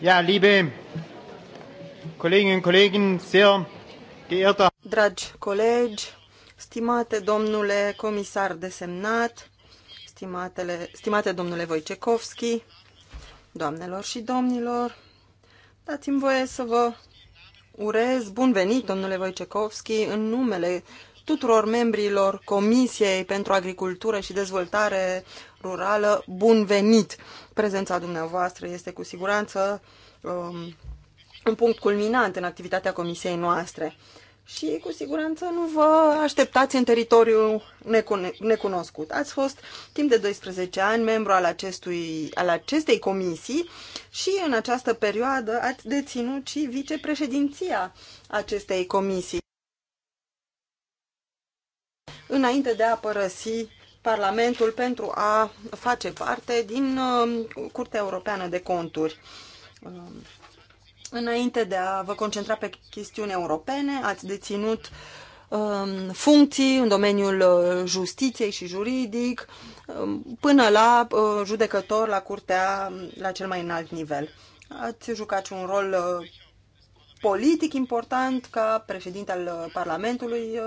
Ja. liebe Kolleginnen und Kollegen, sehr geehrter Dragi colegi, stimate domnule comisar desemnat, stimatele, stimate domnule Wojciechowski, doamnelor și domnilor, dați-mi voie să vă urez bun venit, domnule Wojciechowski, în numele tuturor membrilor Comisiei pentru Agricultură și Dezvoltare Rurală, bun venit! Prezența dumneavoastră este cu siguranță um, un punct culminant în activitatea Comisiei noastre și cu siguranță nu vă așteptați în teritoriu necunoscut. Ați fost timp de 12 ani membru al, acestui, al acestei comisii și în această perioadă ați deținut și vicepreședinția acestei comisii înainte de a părăsi Parlamentul pentru a face parte din uh, Curtea Europeană de Conturi. Um, înainte de a vă concentra pe chestiuni europene, ați deținut um, funcții în domeniul uh, justiției și juridic, um, până la uh, judecător la curtea la cel mai înalt nivel. Ați jucat un rol politic important ca președinte al Parlamentului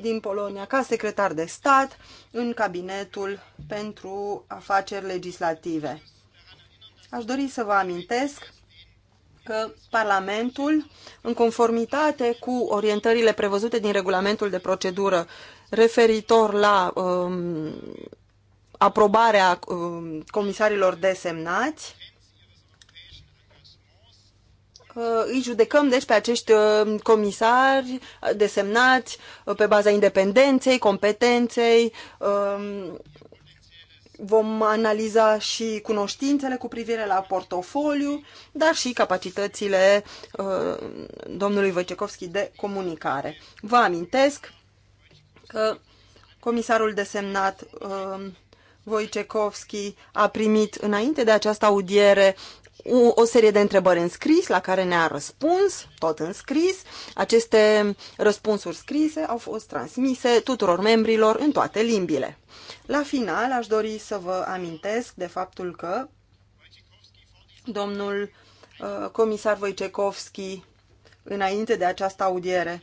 din Polonia ca secretar de stat în cabinetul pentru afaceri legislative. Aș dori să vă amintesc că Parlamentul, în conformitate cu orientările prevăzute din regulamentul de procedură referitor la um, aprobarea um, comisarilor desemnați, Uh, îi judecăm deci pe acești uh, comisari desemnați uh, pe baza independenței, competenței, um, vom analiza și cunoștințele cu privire la portofoliu, dar și capacitățile domnului Wojciechowski de comunicare. Vă amintesc că comisarul desemnat Wojciechowski a primit înainte de această audiere o serie de întrebări în scris la care ne-a răspuns, tot în scris. Aceste răspunsuri scrise au fost transmise tuturor membrilor în toate limbile. La final, aș dori să vă amintesc de faptul că domnul uh, comisar Wojciechowski, înainte de această audiere,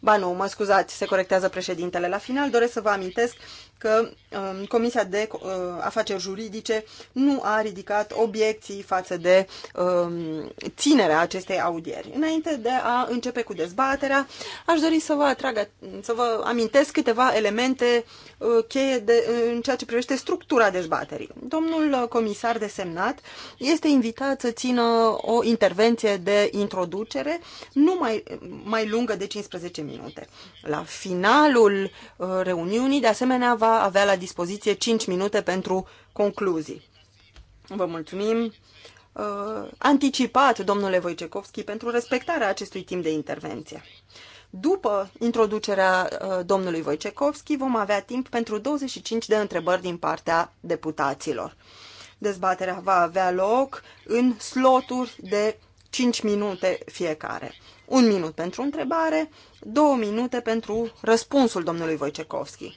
Ba nu, mă scuzați, se corectează președintele. La final doresc să vă amintesc că um, Comisia de uh, Afaceri Juridice nu a ridicat obiecții față de um, ținerea acestei audieri. Înainte de a începe cu dezbaterea, aș dori să vă atrag, să vă amintesc câteva elemente uh, cheie de, în ceea ce privește structura dezbaterii. Domnul uh, comisar desemnat este invitat să țină o intervenție de introducere nu mai, mai lungă de 15 minute. La finalul uh, reuniunii, de asemenea, va avea la dispoziție 5 minute pentru concluzii. Vă mulțumim uh, anticipat, domnule Wojciechowski, pentru respectarea acestui timp de intervenție. După introducerea uh, domnului Wojciechowski, vom avea timp pentru 25 de întrebări din partea deputaților. Dezbaterea va avea loc în sloturi de 5 minute fiecare. Un minut pentru întrebare, două minute pentru răspunsul domnului Wojciechowski.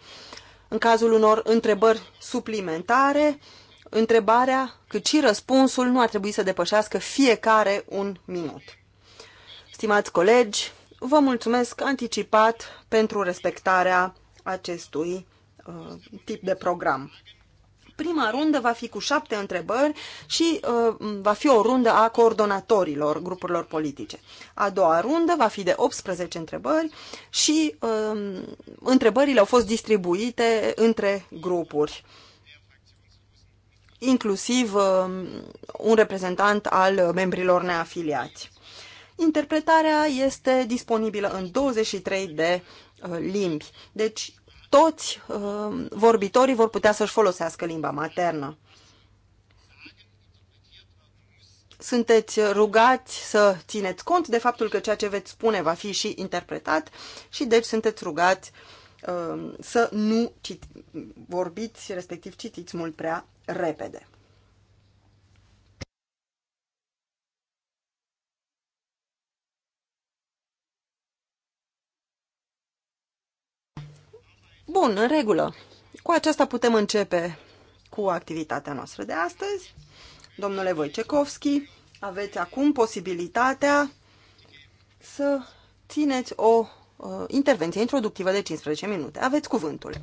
În cazul unor întrebări suplimentare, întrebarea cât și răspunsul nu ar trebui să depășească fiecare un minut. Stimați colegi, vă mulțumesc anticipat pentru respectarea acestui uh, tip de program. Prima rundă va fi cu șapte întrebări și uh, va fi o rundă a coordonatorilor grupurilor politice. A doua rundă va fi de 18 întrebări și uh, întrebările au fost distribuite între grupuri inclusiv uh, un reprezentant al membrilor neafiliați. Interpretarea este disponibilă în 23 de uh, limbi. Deci toți uh, vorbitorii vor putea să-și folosească limba maternă. Sunteți rugați să țineți cont de faptul că ceea ce veți spune va fi și interpretat și deci sunteți rugați uh, să nu citi, vorbiți, respectiv citiți mult prea repede. Bun, în regulă. Cu aceasta putem începe cu activitatea noastră de astăzi. Domnule Voicecovski, aveți acum posibilitatea să țineți o uh, intervenție introductivă de 15 minute. Aveți cuvântul.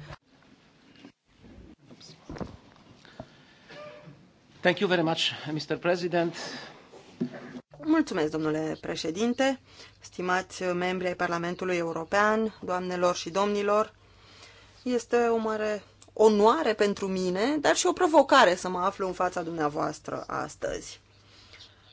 Thank you very much, Mr. President. Mulțumesc, domnule președinte, stimați membri ai Parlamentului European, doamnelor și domnilor. Este o mare onoare pentru mine, dar și o provocare să mă aflu în fața dumneavoastră astăzi.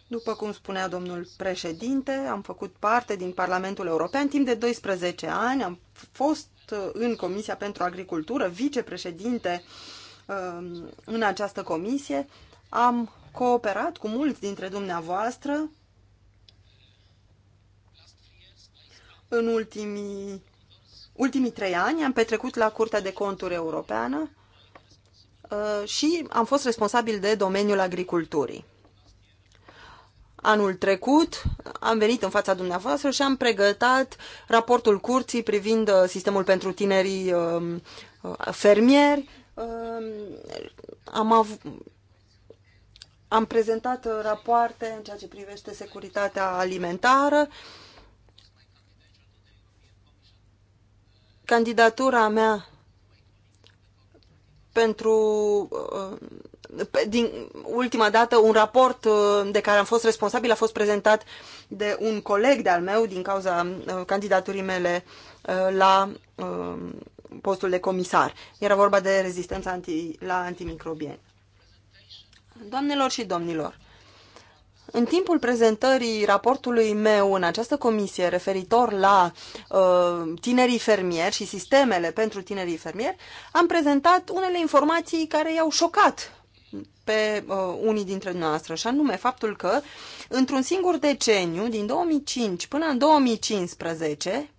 După cum spunea domnul președinte, am făcut parte din Parlamentul European timp de 12 ani, am fost uh, în Comisia pentru Agricultură, vicepreședinte um, în această comisie, am cooperat cu mulți dintre dumneavoastră în ultimii Ultimii trei ani am petrecut la Curtea de Conturi Europeană uh, și am fost responsabil de domeniul agriculturii. Anul trecut am venit în fața dumneavoastră și am pregătat raportul curții privind uh, sistemul pentru tinerii uh, fermieri. Am, av- am prezentat rapoarte în ceea ce privește securitatea alimentară candidatura mea pentru uh, din ultima dată un raport uh, de care am fost responsabil a fost prezentat de un coleg de-al meu din cauza uh, candidaturii mele la postul de comisar. Era vorba de rezistența anti, la antimicrobieni. Doamnelor și domnilor, în timpul prezentării raportului meu în această comisie referitor la uh, tinerii fermieri și sistemele pentru tinerii fermieri, am prezentat unele informații care i-au șocat pe uh, unii dintre noastre, și anume faptul că într-un singur deceniu, din 2005 până în 2015,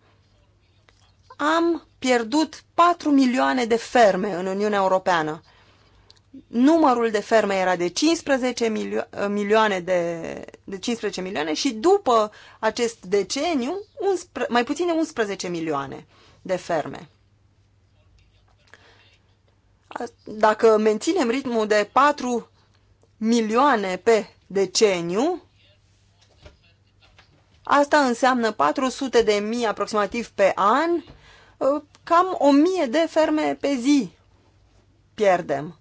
am pierdut 4 milioane de ferme în Uniunea Europeană numărul de ferme era de 15 milio milioane de, de 15 milioane și după acest deceniu 11, mai puțin de 11 milioane de ferme. Dacă menținem ritmul de 4 milioane pe deceniu, asta înseamnă 400 de mii aproximativ pe an, cam 1000 de ferme pe zi pierdem.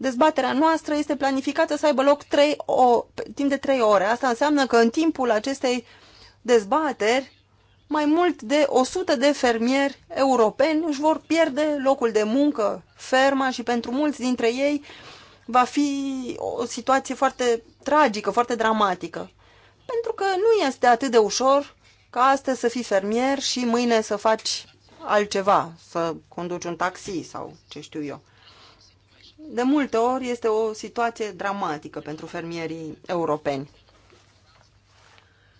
Dezbaterea noastră este planificată să aibă loc 3 o, timp de 3 ore. Asta înseamnă că în timpul acestei dezbateri, mai mult de 100 de fermieri europeni își vor pierde locul de muncă, ferma și pentru mulți dintre ei va fi o situație foarte tragică, foarte dramatică. Pentru că nu este atât de ușor ca astăzi să fii fermier și mâine să faci altceva, să conduci un taxi sau ce știu eu de multe ori este o situație dramatică pentru fermierii europeni.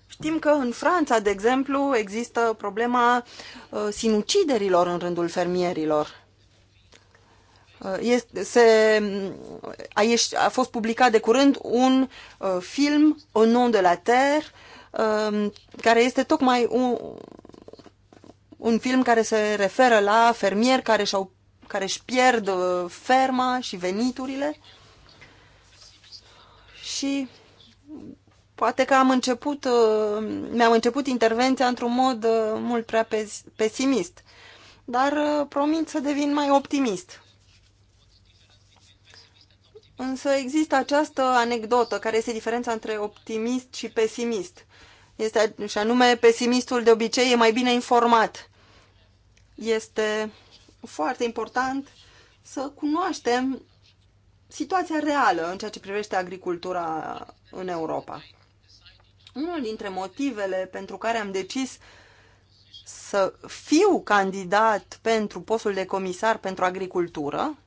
Știm că în Franța, de exemplu, există problema uh, sinuciderilor în rândul fermierilor. Uh, este, se, a, a fost publicat de curând un uh, film, O nom de la terre, um, care este tocmai un, un film care se referă la fermieri care și-au care își pierd uh, ferma și veniturile și poate că am început, uh, mi-am început intervenția într-un mod uh, mult prea pesimist, dar promit să devin mai optimist. Însă există această anecdotă, care este diferența între optimist și pesimist. Este, și anume, pesimistul de obicei e mai bine informat. Este foarte important să cunoaștem situația reală în ceea ce privește agricultura în Europa. Unul dintre motivele pentru care am decis să fiu candidat pentru postul de comisar pentru agricultură,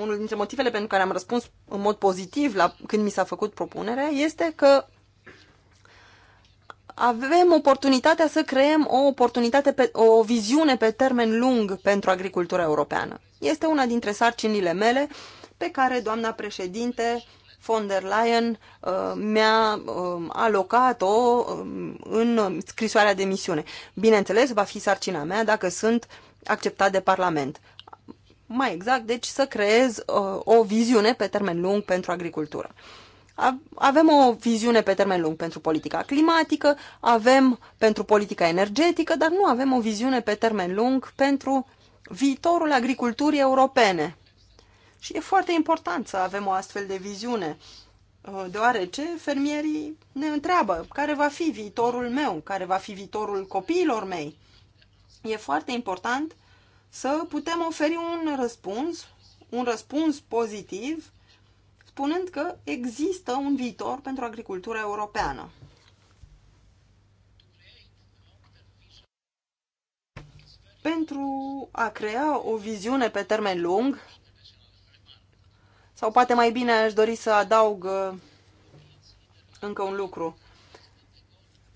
unul dintre motivele pentru care am răspuns în mod pozitiv la când mi s-a făcut propunerea, este că avem oportunitatea să creăm o oportunitate, pe, o viziune pe termen lung pentru agricultura europeană. Este una dintre sarcinile mele pe care doamna președinte von der Leyen uh, mi-a um, alocat-o um, în scrisoarea de misiune. Bineînțeles, va fi sarcina mea dacă sunt acceptat de Parlament. Mai exact, deci să creez uh, o viziune pe termen lung pentru agricultură avem o viziune pe termen lung pentru politica climatică, avem pentru politica energetică, dar nu avem o viziune pe termen lung pentru viitorul agriculturii europene. Și e foarte important să avem o astfel de viziune, ă, deoarece fermierii ne întreabă care va fi viitorul meu, care va fi viitorul copiilor mei. E foarte important să putem oferi un răspuns, un răspuns pozitiv spunând că există un viitor pentru agricultura europeană. Pentru a crea o viziune pe termen lung, sau poate mai bine aș dori să adaug uh, încă un lucru.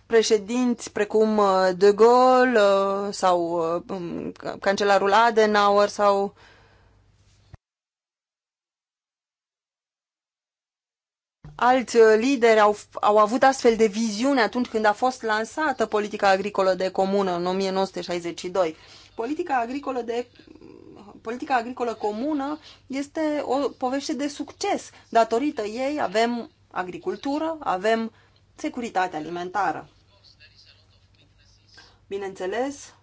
Președinți precum uh, De Gaulle uh, sau um, cancelarul Adenauer sau alți uh, lideri au, au avut astfel de viziune atunci când a fost lansată politica agricolă de comună în 1962. Politica agricolă de politica agricolă comună este o poveste de succes. Datorită ei avem agricultură, avem securitate alimentară. Bineînțeles,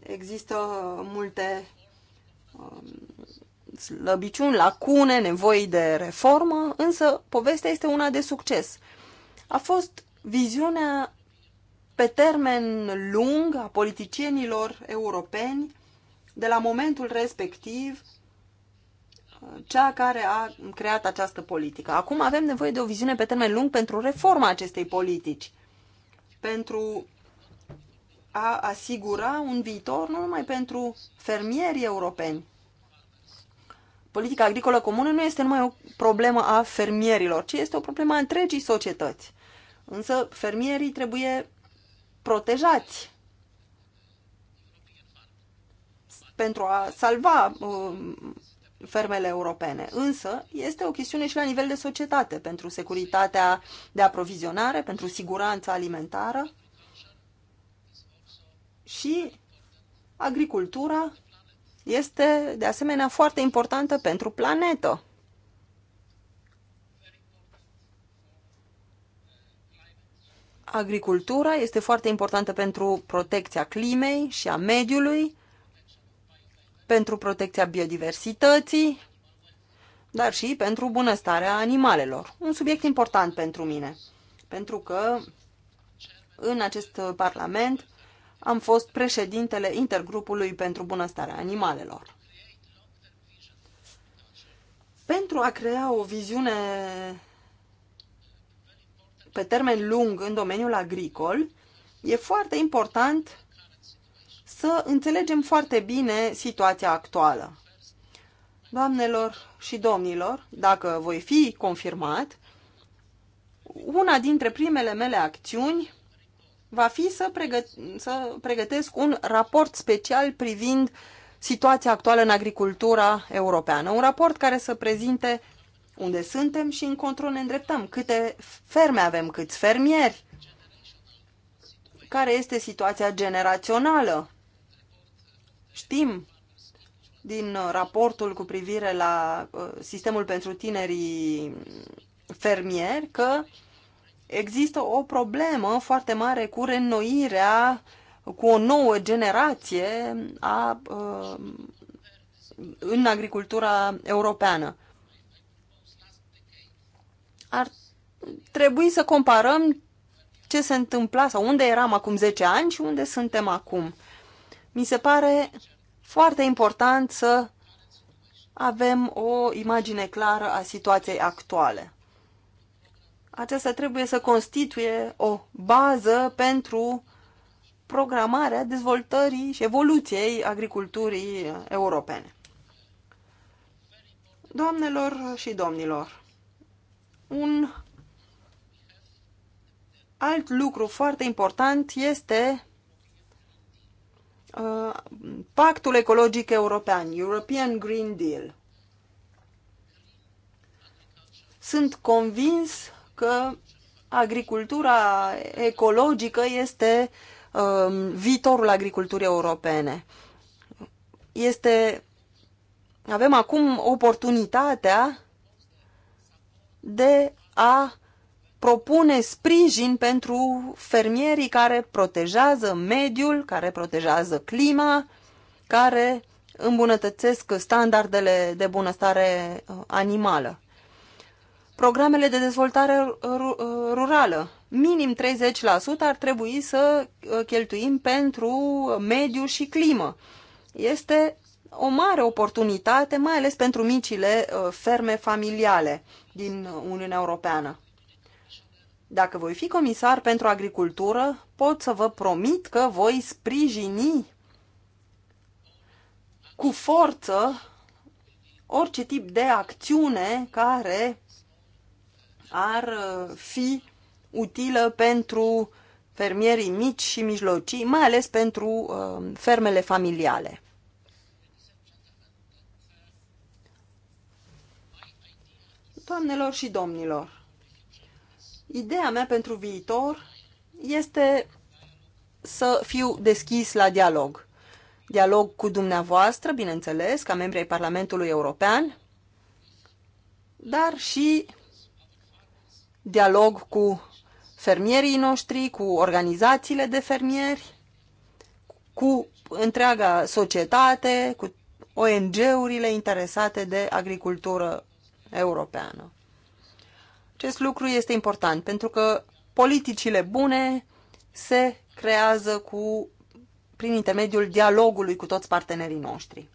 există multe um, slăbiciuni, lacune, nevoi de reformă, însă povestea este una de succes. A fost viziunea pe termen lung a politicienilor europeni de la momentul respectiv cea care a creat această politică. Acum avem nevoie de o viziune pe termen lung pentru reforma acestei politici, pentru a asigura un viitor nu numai pentru fermierii europeni, politica agricolă comună nu este numai o problemă a fermierilor, ci este o problemă a întregii societăți. Însă fermierii trebuie protejați pentru a salva um, fermele europene. Însă este o chestiune și la nivel de societate, pentru securitatea de aprovizionare, pentru siguranța alimentară și agricultura este de asemenea foarte importantă pentru planetă. Agricultura este foarte importantă pentru protecția climei și a mediului, pentru protecția biodiversității, dar și pentru bunăstarea animalelor. Un subiect important pentru mine, pentru că în acest parlament am fost președintele intergrupului pentru bunăstarea animalelor. Pentru a crea o viziune pe termen lung în domeniul agricol, e foarte important să înțelegem foarte bine situația actuală. Doamnelor și domnilor, dacă voi fi confirmat, una dintre primele mele acțiuni va fi să, pregă- să pregătesc un raport special privind situația actuală în agricultura europeană. Un raport care să prezinte unde suntem și încotro ne îndreptăm, câte ferme avem, câți fermieri, care este situația generațională. Știm din raportul cu privire la uh, sistemul pentru tinerii fermieri că uh, există o problemă foarte mare cu reînnoirea cu o nouă generație a, uh, în agricultura europeană. Ar trebui să comparăm ce se întâmpla sau unde eram acum 10 ani și unde suntem acum. Mi se pare foarte important să avem o imagine clară a situației actuale acesta trebuie să constituie o bază pentru programarea dezvoltării și evoluției agriculturii europene. Doamnelor și domnilor, un alt lucru foarte important este uh, Pactul Ecologic European, European Green Deal. Sunt convins că agricultura ecologică este uh, viitorul agriculturii europene. Este, avem acum oportunitatea de a propune sprijin pentru fermierii care protejează mediul, care protejează clima, care îmbunătățesc standardele de bunăstare uh, animală programele de dezvoltare uh, rurală. Minim 30% ar trebui să uh, cheltuim pentru mediu și climă. Este o mare oportunitate, mai ales pentru micile uh, ferme familiale din Uniunea Europeană. Dacă voi fi comisar pentru agricultură, pot să vă promit că voi sprijini cu forță orice tip de acțiune care ar uh, fi utilă pentru fermierii mici și mijlocii, mai ales pentru uh, fermele familiale. Doamnelor și domnilor, ideea mea pentru viitor este să fiu deschis la dialog. Dialog cu dumneavoastră, bineînțeles, ca membri ai Parlamentului European, dar și dialog cu fermierii noștri, cu organizațiile de fermieri, cu întreaga societate, cu ONG-urile interesate de agricultură europeană. Acest lucru este important pentru că politicile bune se creează cu, prin intermediul dialogului cu toți partenerii noștri.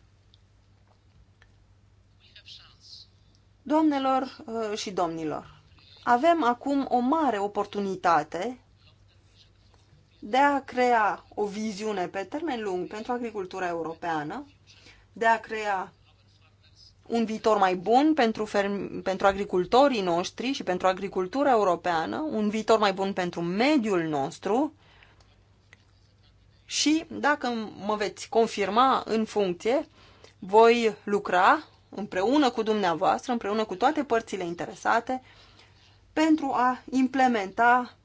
Doamnelor uh, și domnilor, avem acum o mare oportunitate de a crea o viziune pe termen lung pentru agricultura europeană, de a crea un viitor mai bun pentru, ferm- pentru agricultorii noștri și pentru agricultura europeană, un viitor mai bun pentru mediul nostru și, dacă mă veți confirma în funcție, voi lucra împreună cu dumneavoastră, împreună cu toate părțile interesate, pentru a implementa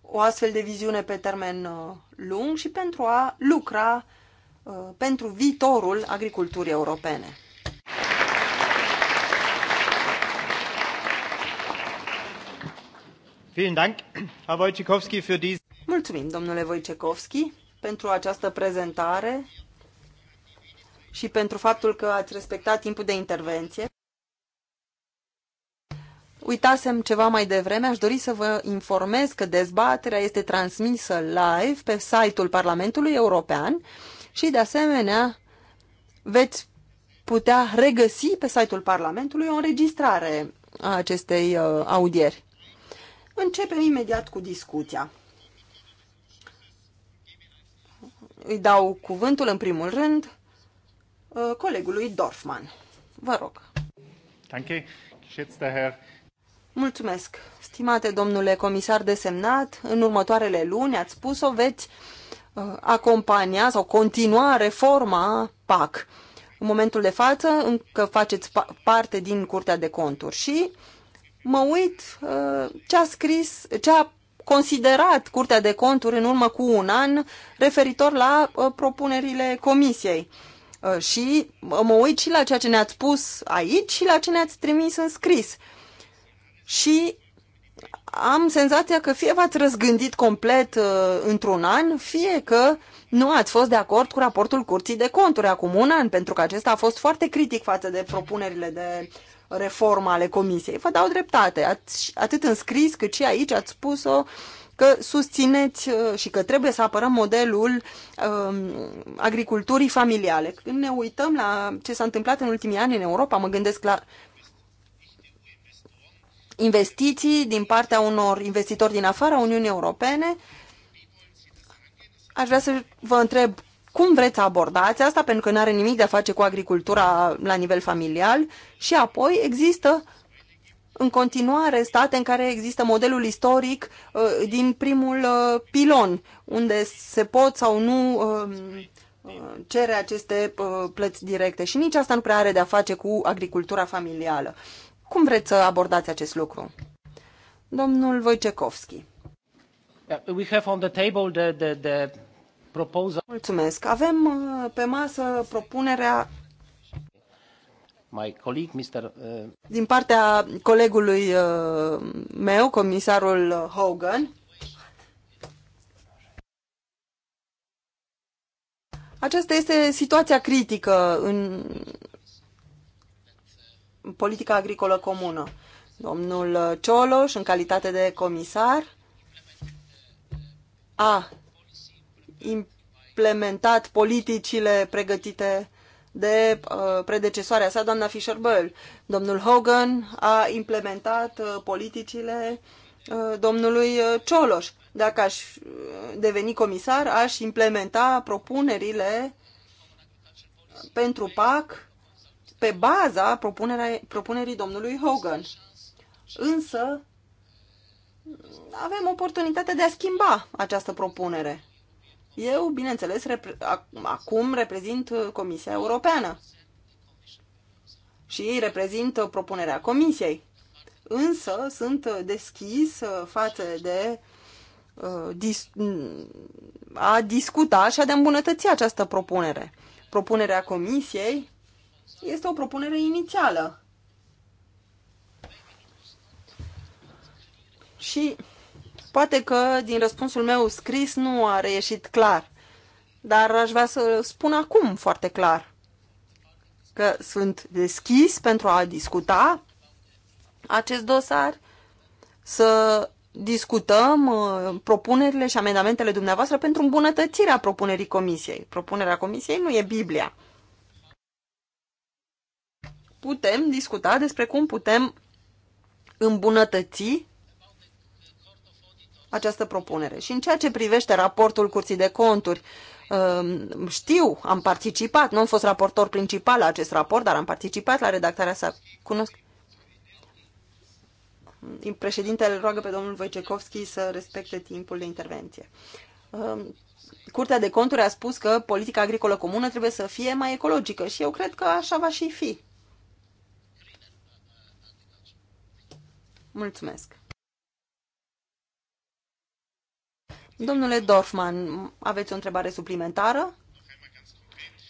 o astfel de viziune pe termen uh, lung și pentru a lucra uh, pentru viitorul agriculturii europene. Mulțumim, domnule Wojciechowski, pentru această prezentare și pentru faptul că ați respectat timpul de intervenție. Uitasem ceva mai devreme, aș dori să vă informez că dezbaterea este transmisă live pe site-ul Parlamentului European și, de asemenea, veți putea regăsi pe site-ul Parlamentului o înregistrare a acestei uh, audieri. Începem imediat cu discuția. Îi dau cuvântul în primul rând uh, colegului Dorfman. Vă rog. Danke, geschätzter Herr Mulțumesc. Stimate domnule comisar desemnat, în următoarele luni ați spus-o, veți uh, acompania sau continua reforma PAC. În momentul de față, încă faceți parte din Curtea de Conturi și mă uit uh, ce a scris, ce a considerat Curtea de Conturi în urmă cu un an referitor la uh, propunerile Comisiei. Și mă uit și la ceea ce ne-ați spus aici și la ce ne-ați trimis în scris și am senzația că fie v-ați răzgândit complet uh, într-un an, fie că nu ați fost de acord cu raportul Curții de Conturi acum un an, pentru că acesta a fost foarte critic față de propunerile de reformă ale Comisiei. Vă dau dreptate, ați, atât în scris cât și aici ați spus-o că susțineți uh, și că trebuie să apărăm modelul um, agriculturii familiale. Când ne uităm la ce s-a întâmplat în ultimii ani în Europa, mă gândesc la investiții din partea unor investitori din afara Uniunii Europene. Aș vrea să vă întreb cum vreți să abordați asta, pentru că nu are nimic de a face cu agricultura la nivel familial. Și apoi există în continuare state în care există modelul istoric uh, din primul uh, pilon, unde se pot sau nu um, uh, cere aceste plăți directe. Și nici asta nu prea are de a face cu agricultura familială. Cum vreți să abordați acest lucru? Domnul Wojciechowski. We have on the table the, the, the proposal. Mulțumesc. Avem uh, pe masă propunerea My colleague, Mr. Uh, din partea colegului uh, meu, comisarul Hogan. Aceasta este situația critică în, politica agricolă comună. Domnul Cioloș, în calitate de comisar, a implementat politicile pregătite de uh, predecesoarea sa, doamna fischer böll Domnul Hogan a implementat uh, politicile uh, domnului uh, Cioloș. Dacă aș uh, deveni comisar, aș implementa propunerile pentru PAC pe baza propunerii domnului Hogan. Însă, avem oportunitatea de a schimba această propunere. Eu, bineînțeles, repre- acum reprezint Comisia Europeană și ei reprezintă propunerea Comisiei. Însă sunt deschis față de uh, a discuta și a de îmbunătăți această propunere. Propunerea Comisiei este o propunere inițială. Și poate că din răspunsul meu scris nu a reieșit clar, dar aș vrea să spun acum foarte clar că sunt deschis pentru a discuta acest dosar, să discutăm uh, propunerile și amendamentele dumneavoastră pentru îmbunătățirea propunerii comisiei. Propunerea comisiei nu e Biblia putem discuta despre cum putem îmbunătăți această propunere. Și în ceea ce privește raportul Curții de Conturi, um, știu, am participat, nu am fost raportor principal la acest raport, dar am participat la redactarea sa. Cunosc. Președintele roagă pe domnul Wojciechowski să respecte timpul de intervenție. Um, Curtea de Conturi a spus că politica agricolă comună trebuie să fie mai ecologică și eu cred că așa va și fi. Mulțumesc. Domnule Dorfman, aveți o întrebare suplimentară?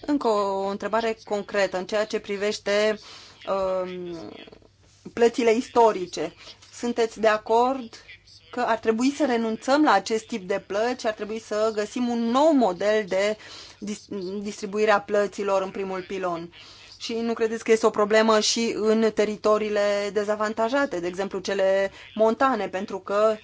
Încă o întrebare concretă în ceea ce privește uh, plățile istorice. Sunteți de acord că ar trebui să renunțăm la acest tip de plăți, ar trebui să găsim un nou model de distribuire a plăților în primul pilon? Și nu credeți că este o problemă și în teritoriile dezavantajate, de exemplu cele montane, pentru că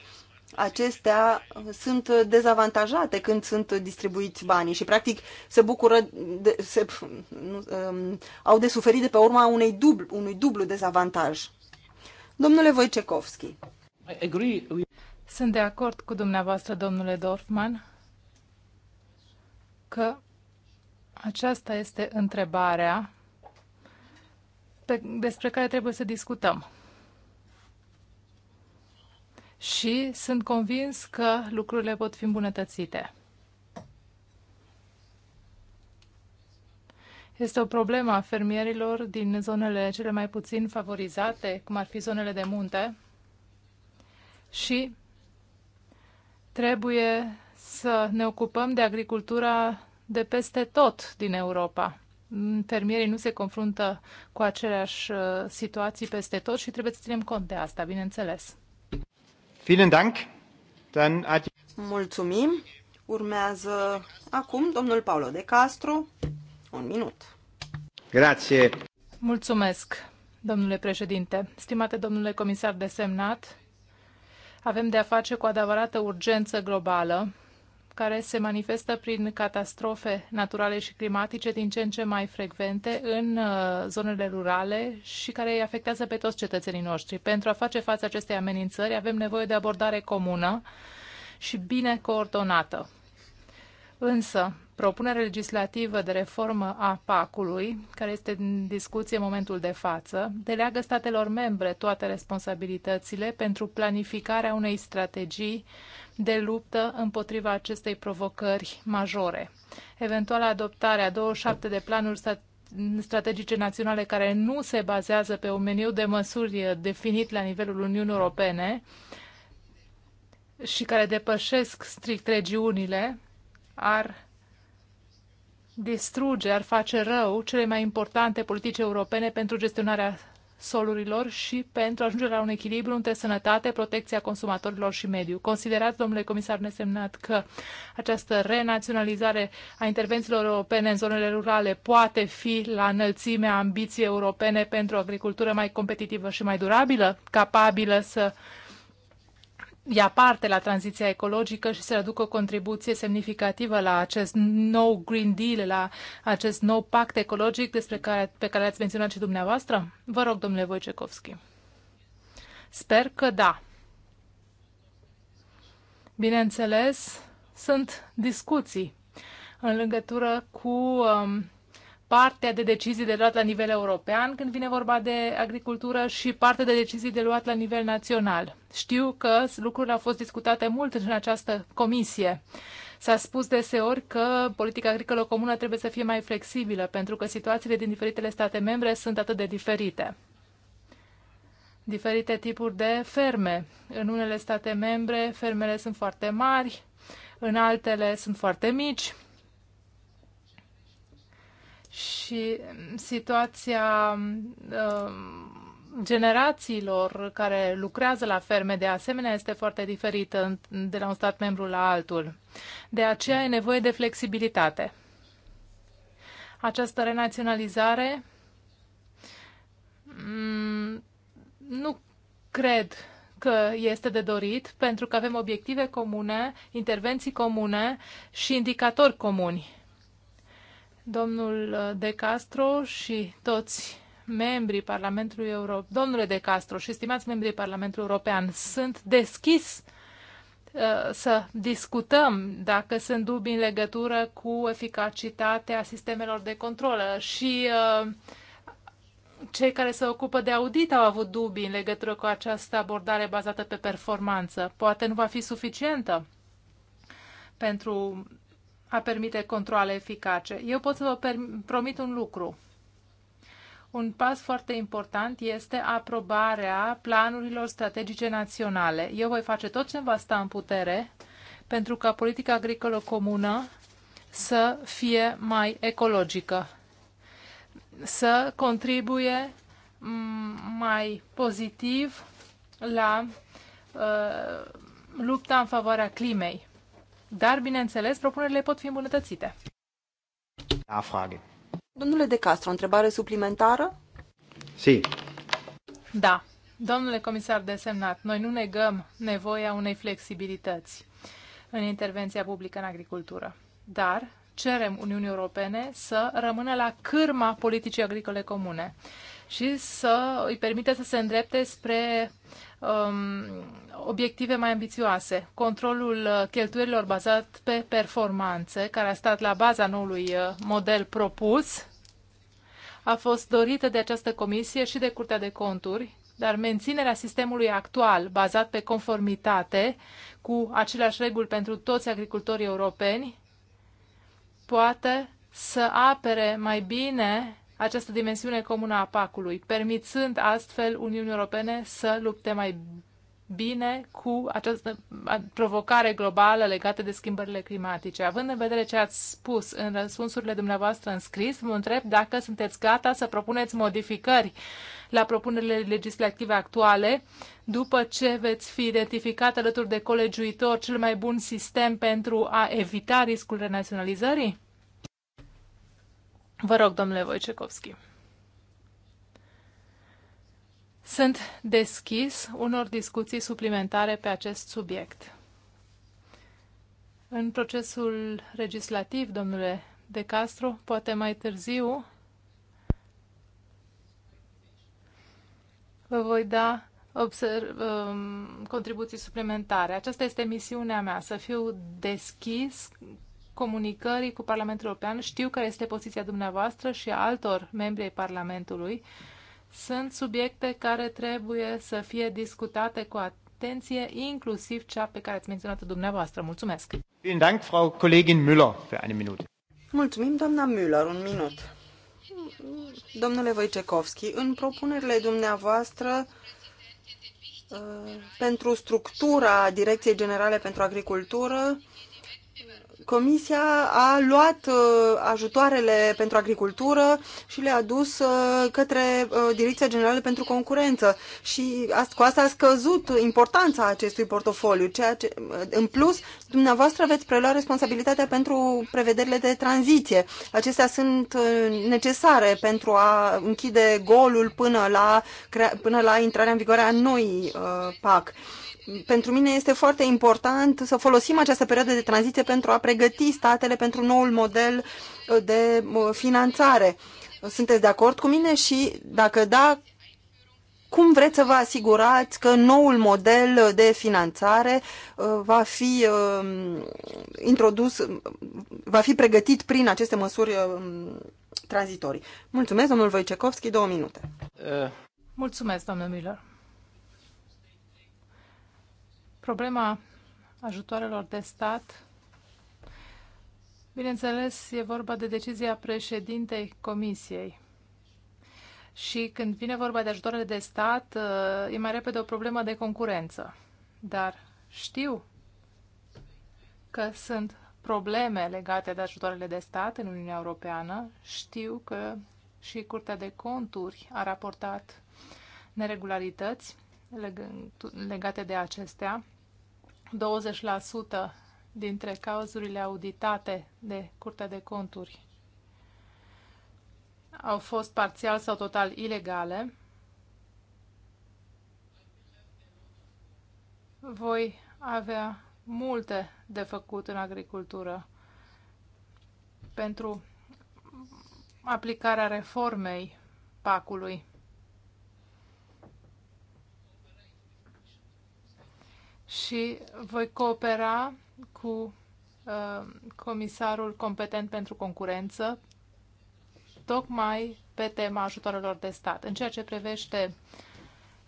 acestea sunt dezavantajate când sunt distribuiți banii și practic se bucură, de, se, nu, um, au de suferit de pe urma unei dubl, unui dublu dezavantaj. Domnule Wojciechowski. Sunt de acord cu dumneavoastră, domnule Dorfman, că aceasta este întrebarea pe, despre care trebuie să discutăm. Și sunt convins că lucrurile pot fi îmbunătățite. Este o problemă a fermierilor din zonele cele mai puțin favorizate, cum ar fi zonele de munte, și trebuie să ne ocupăm de agricultura de peste tot din Europa fermierii nu se confruntă cu aceleași uh, situații peste tot și trebuie să ținem cont de asta, bineînțeles. Mulțumim. Urmează acum domnul Paolo de Castro. Un minut. Grație. Mulțumesc, domnule președinte. Stimate domnule comisar desemnat, avem de a face cu adevărată urgență globală care se manifestă prin catastrofe naturale și climatice din ce în ce mai frecvente în uh, zonele rurale și care îi afectează pe toți cetățenii noștri. Pentru a face față acestei amenințări avem nevoie de abordare comună și bine coordonată. Însă, propunerea legislativă de reformă a PAC-ului, care este în discuție în momentul de față, deleagă statelor membre toate responsabilitățile pentru planificarea unei strategii de luptă împotriva acestei provocări majore. Eventuala adoptare a 27 de planuri stat strategice naționale care nu se bazează pe un meniu de măsuri definit la nivelul Uniunii Europene și care depășesc strict regiunile, ar distruge, ar face rău cele mai importante politici europene pentru gestionarea solurilor și pentru ajungerea la un echilibru între sănătate, protecția consumatorilor și mediu. Considerați, domnule comisar nesemnat, că această renaționalizare a intervențiilor europene în zonele rurale poate fi la înălțimea ambiției europene pentru o agricultură mai competitivă și mai durabilă, capabilă să ia parte la tranziția ecologică și să aducă o contribuție semnificativă la acest nou Green Deal, la acest nou pact ecologic despre care, pe care l-ați menționat și dumneavoastră? Vă rog, domnule Wojciechowski. Sper că da. Bineînțeles, sunt discuții în legătură cu um, partea de decizii de luat la nivel european când vine vorba de agricultură și partea de decizii de luat la nivel național. Știu că lucrurile au fost discutate mult în această comisie. S-a spus deseori că politica agricolă comună trebuie să fie mai flexibilă, pentru că situațiile din diferitele state membre sunt atât de diferite. Diferite tipuri de ferme. În unele state membre, fermele sunt foarte mari, în altele sunt foarte mici și situația um, generațiilor care lucrează la ferme de asemenea este foarte diferită de la un stat membru la altul. De aceea e nevoie de flexibilitate. Această renaționalizare mm, nu cred că este de dorit pentru că avem obiective comune, intervenții comune și indicatori comuni domnul uh, De Castro și toți membrii Parlamentului European, domnule De Castro și stimați membrii Parlamentului European, sunt deschis uh, să discutăm dacă sunt dubii în legătură cu eficacitatea sistemelor de controlă și uh, cei care se ocupă de audit au avut dubii în legătură cu această abordare bazată pe performanță. Poate nu va fi suficientă pentru a permite controle eficace. Eu pot să vă promit un lucru. Un pas foarte important este aprobarea planurilor strategice naționale. Eu voi face tot ce va sta în putere pentru ca politica agricolă comună să fie mai ecologică, să contribuie mm, mai pozitiv la uh, lupta în favoarea climei. Dar, bineînțeles, propunerile pot fi îmbunătățite. Da, frage. Domnule De Castro, o întrebare suplimentară? Si. Da. Domnule comisar desemnat, noi nu negăm nevoia unei flexibilități în intervenția publică în agricultură, dar cerem Uniunii Europene să rămână la cârma politicii agricole comune și să îi permite să se îndrepte spre uh, um, obiective mai ambițioase. Controlul uh, cheltuielilor bazat pe performanțe, care a stat la baza noului uh, model propus, a fost dorită de această comisie și de Curtea de Conturi, dar menținerea sistemului actual, bazat pe conformitate, cu aceleași reguli pentru toți agricultorii europeni, poate să apere mai bine această dimensiune comună a pacului, permițând astfel Uniunii Europene să lupte mai bine cu această provocare globală legată de schimbările climatice. Având în vedere ce ați spus în răspunsurile dumneavoastră în scris, vă întreb dacă sunteți gata să propuneți modificări la propunerile legislative actuale, după ce veți fi identificat alături de colegiuitor cel mai bun sistem pentru a evita riscul renaționalizării? Vă rog, domnule Wojciechowski. Sunt deschis unor discuții suplimentare pe acest subiect. În procesul legislativ, domnule De Castro, poate mai târziu, vă voi da observ, um, contribuții suplimentare. Aceasta este misiunea mea, să fiu deschis comunicării cu Parlamentul European. Știu care este poziția dumneavoastră și a altor membri ai Parlamentului. Sunt subiecte care trebuie să fie discutate cu atenție, inclusiv cea pe care ați menționat-o dumneavoastră. Mulțumesc! Mulțumim, doamna Müller, un minut. Domnule Wojciechowski, în propunerile dumneavoastră uh, pentru structura Direcției Generale pentru Agricultură, Comisia a luat uh, ajutoarele pentru agricultură și le-a dus uh, către uh, Direcția Generală pentru Concurență și cu asta a scăzut importanța acestui portofoliu. Ceea ce, în plus, dumneavoastră veți prelua responsabilitatea pentru prevederile de tranziție. Acestea sunt necesare pentru a închide golul până la, până la intrarea în vigoare a noii PAC pentru mine este foarte important să folosim această perioadă de tranziție pentru a pregăti statele pentru noul model uh, de uh, finanțare. Sunteți de acord cu mine și dacă da, cum vreți să vă asigurați că noul model de finanțare uh, va fi introdus, va fi pregătit prin aceste măsuri tranzitorii? Mulțumesc, domnul Voicecovski, două minute. Mulțumesc, domnul Miller. Problema ajutoarelor de stat Bineînțeles, e vorba de decizia președintei Comisiei. Și când vine vorba de ajutoarele de stat, uh, e mai repede o problemă de concurență. Dar știu că sunt probleme legate de ajutoarele de stat în Uniunea Europeană. Știu că și Curtea de Conturi a raportat neregularități legate de acestea 20% dintre cauzurile auditate de Curtea de Conturi au fost parțial sau total ilegale. Voi avea multe de făcut în agricultură pentru aplicarea reformei pacului. și voi coopera cu uh, comisarul competent pentru concurență tocmai pe tema ajutoarelor de stat. În ceea ce privește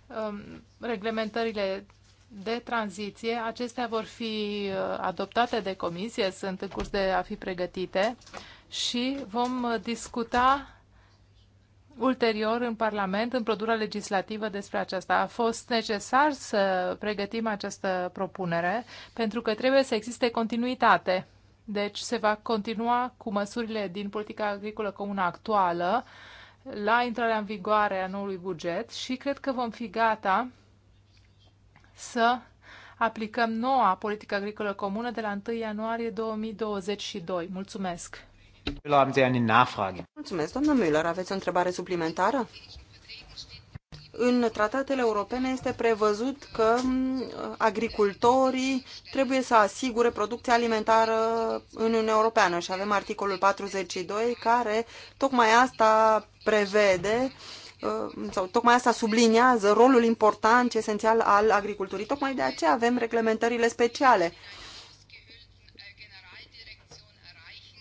um, reglementările de tranziție, acestea vor fi uh, adoptate de comisie, sunt în curs de a fi pregătite și vom uh, discuta ulterior în Parlament, în produra legislativă despre aceasta. A fost necesar să pregătim această propunere pentru că trebuie să existe continuitate. Deci se va continua cu măsurile din politica agricolă comună actuală la intrarea în vigoare a noului buget și cred că vom fi gata să aplicăm noua politică agricolă comună de la 1 ianuarie 2022. Mulțumesc! Mulțumesc, doamnă Müller. Aveți o întrebare suplimentară? În tratatele europene este prevăzut că mm, agricultorii trebuie să asigure producția alimentară în Uniunea Europeană și avem articolul 42 care tocmai asta prevede ă, sau tocmai asta subliniază rolul important și esențial al agriculturii. Tocmai de aceea avem reglementările speciale.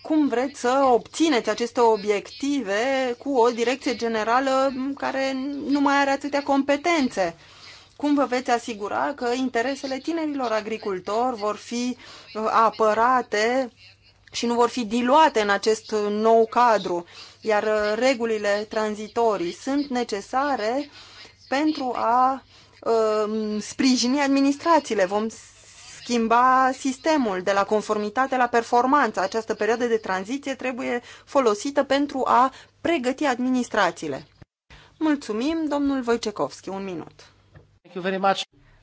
cum vreți să obțineți aceste obiective cu o direcție generală care nu mai are atâtea competențe? Cum vă veți asigura că interesele tinerilor agricultori vor fi uh, apărate și nu vor fi diluate în acest nou cadru? Iar uh, regulile tranzitorii sunt necesare pentru a uh, sprijini administrațiile. Vom schimba sistemul de la conformitate la performanță. Această perioadă de tranziție trebuie folosită pentru a pregăti administrațiile. Mulțumim, domnul Wojciechowski, un minut. Thank you very much.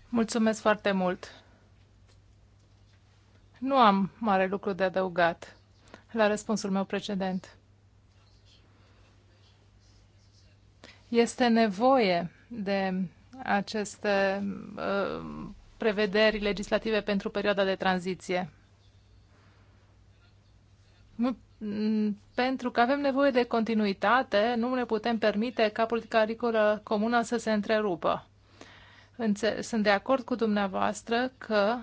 Mulțumesc foarte mult. Nu am mare lucru de adăugat la răspunsul meu precedent. Este nevoie de aceste uh, prevederi legislative pentru perioada de tranziție. Pentru că avem nevoie de continuitate, nu ne putem permite ca politica agricolă comună să se întrerupă. Sunt de acord cu dumneavoastră că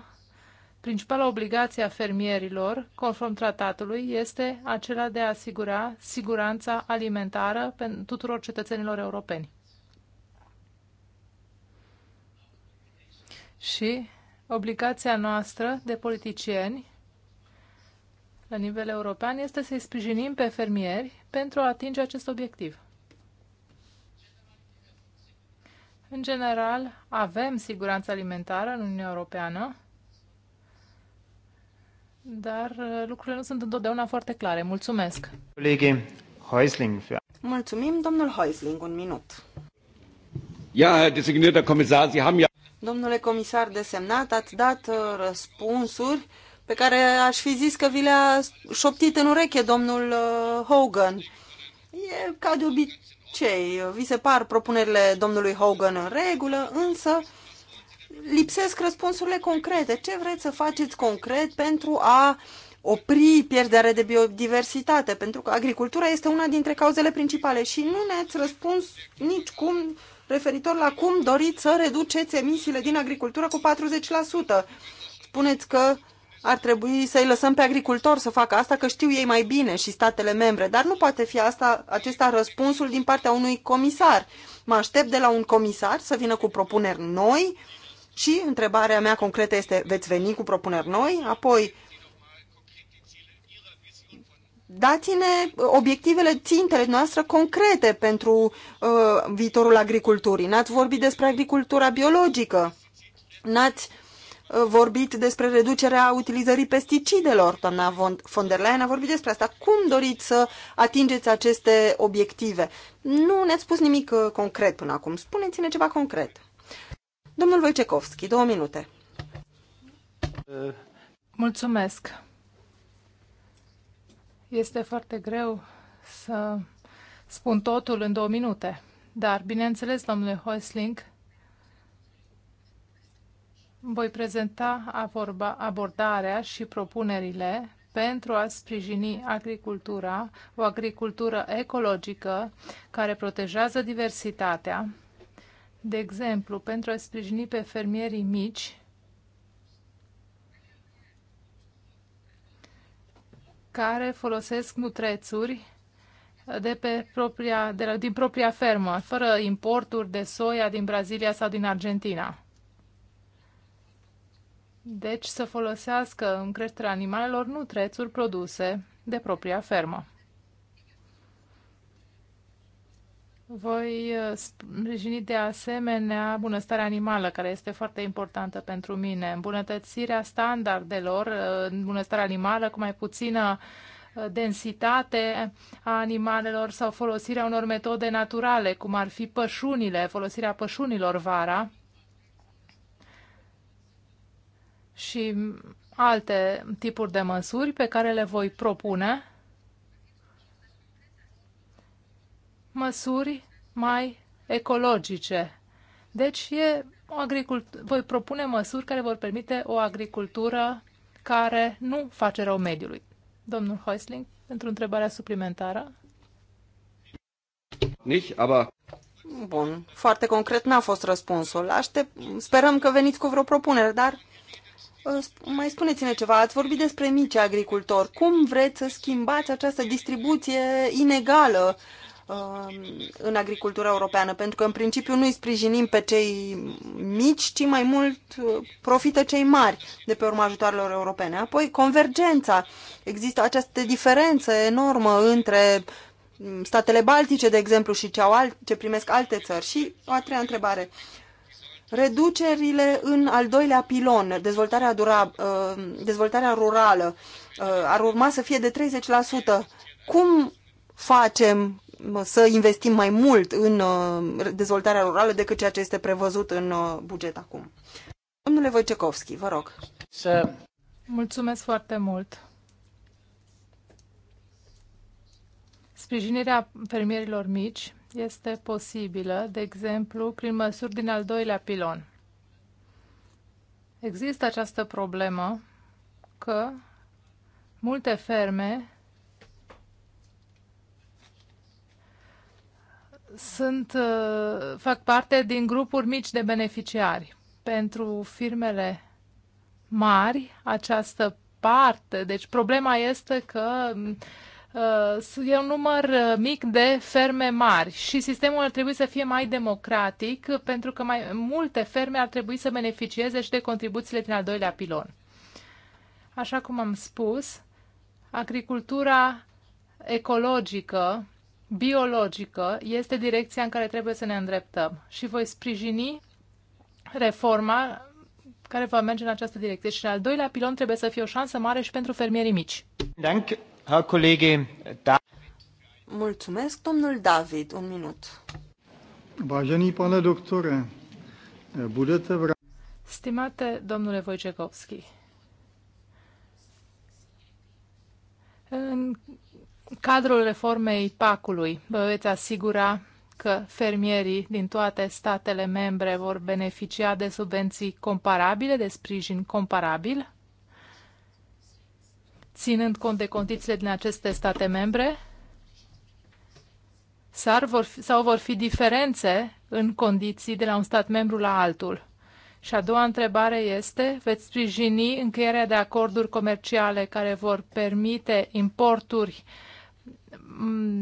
principala obligație a fermierilor, conform tratatului, este acela de a asigura siguranța alimentară pentru tuturor cetățenilor europeni. și obligația noastră de politicieni la nivel european este să-i sprijinim pe fermieri pentru a atinge acest obiectiv. În general, avem siguranță alimentară în Uniunea Europeană, dar uh, lucrurile nu sunt întotdeauna foarte clare. Mulțumesc! Mulțumim, domnul Heusling, un minut. Ja, designierter Kommissar, Sie haben ja Domnule comisar desemnat, ați dat uh, răspunsuri pe care aș fi zis că vi le-a șoptit în ureche domnul uh, Hogan. E ca de obicei, vi se par propunerile domnului Hogan în regulă, însă lipsesc răspunsurile concrete. Ce vreți să faceți concret pentru a opri pierderea de biodiversitate? Pentru că agricultura este una dintre cauzele principale și nu ne-ați răspuns nici cum referitor la cum doriți să reduceți emisiile din agricultură cu 40%. Spuneți că ar trebui să-i lăsăm pe agricultori să facă asta, că știu ei mai bine și statele membre, dar nu poate fi asta, acesta răspunsul din partea unui comisar. Mă aștept de la un comisar să vină cu propuneri noi și întrebarea mea concretă este, veți veni cu propuneri noi? Apoi, dați-ne obiectivele, țintele noastre concrete pentru uh, viitorul agriculturii. N-ați vorbit despre agricultura biologică, n-ați uh, vorbit despre reducerea utilizării pesticidelor. Doamna von, der Leyen a vorbit despre asta. Cum doriți să atingeți aceste obiective? Nu ne-ați spus nimic uh, concret până acum. Spuneți-ne ceva concret. Domnul Wojciechowski, două minute. Mulțumesc. Este foarte greu să spun totul în două minute. Dar, bineînțeles, domnule Hoisling, voi prezenta abordarea și propunerile pentru a sprijini agricultura, o agricultură ecologică care protejează diversitatea, de exemplu, pentru a sprijini pe fermierii mici care folosesc nutrețuri de pe propria, de la, din propria fermă, fără importuri de soia din Brazilia sau din Argentina. Deci să folosească în creșterea animalelor nutrețuri produse de propria fermă. Voi uh, sprijini de asemenea bunăstarea animală, care este foarte importantă pentru mine. Îmbunătățirea standardelor uh, bunăstarea animală cu mai puțină uh, densitate a animalelor sau folosirea unor metode naturale, cum ar fi pășunile, folosirea pășunilor vara și alte tipuri de măsuri pe care le voi propune măsuri mai ecologice. Deci e o agricult- voi propune măsuri care vor permite o agricultură care nu face rău mediului. Domnul Heusling, pentru întrebarea suplimentară. Nici, aber... Bun, foarte concret n-a fost răspunsul. Aștept, sperăm că veniți cu vreo propunere, dar ă, mai spuneți-ne ceva. Ați vorbit despre mici agricultori. Cum vreți să schimbați această distribuție inegală în agricultura europeană, pentru că în principiu nu îi sprijinim pe cei mici, ci mai mult uh, profită cei mari de pe urma ajutoarelor europene. Apoi, convergența. Există această diferență enormă între mm, statele baltice, de exemplu, și ce primesc alte țări. Și o a treia întrebare. Reducerile în al doilea pilon, dezvoltarea, dura, uh, dezvoltarea rurală, uh, ar urma să fie de 30%. Cum facem să investim mai mult în uh, dezvoltarea rurală decât ceea ce este prevăzut în uh, buget acum. Domnule Wojciechowski, vă rog. Să... Mulțumesc foarte mult. Sprijinirea fermierilor mici este posibilă, de exemplu, prin măsuri din al doilea pilon. Există această problemă că multe ferme sunt, uh, fac parte din grupuri mici de beneficiari. Pentru firmele mari, această parte, deci problema este că uh, e un număr mic de ferme mari și sistemul ar trebui să fie mai democratic pentru că mai multe ferme ar trebui să beneficieze și de contribuțiile din al doilea pilon. Așa cum am spus, agricultura ecologică biologică este direcția în care trebuie să ne îndreptăm și voi sprijini reforma care va merge în această direcție. Și în al doilea pilon trebuie să fie o șansă mare și pentru fermierii mici. Da- Mulțumesc, domnul David. Un minut. pane Stimate domnule Wojciechowski, în cadrul reformei PAC-ului vă veți asigura că fermierii din toate statele membre vor beneficia de subvenții comparabile, de sprijin comparabil, ținând cont de condițiile din aceste state membre? Sar vor fi, sau vor fi diferențe în condiții de la un stat membru la altul? Și a doua întrebare este, veți sprijini încheierea de acorduri comerciale care vor permite importuri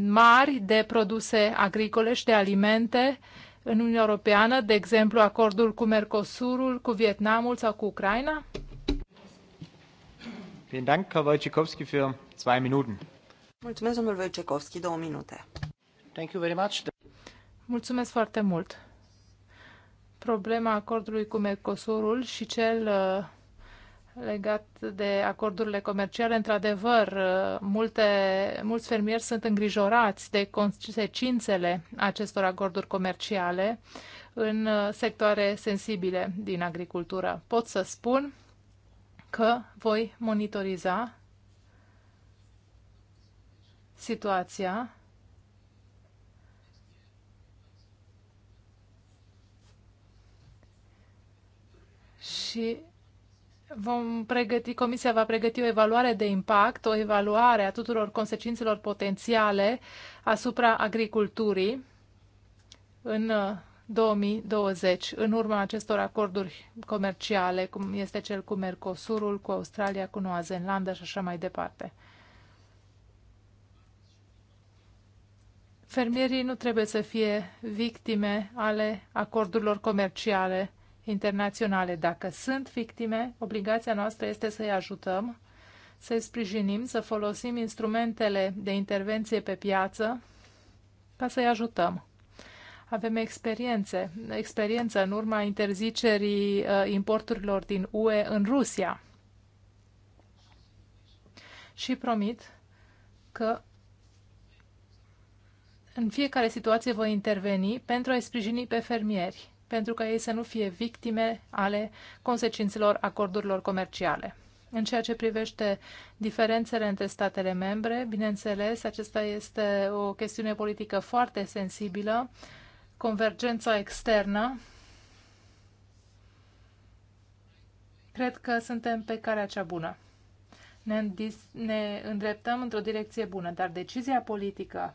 mari de produse agricole și de alimente în Uniunea Europeană, de exemplu acordul cu Mercosurul, cu Vietnamul sau cu Ucraina? Dank, Wojciechowski, für zwei Minuten. Mulțumesc, domnul Wojciechowski, două minute. Thank you very much. Mulțumesc foarte mult. Problema acordului cu Mercosurul și cel uh, legat de acordurile comerciale. Într-adevăr, uh, multe, mulți fermieri sunt îngrijorați de consecințele acestor acorduri comerciale în uh, sectoare sensibile din agricultură. Pot să spun că voi monitoriza situația și Vom pregăti, Comisia va pregăti o evaluare de impact, o evaluare a tuturor consecințelor potențiale asupra agriculturii în 2020, uh, în urma acestor acorduri comerciale, cum este cel cu Mercosurul, cu Australia, cu Noua Zeelandă și așa mai departe. Fermierii nu trebuie să fie victime ale acordurilor comerciale internaționale. Dacă sunt victime, obligația noastră este să-i ajutăm, să-i sprijinim, să folosim instrumentele de intervenție pe piață ca să-i ajutăm. Avem experiențe, experiență în urma interzicerii uh, importurilor din UE în Rusia. Și promit că în fiecare situație voi interveni pentru a-i sprijini pe fermieri pentru ca ei să nu fie victime ale consecințelor acordurilor comerciale. În ceea ce privește diferențele între statele membre, bineînțeles, acesta este o chestiune politică foarte sensibilă, convergența externă. Cred că suntem pe calea cea bună. Ne, ne îndreptăm într-o direcție bună, dar decizia politică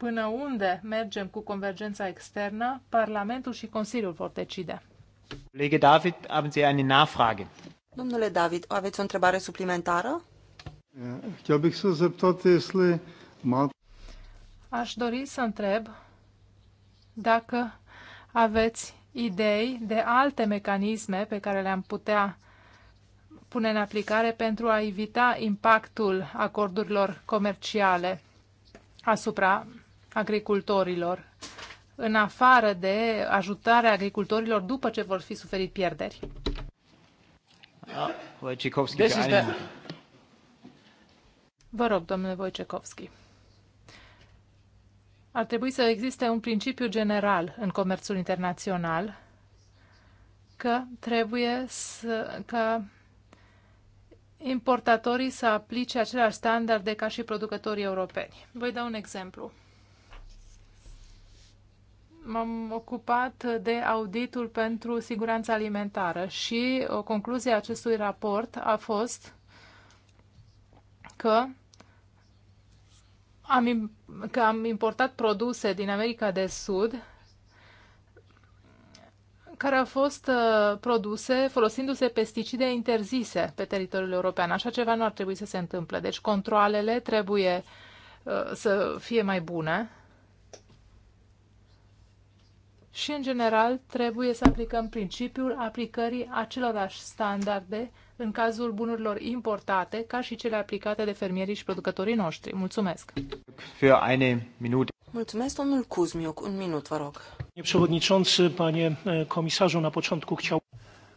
până unde mergem cu convergența externă, Parlamentul și Consiliul vor decide. Lege David, haben Sie eine Nachfrage? Domnule David, aveți o întrebare suplimentară? Chiar Aș dori să întreb dacă aveți idei de alte mecanisme pe care le-am putea pune în aplicare pentru a evita impactul acordurilor comerciale asupra agricultorilor, în afară de ajutarea agricultorilor după ce vor fi suferit pierderi? Ah, Vă rog, domnule Wojciechowski. Ar trebui să existe un principiu general în comerțul internațional că trebuie să, că importatorii să aplice aceleași standarde ca și producătorii europeni. Voi da un exemplu m-am ocupat de auditul pentru siguranța alimentară și o concluzie a acestui raport a fost că am, că am importat produse din America de Sud care au fost uh, produse folosindu-se pesticide interzise pe teritoriul european. Așa ceva nu ar trebui să se întâmple. Deci controlele trebuie uh, să fie mai bune și, în general, trebuie să aplicăm principiul aplicării acelorași standarde în cazul bunurilor importate, ca și cele aplicate de fermierii și producătorii noștri. Mulțumesc! Mulțumesc, domnul Kuzmiuc. Un minut, vă rog. Przewodniczący, panie komisarzu, początku chciał...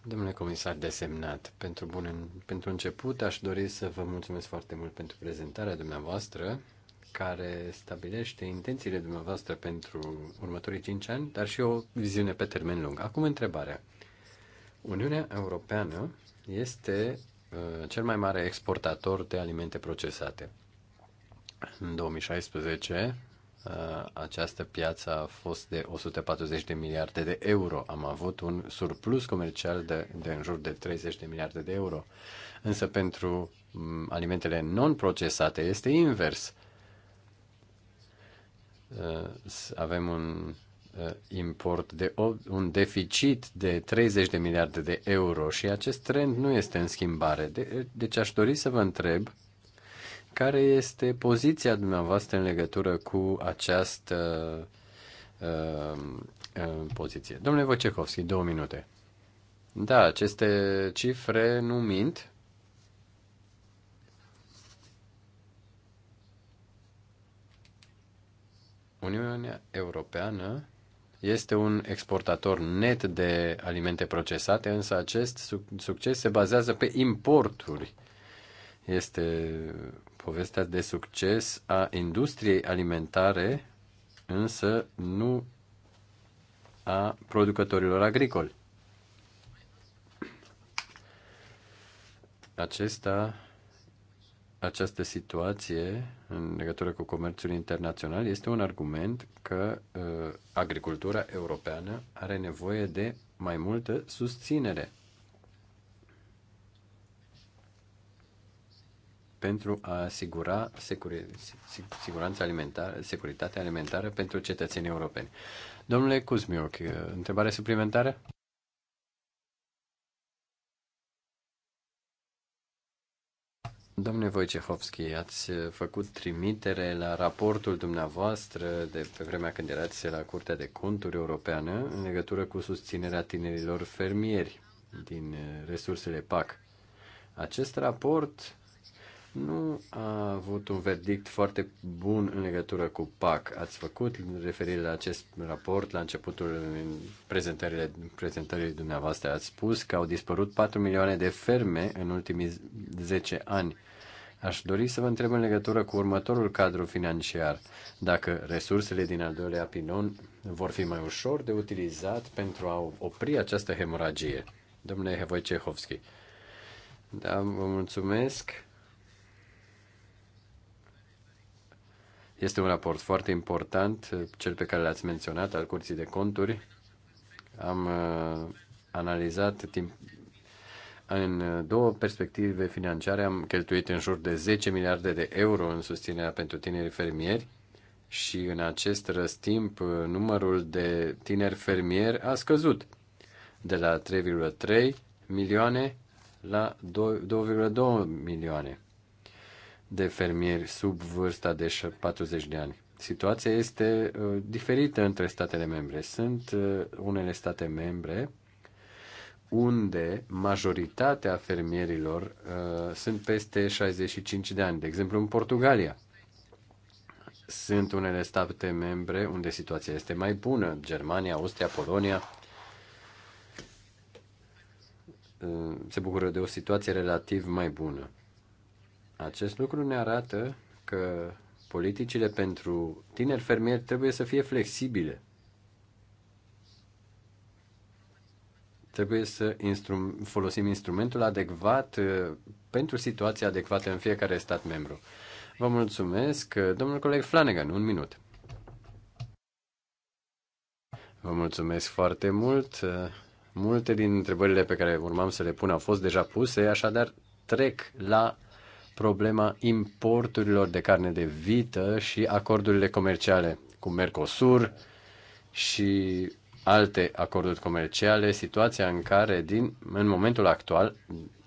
Domnule comisar desemnat, pentru, bun, pentru început aș dori să vă mulțumesc foarte mult pentru prezentarea dumneavoastră care stabilește intențiile dumneavoastră pentru următorii 5 ani, dar și o viziune pe termen lung. Acum întrebarea. Uniunea Europeană este uh, cel mai mare exportator de alimente procesate. În 2016, uh, această piață a fost de 140 de miliarde de euro. Am avut un surplus comercial de, de în jur de 30 de miliarde de euro. Însă pentru mm, alimentele non-procesate este invers. Uh, avem un uh, import de un deficit de 30 de miliarde de euro și acest trend nu este în schimbare. De, deci aș dori să vă întreb care este poziția dumneavoastră în legătură cu această uh, uh, poziție. Domnule Vocecovski, două minute. Da, aceste cifre nu mint. Uniunea Europeană este un exportator net de alimente procesate, însă acest succes se bazează pe importuri. Este povestea de succes a industriei alimentare, însă nu a producătorilor agricoli. Acesta această situație în legătură cu comerțul internațional este un argument că uh, agricultura europeană are nevoie de mai multă susținere pentru a asigura securi, siguranța alimentară, securitatea alimentară pentru cetățenii europeni. Domnule Kuzmiuc, uh, întrebare suplimentară? Domnule Wojciechowski, ați făcut trimitere la raportul dumneavoastră de pe vremea când erați la Curtea de Conturi Europeană în legătură cu susținerea tinerilor fermieri din resursele PAC. Acest raport nu a avut un verdict foarte bun în legătură cu PAC. Ați făcut referire la acest raport la începutul prezentării, prezentării dumneavoastră. Ați spus că au dispărut 4 milioane de ferme în ultimii 10 ani. Aș dori să vă întreb în legătură cu următorul cadru financiar, dacă resursele din al doilea pinon vor fi mai ușor de utilizat pentru a opri această hemoragie. Domnule Cehovski, da, vă mulțumesc Este un raport foarte important, cel pe care l-ați menționat, al Curții de Conturi. Am uh, analizat timp, în două perspective financiare am cheltuit în jur de 10 miliarde de euro în susținerea pentru tineri fermieri și în acest răstimp uh, numărul de tineri fermieri a scăzut de la 3,3 milioane la 2,2 milioane de fermieri sub vârsta de 40 de ani. Situația este uh, diferită între statele membre. Sunt uh, unele state membre unde majoritatea fermierilor uh, sunt peste 65 de ani, de exemplu în Portugalia. Sunt unele state membre unde situația este mai bună, Germania, Austria, Polonia. Uh, se bucură de o situație relativ mai bună. Acest lucru ne arată că politicile pentru tineri fermieri trebuie să fie flexibile. Trebuie să instru- folosim instrumentul adecvat uh, pentru situația adecvată în fiecare stat membru. Vă mulțumesc, uh, domnul coleg Flanagan, un minut. Vă mulțumesc foarte mult. Uh, multe din întrebările pe care urmam să le pun au fost deja puse, așadar trec la problema importurilor de carne de vită și acordurile comerciale cu Mercosur și alte acorduri comerciale, situația în care din, în momentul actual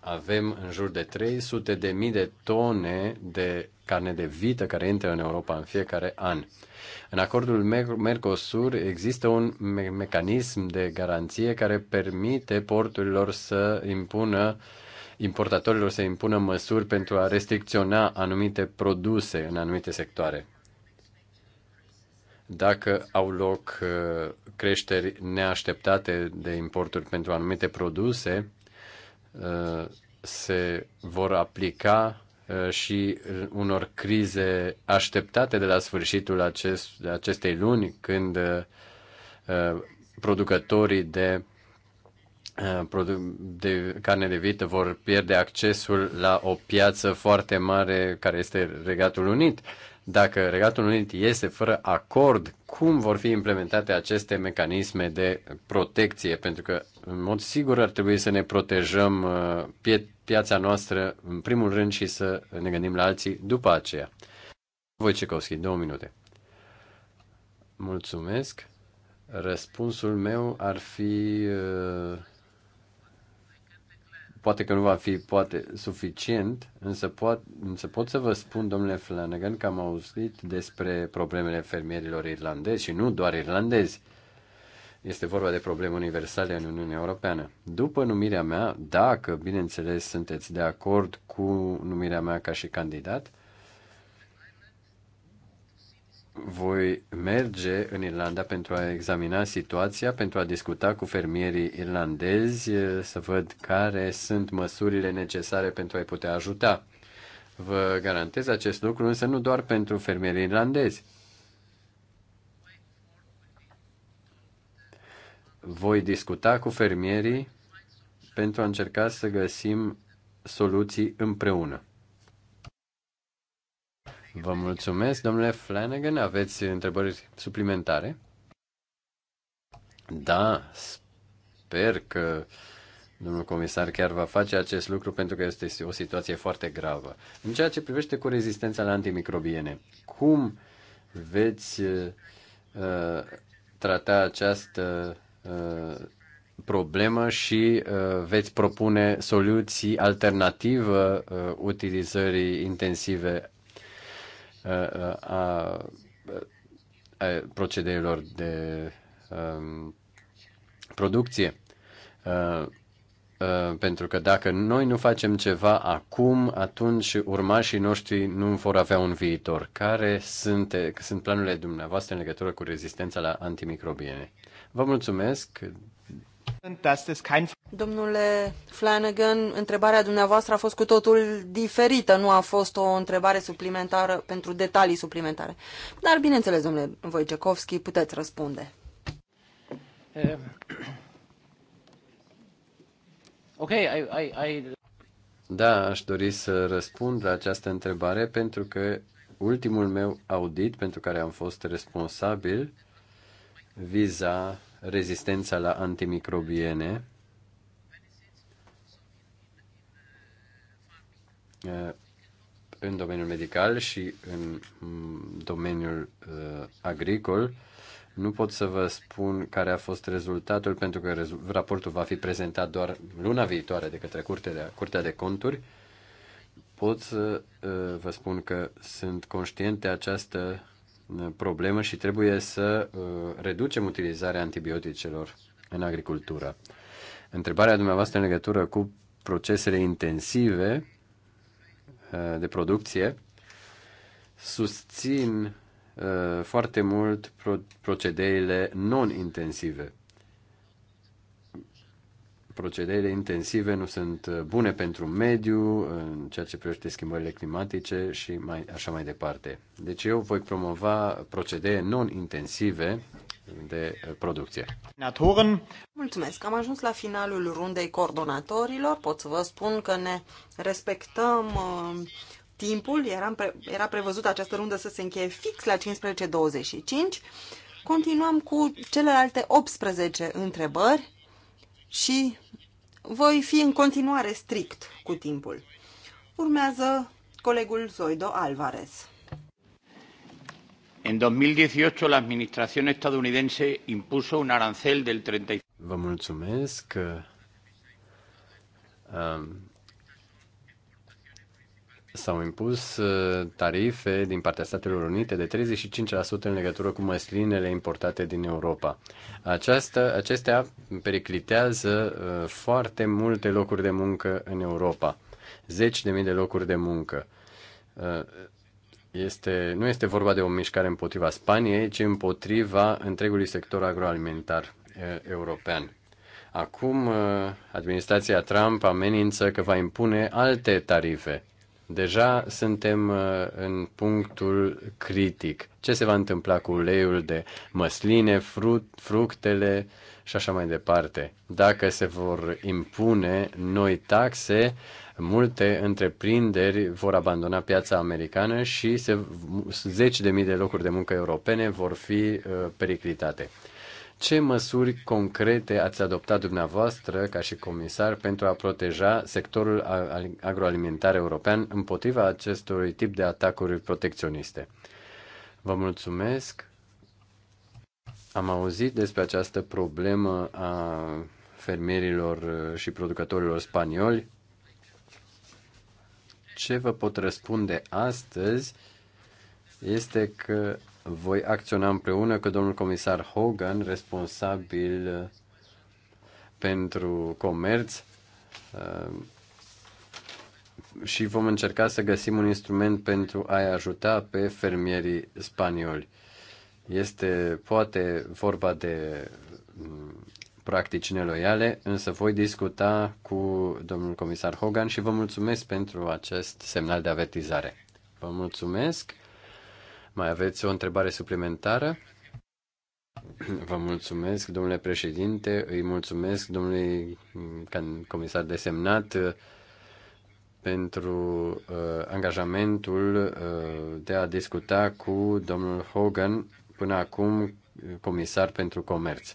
avem în jur de 300 de mii de tone de carne de vită care intră în Europa în fiecare an. În acordul Mercosur există un me- mecanism de garanție care permite porturilor să impună uh, importatorilor să impună măsuri pentru a restricționa anumite produse în anumite sectoare. Dacă au loc uh, creșteri neașteptate de importuri pentru anumite produse, uh, se vor aplica uh, și unor crize așteptate de la sfârșitul acest, acestei luni, când producătorii de Eh, de carne de vită vor pierde accesul la o piață foarte mare care este Regatul Unit. Dacă Regatul Unit iese fără acord, cum vor fi implementate aceste mecanisme de protecție? Pentru că, în mod sigur, ar trebui să ne protejăm eh, piața noastră, în primul rând, și să ne gândim la alții după aceea. Wojciechowski, două minute. Mulțumesc. Răspunsul meu ar fi eh, Poate că nu va fi poate suficient, însă pot, însă pot să vă spun, domnule Flanagan, că am auzit despre problemele fermierilor irlandezi și nu doar irlandezi. Este vorba de probleme universale în Uniunea Europeană. După numirea mea, dacă, bineînțeles, sunteți de acord cu numirea mea ca și candidat, uh, voi merge în Irlanda pentru a examina situația, pentru a discuta cu fermierii irlandezi, eh, să văd care sunt măsurile necesare pentru a-i putea ajuta. Vă garantez acest lucru, însă nu doar pentru fermierii irlandezi. Voi discuta cu fermierii pentru a încerca să găsim soluții împreună. Vă mulțumesc, domnule Flanagan. Aveți întrebări suplimentare? Da, sper că domnul comisar chiar va face acest lucru pentru că este o situație foarte gravă. În ceea ce privește cu rezistența la antimicrobiene, cum veți uh, trata această uh, problemă și uh, veți propune soluții alternativă uh, utilizării intensive Uh, uh, a, a procedeilor de um, producție. Uh, uh, pentru că dacă noi nu facem ceva acum, atunci urmașii noștri nu vor avea un viitor. Care sunt, sunt planurile dumneavoastră în legătură cu rezistența la antimicrobiene? Vă mulțumesc, Domnule Flanagan, întrebarea dumneavoastră a fost cu totul diferită, nu a fost o întrebare suplimentară pentru detalii suplimentare. Dar, bineînțeles, domnule Wojciechowski, puteți răspunde. Eh, ok, I, I, I... Da, aș dori să răspund la această întrebare pentru că ultimul meu audit pentru care am fost responsabil viza rezistența la antimicrobiene, în domeniul medical și în mm, domeniul uh, agricol. Nu pot să vă spun care a fost rezultatul, pentru că raportul va fi prezentat doar luna viitoare de către Curtea de, curtea de Conturi. Pot să uh, vă spun că sunt conștient de această problemă și trebuie să uh, reducem utilizarea antibioticelor în agricultură. Întrebarea dumneavoastră în legătură cu procesele intensive uh, de producție susțin uh, foarte mult procedeile non-intensive procedeile intensive nu sunt uh, bune pentru mediu, în ceea ce privește schimbările climatice și mai, așa mai departe. Deci eu voi promova procedee non-intensive de uh, producție. Mulțumesc! Am ajuns la finalul rundei coordonatorilor. Pot să vă spun că ne respectăm uh, timpul. Eram pre- era prevăzut această rundă să se încheie fix la 15.25. Continuăm cu celelalte 18 întrebări și voi fi în continuare strict cu timpul. Urmează colegul Zoido Alvarez. În 2018, la administrație estadounidense impuso un arancel del 35. Vă mulțumesc. Um, s-au impus uh, tarife din partea Statelor Unite de 35% în legătură cu măslinele importate din Europa. Aceasta, acestea periclitează uh, foarte multe locuri de muncă în Europa, zeci de mii de locuri de muncă. Uh, este, nu este vorba de o mișcare împotriva Spaniei, ci împotriva întregului sector agroalimentar european. Acum, administrația Trump amenință că va impune alte tarife Deja suntem uh, în punctul critic. Ce se va întâmpla cu uleiul de măsline, fruct, fructele și așa mai departe? Dacă se vor impune noi taxe, multe întreprinderi vor abandona piața americană și se, zeci de mii de locuri de muncă europene vor fi uh, periclitate. Ce măsuri concrete ați adoptat dumneavoastră ca și comisar pentru a proteja sectorul agroalimentar european împotriva acestui tip de atacuri protecționiste? Vă mulțumesc. Am auzit despre această problemă a fermierilor și producătorilor spanioli. Ce vă pot răspunde astăzi este că voi acționa împreună cu domnul comisar Hogan, responsabil uh, pentru comerț, uh, și vom încerca să găsim un instrument pentru a-i ajuta pe fermierii spanioli. Este poate vorba de mm, practici neloiale, însă voi discuta cu domnul comisar Hogan și vă mulțumesc pentru acest semnal de avertizare. Vă mulțumesc. Mai aveți o întrebare suplimentară? Vă mulțumesc, domnule președinte, îi mulțumesc domnului comisar desemnat uh, pentru uh, angajamentul uh, de a discuta cu domnul Hogan, până acum comisar pentru comerț,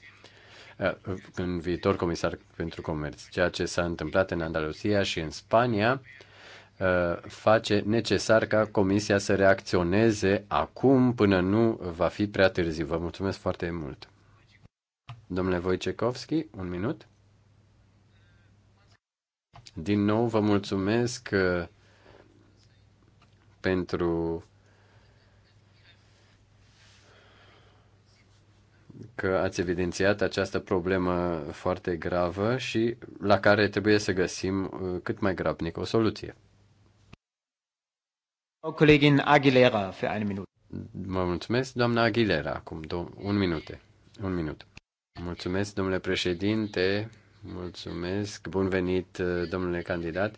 uh, în viitor comisar pentru comerț. Ceea ce s-a întâmplat în Andalusia și în Spania uh, Uh, face necesar ca Comisia să reacționeze acum până nu va fi prea târziu. Vă mulțumesc foarte mult. Domnule Wojciechowski, un minut. Din nou vă mulțumesc uh, pentru că ați evidențiat această problemă foarte gravă și la care trebuie să găsim uh, cât mai grabnic o soluție. O colegin Aguilera, pe un minut. Mă mulțumesc, doamna Aguilera, acum un minut, Un minut. Mulțumesc, domnule președinte, mulțumesc, bun venit, uh, domnule candidat.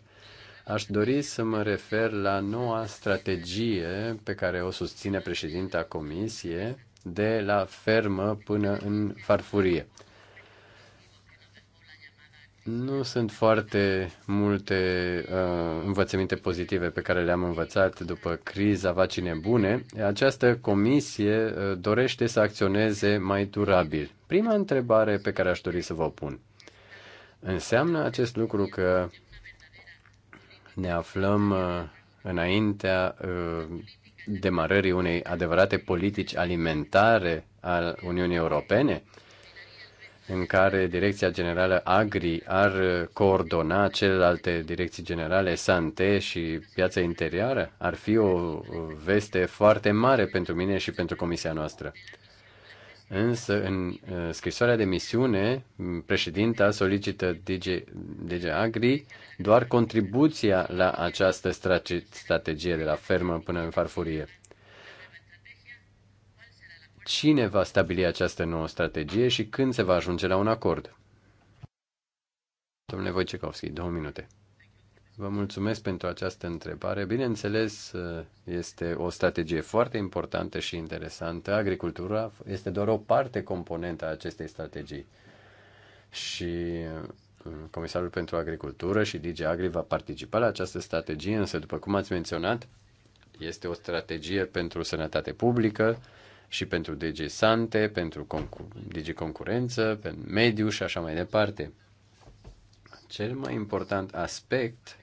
Aș dori să mă refer la noua strategie pe care o susține președinta Comisie de la fermă până în farfurie. Nu sunt foarte multe uh, învățăminte pozitive pe care le-am învățat după criza vacine bune. Această comisie uh, dorește să acționeze mai durabil. Prima întrebare pe care aș dori să vă pun. Înseamnă acest lucru că ne aflăm uh, înaintea uh, demarării unei adevărate politici alimentare al Uniunii Europene? Uh, în care Direcția Generală Agri ar coordona celelalte direcții generale, Sante și Piața Interioară, ar fi o veste foarte mare pentru mine și pentru comisia noastră. Însă, în uh, scrisoarea de misiune, președinta solicită DG, DG Agri doar contribuția la această strategie de la fermă până în farfurie. Cine va stabili această nouă strategie și când se va ajunge la un acord? Domnule Wojciechowski, două minute. Vă mulțumesc pentru această întrebare. Bineînțeles, este o strategie foarte importantă și interesantă. Agricultura este doar o parte componentă a acestei strategii. Și uh, Comisarul pentru Agricultură și DG Agri va participa la această strategie, însă, după cum ați menționat, este o strategie pentru sănătate publică, și pentru DG Sante, pentru concur- DG Concurență, pentru mediu și așa mai departe. Cel mai important aspect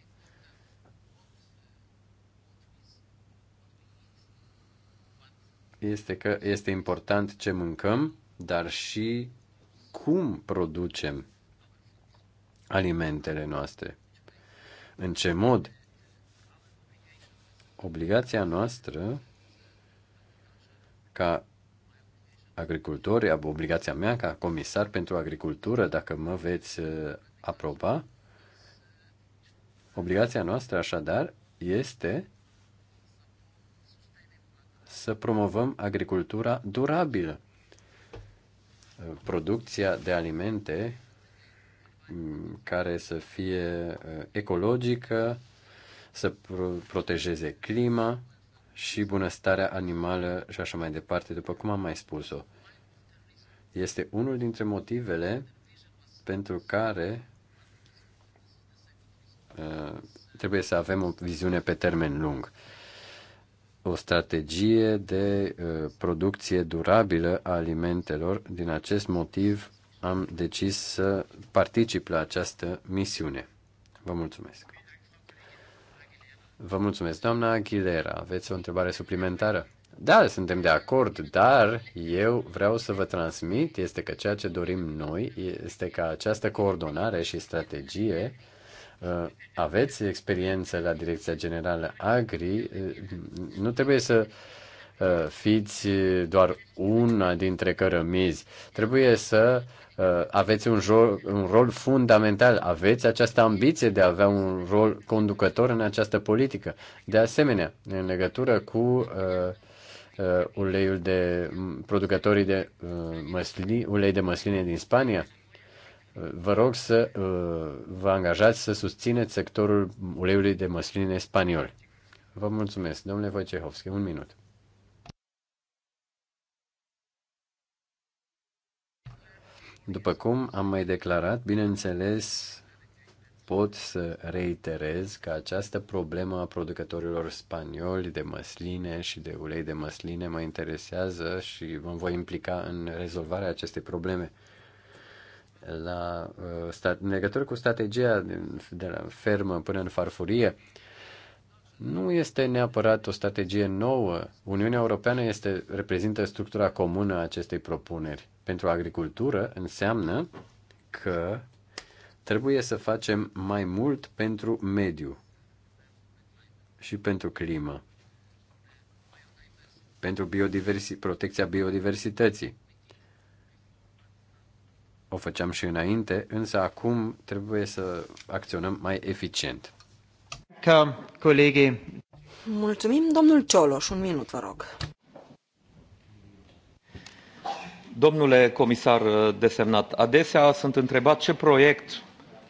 este că este important ce mâncăm, dar și cum producem alimentele noastre. În ce mod? Obligația noastră ca agricultor, obligația mea ca comisar pentru agricultură, dacă mă veți uh, aproba, obligația noastră așadar este să promovăm agricultura durabilă. Uh, producția de alimente mm, care să fie uh, ecologică, să protejeze clima, și bunăstarea animală și așa mai departe, după cum am mai spus-o. Este unul dintre motivele pentru care uh, trebuie să avem o viziune pe termen lung. O strategie de uh, producție durabilă a alimentelor. Din acest motiv am decis să particip la această misiune. Vă mulțumesc! Vă mulțumesc, doamna Aguilera. Aveți o întrebare suplimentară? Da, suntem de acord, dar eu vreau să vă transmit este că ceea ce dorim noi este ca această coordonare și strategie uh, aveți experiență la Direcția Generală Agri, uh, nu trebuie să Uh, fiți doar una dintre cărămizi. Trebuie să uh, aveți un, rol, un rol fundamental, aveți această ambiție de a avea un rol conducător în această politică. De asemenea, în legătură cu uh, uh, uleiul de producătorii de uh, măsli, ulei de măsline din Spania, uh, vă rog să uh, vă angajați să susțineți sectorul uleiului de măsline spaniol. Vă mulțumesc. Domnule Wojciechowski, un minut. După cum am mai declarat, bineînțeles, pot să reiterez că această problemă a producătorilor spanioli de măsline și de ulei de măsline mă interesează și mă voi implica în rezolvarea acestei probleme. La, uh, în legătură cu strategia de la fermă până în farfurie, nu este neapărat o strategie nouă. Uniunea Europeană este, reprezintă structura comună a acestei propuneri. Pentru agricultură înseamnă că trebuie să facem mai mult pentru mediu și pentru climă, pentru biodiversi- protecția biodiversității. O făceam și înainte, însă acum trebuie să acționăm mai eficient colegii. Mulțumim, domnul Cioloș. Un minut, vă rog. Domnule comisar desemnat, adesea sunt întrebat ce proiect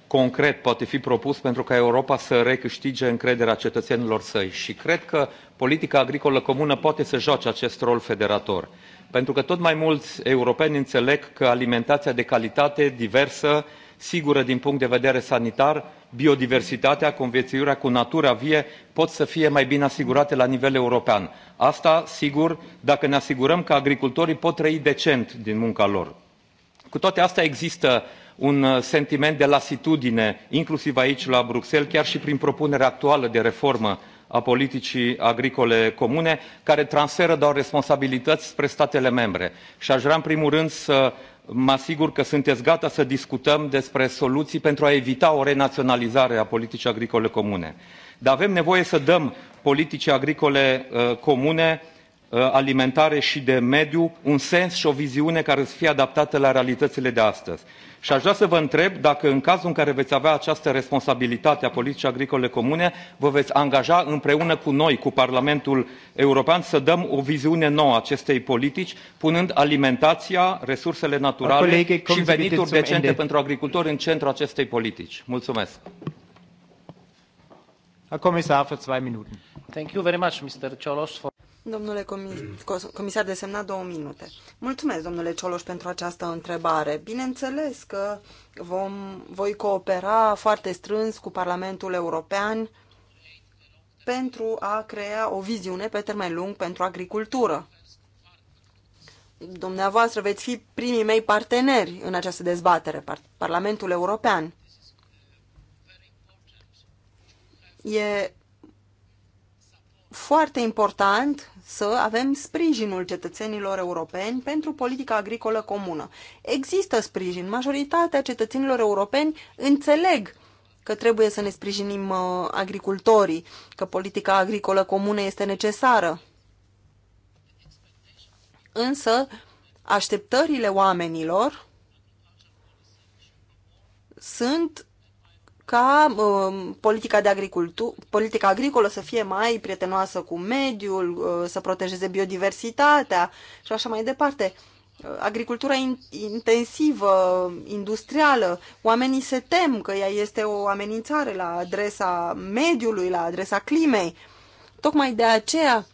concret poate fi propus pentru ca Europa să recâștige încrederea cetățenilor săi și cred că politica agricolă comună poate să joace acest rol federator. Pentru că tot mai mulți europeni înțeleg că alimentația de calitate, diversă, sigură din punct de vedere sanitar, biodiversitatea, conviețuirea cu natura vie pot să fie mai bine asigurate la nivel european. Asta, sigur, dacă ne asigurăm că agricultorii pot trăi decent din munca lor. Cu toate astea există un uh, sentiment de lasitudine, inclusiv aici la Bruxelles, chiar și prin propunerea actuală de reformă a politicii agricole comune, care transferă doar responsabilități spre statele membre. Și aș vrea, în primul rând, să mă asigur că sunteți gata să discutăm despre soluții pentru a evita o renaționalizare a politicii agricole comune dar avem nevoie să dăm politicii agricole uh, comune uh, alimentare și de mediu un sens și o viziune care să fie adaptate la realitățile de astăzi. Și aș vrea să vă întreb dacă în cazul în care veți avea această responsabilitate a politicii agricole comune, vă veți angaja împreună cu noi, cu Parlamentul European, să dăm o viziune nouă acestei politici, punând alimentația, resursele naturale și venituri decente pentru agricultori în centrul acestei politici. Mulțumesc. Herr Kommissar, für zwei Minuten. Thank you very much, Mr. Cholos, Domnule comisar de semnat, două minute. Mulțumesc, domnule Cioloș, pentru această întrebare. Bineînțeles că vom, voi coopera foarte strâns cu Parlamentul European pentru a crea o viziune pe termen lung pentru agricultură. Dumneavoastră veți fi primii mei parteneri în această dezbatere, Parlamentul European. E foarte important să avem sprijinul cetățenilor europeni pentru politica agricolă comună. Există sprijin. Majoritatea cetățenilor europeni înțeleg că trebuie să ne sprijinim uh, agricultorii, că politica agricolă comună este necesară. Însă, așteptările oamenilor sunt ca um, politica, de agricultură, politica agricolă să fie mai prietenoasă cu mediul, uh, să protejeze biodiversitatea și așa mai departe. Uh, agricultura in- intensivă, industrială, oamenii se tem că ea este o amenințare la adresa mediului, la adresa climei. Tocmai de aceea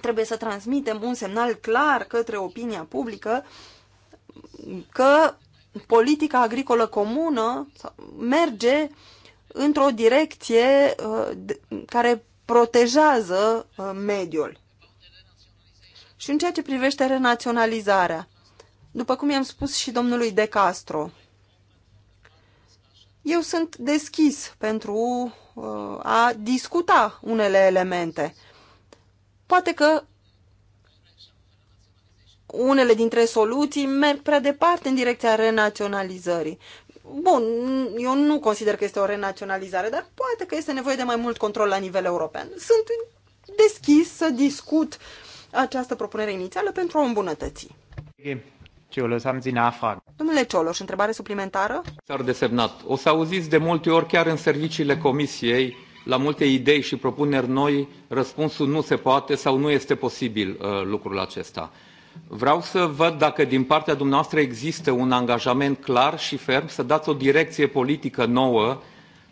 trebuie să transmitem un semnal clar către opinia publică că politica agricolă comună merge într-o direcție uh, care protejează uh, mediul. Și în ceea ce privește renaționalizarea, după cum i-am spus și domnului De Castro, eu sunt deschis pentru uh, a discuta unele elemente. Poate că unele dintre soluții merg prea departe în direcția renaționalizării. Bun, eu nu consider că este o renaționalizare, dar poate că este nevoie de mai mult control la nivel european. Sunt deschis să discut această propunere inițială pentru a o îmbunătăți. Cioloș, am Domnule Cioloș, întrebare suplimentară? S-ar desemnat. O să auziți de multe ori chiar în serviciile comisiei la multe idei și propuneri noi, răspunsul nu se poate sau nu este posibil uh, lucrul acesta. Vreau să văd dacă din partea dumneavoastră există un angajament clar și ferm să dați o direcție politică nouă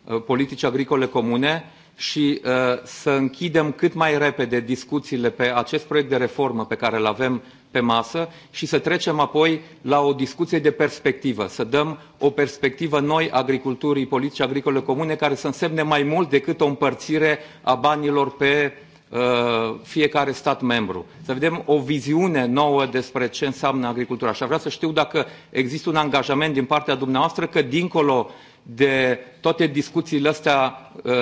uh, politici agricole comune și uh, să închidem cât mai repede discuțiile pe acest proiect de reformă pe care îl avem pe masă și să trecem apoi la o discuție de perspectivă, să dăm o perspectivă noi agriculturii politici agricole comune care să însemne mai mult decât o împărțire a banilor pe Uh, fiecare stat membru, să vedem o viziune nouă despre ce înseamnă agricultura. Și vreau să știu dacă există un angajament din partea dumneavoastră că dincolo de toate discuțiile astea uh,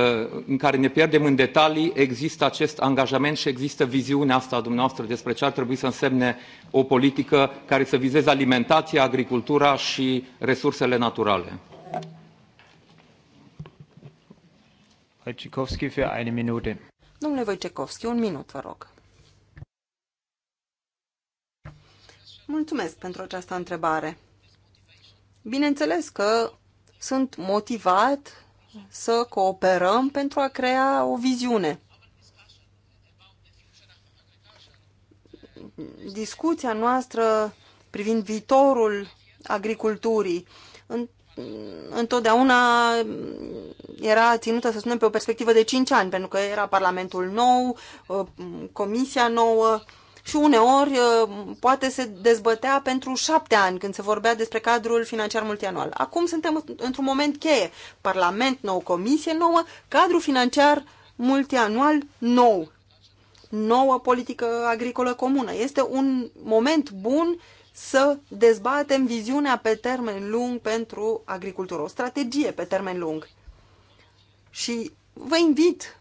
în care ne pierdem în detalii, există acest angajament și există viziunea asta a dumneavoastră despre ce ar trebui să însemne o politică care să vizeze alimentația, agricultura și resursele naturale. Wojciechowski für eine Minute. Domnule Voicecovski, un minut, vă rog. Mulțumesc pentru această întrebare. Bineînțeles că sunt motivat să cooperăm pentru a crea o viziune. Discuția noastră privind viitorul agriculturii întotdeauna era ținută, să spunem, pe o perspectivă de 5 ani, pentru că era Parlamentul nou, uh, Comisia nouă și uneori uh, poate se dezbătea pentru 7 ani când se vorbea despre cadrul financiar multianual. Acum suntem într-un moment cheie. Parlament nou, Comisie nouă, cadru financiar multianual nou, nouă politică agricolă comună. Este un moment bun să dezbatem viziunea pe termen lung pentru agricultură, o strategie pe termen lung. Și vă invit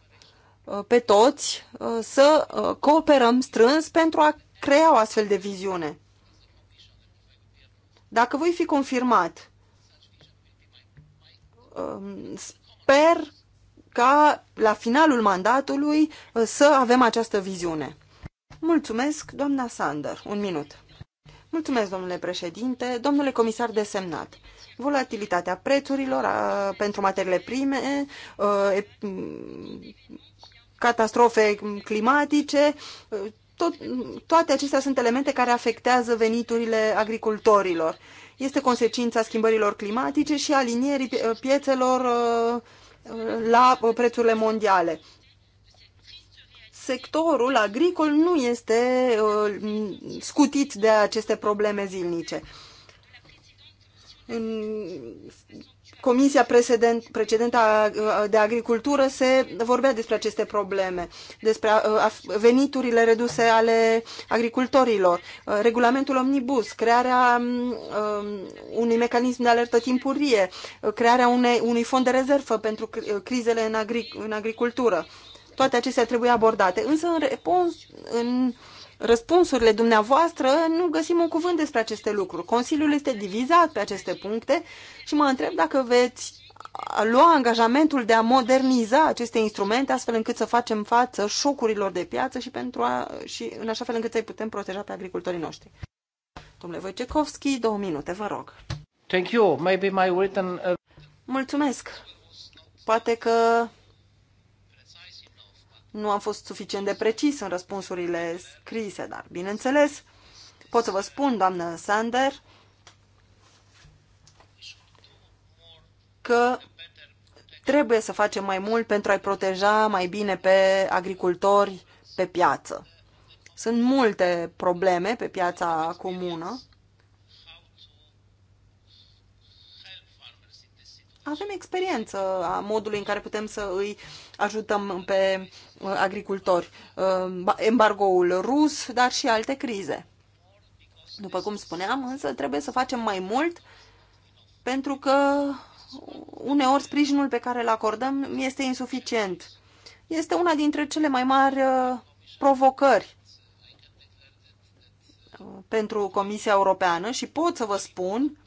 uh, pe toți uh, să uh, cooperăm strâns pentru a crea o astfel de viziune. Dacă voi fi confirmat, um, sper ca la finalul mandatului să avem această viziune. Mulțumesc, doamna Sander. Un minut. Mulțumesc, domnule președinte. Domnule comisar desemnat, volatilitatea prețurilor a, pentru materiile prime, a, e, catastrofe climatice, tot, toate acestea sunt elemente care afectează veniturile agricultorilor. Este consecința schimbărilor climatice și alinierii piețelor la prețurile mondiale sectorul agricol nu este uh, scutit de aceste probleme zilnice. În comisia precedent, precedentă de agricultură se vorbea despre aceste probleme, despre veniturile reduse ale agricultorilor, regulamentul omnibus, crearea unui mecanism de alertă timpurie, crearea unei, unui fond de rezervă pentru crizele în, agric, în agricultură. Toate acestea trebuie abordate. Însă în, repons, în răspunsurile dumneavoastră nu găsim un cuvânt despre aceste lucruri. Consiliul este divizat pe aceste puncte și mă întreb dacă veți lua angajamentul de a moderniza aceste instrumente astfel încât să facem față șocurilor de piață și, pentru a, și în așa fel încât să-i putem proteja pe agricultorii noștri. Domnule Wojciechowski, două minute, vă rog. Thank you. Maybe my written... Uh, Mulțumesc. Poate că nu am fost suficient de precis în răspunsurile scrise, dar, bineînțeles, pot să vă spun, doamnă Sander, că trebuie să facem mai mult pentru a-i proteja mai bine pe agricultori pe piață. Sunt multe probleme pe piața comună avem experiență a modului în care putem să îi ajutăm pe uh, agricultori. Uh, embargoul rus, dar și alte crize. După cum spuneam, însă trebuie să facem mai mult pentru că uneori sprijinul pe care îl acordăm este insuficient. Este una dintre cele mai mari uh, provocări pentru Comisia Europeană și pot să vă spun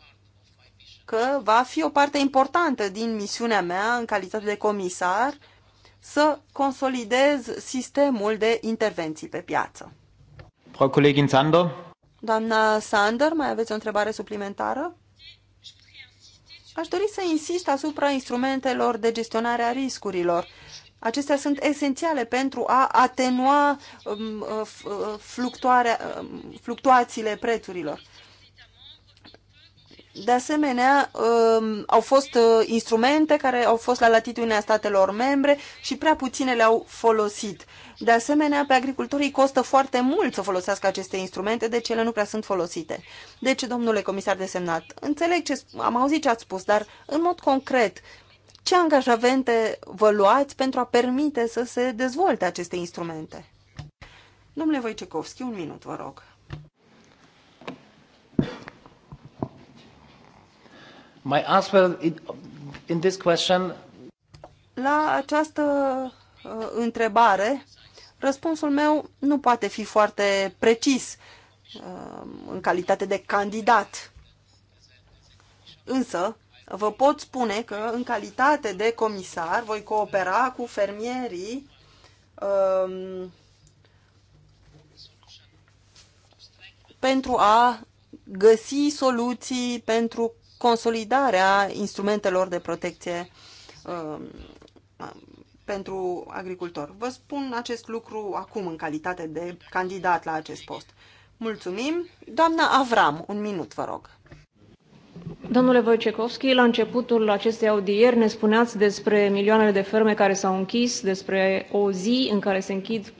că va fi o parte importantă din misiunea mea în calitate de comisar să consolidez sistemul de intervenții pe piață. Frau Kollegin Sander. Doamna Sander, mai aveți o întrebare suplimentară? Aș dori să insist asupra instrumentelor de gestionare a riscurilor. Acestea sunt esențiale pentru a atenua um, uh, uh, um fluctuațiile prețurilor. De asemenea, um, au fost uh, instrumente care au fost la latitudinea statelor membre și prea puține le-au folosit. De asemenea, pe agricultorii costă foarte mult să folosească aceste instrumente, deci ele nu prea sunt folosite. Deci, domnule comisar desemnat, înțeleg ce am auzit ce ați spus, dar în mod concret, ce angajamente vă luați pentru a permite să se dezvolte aceste instrumente? Domnule Voicecovski, un minut, vă rog. My answer in, this question... La această uh, întrebare, răspunsul meu nu poate fi foarte precis uh, în calitate de candidat. Însă, vă pot spune că în calitate de comisar voi coopera cu fermierii uh, pentru a găsi soluții pentru consolidarea instrumentelor de protecție um, pentru agricultor. Vă spun acest lucru acum în calitate de candidat la acest post. Mulțumim. Doamna Avram, un minut, vă rog. Domnule Wojciechowski, la începutul acestei audieri ne spuneați despre milioanele de ferme care s-au închis, despre o zi în care se închid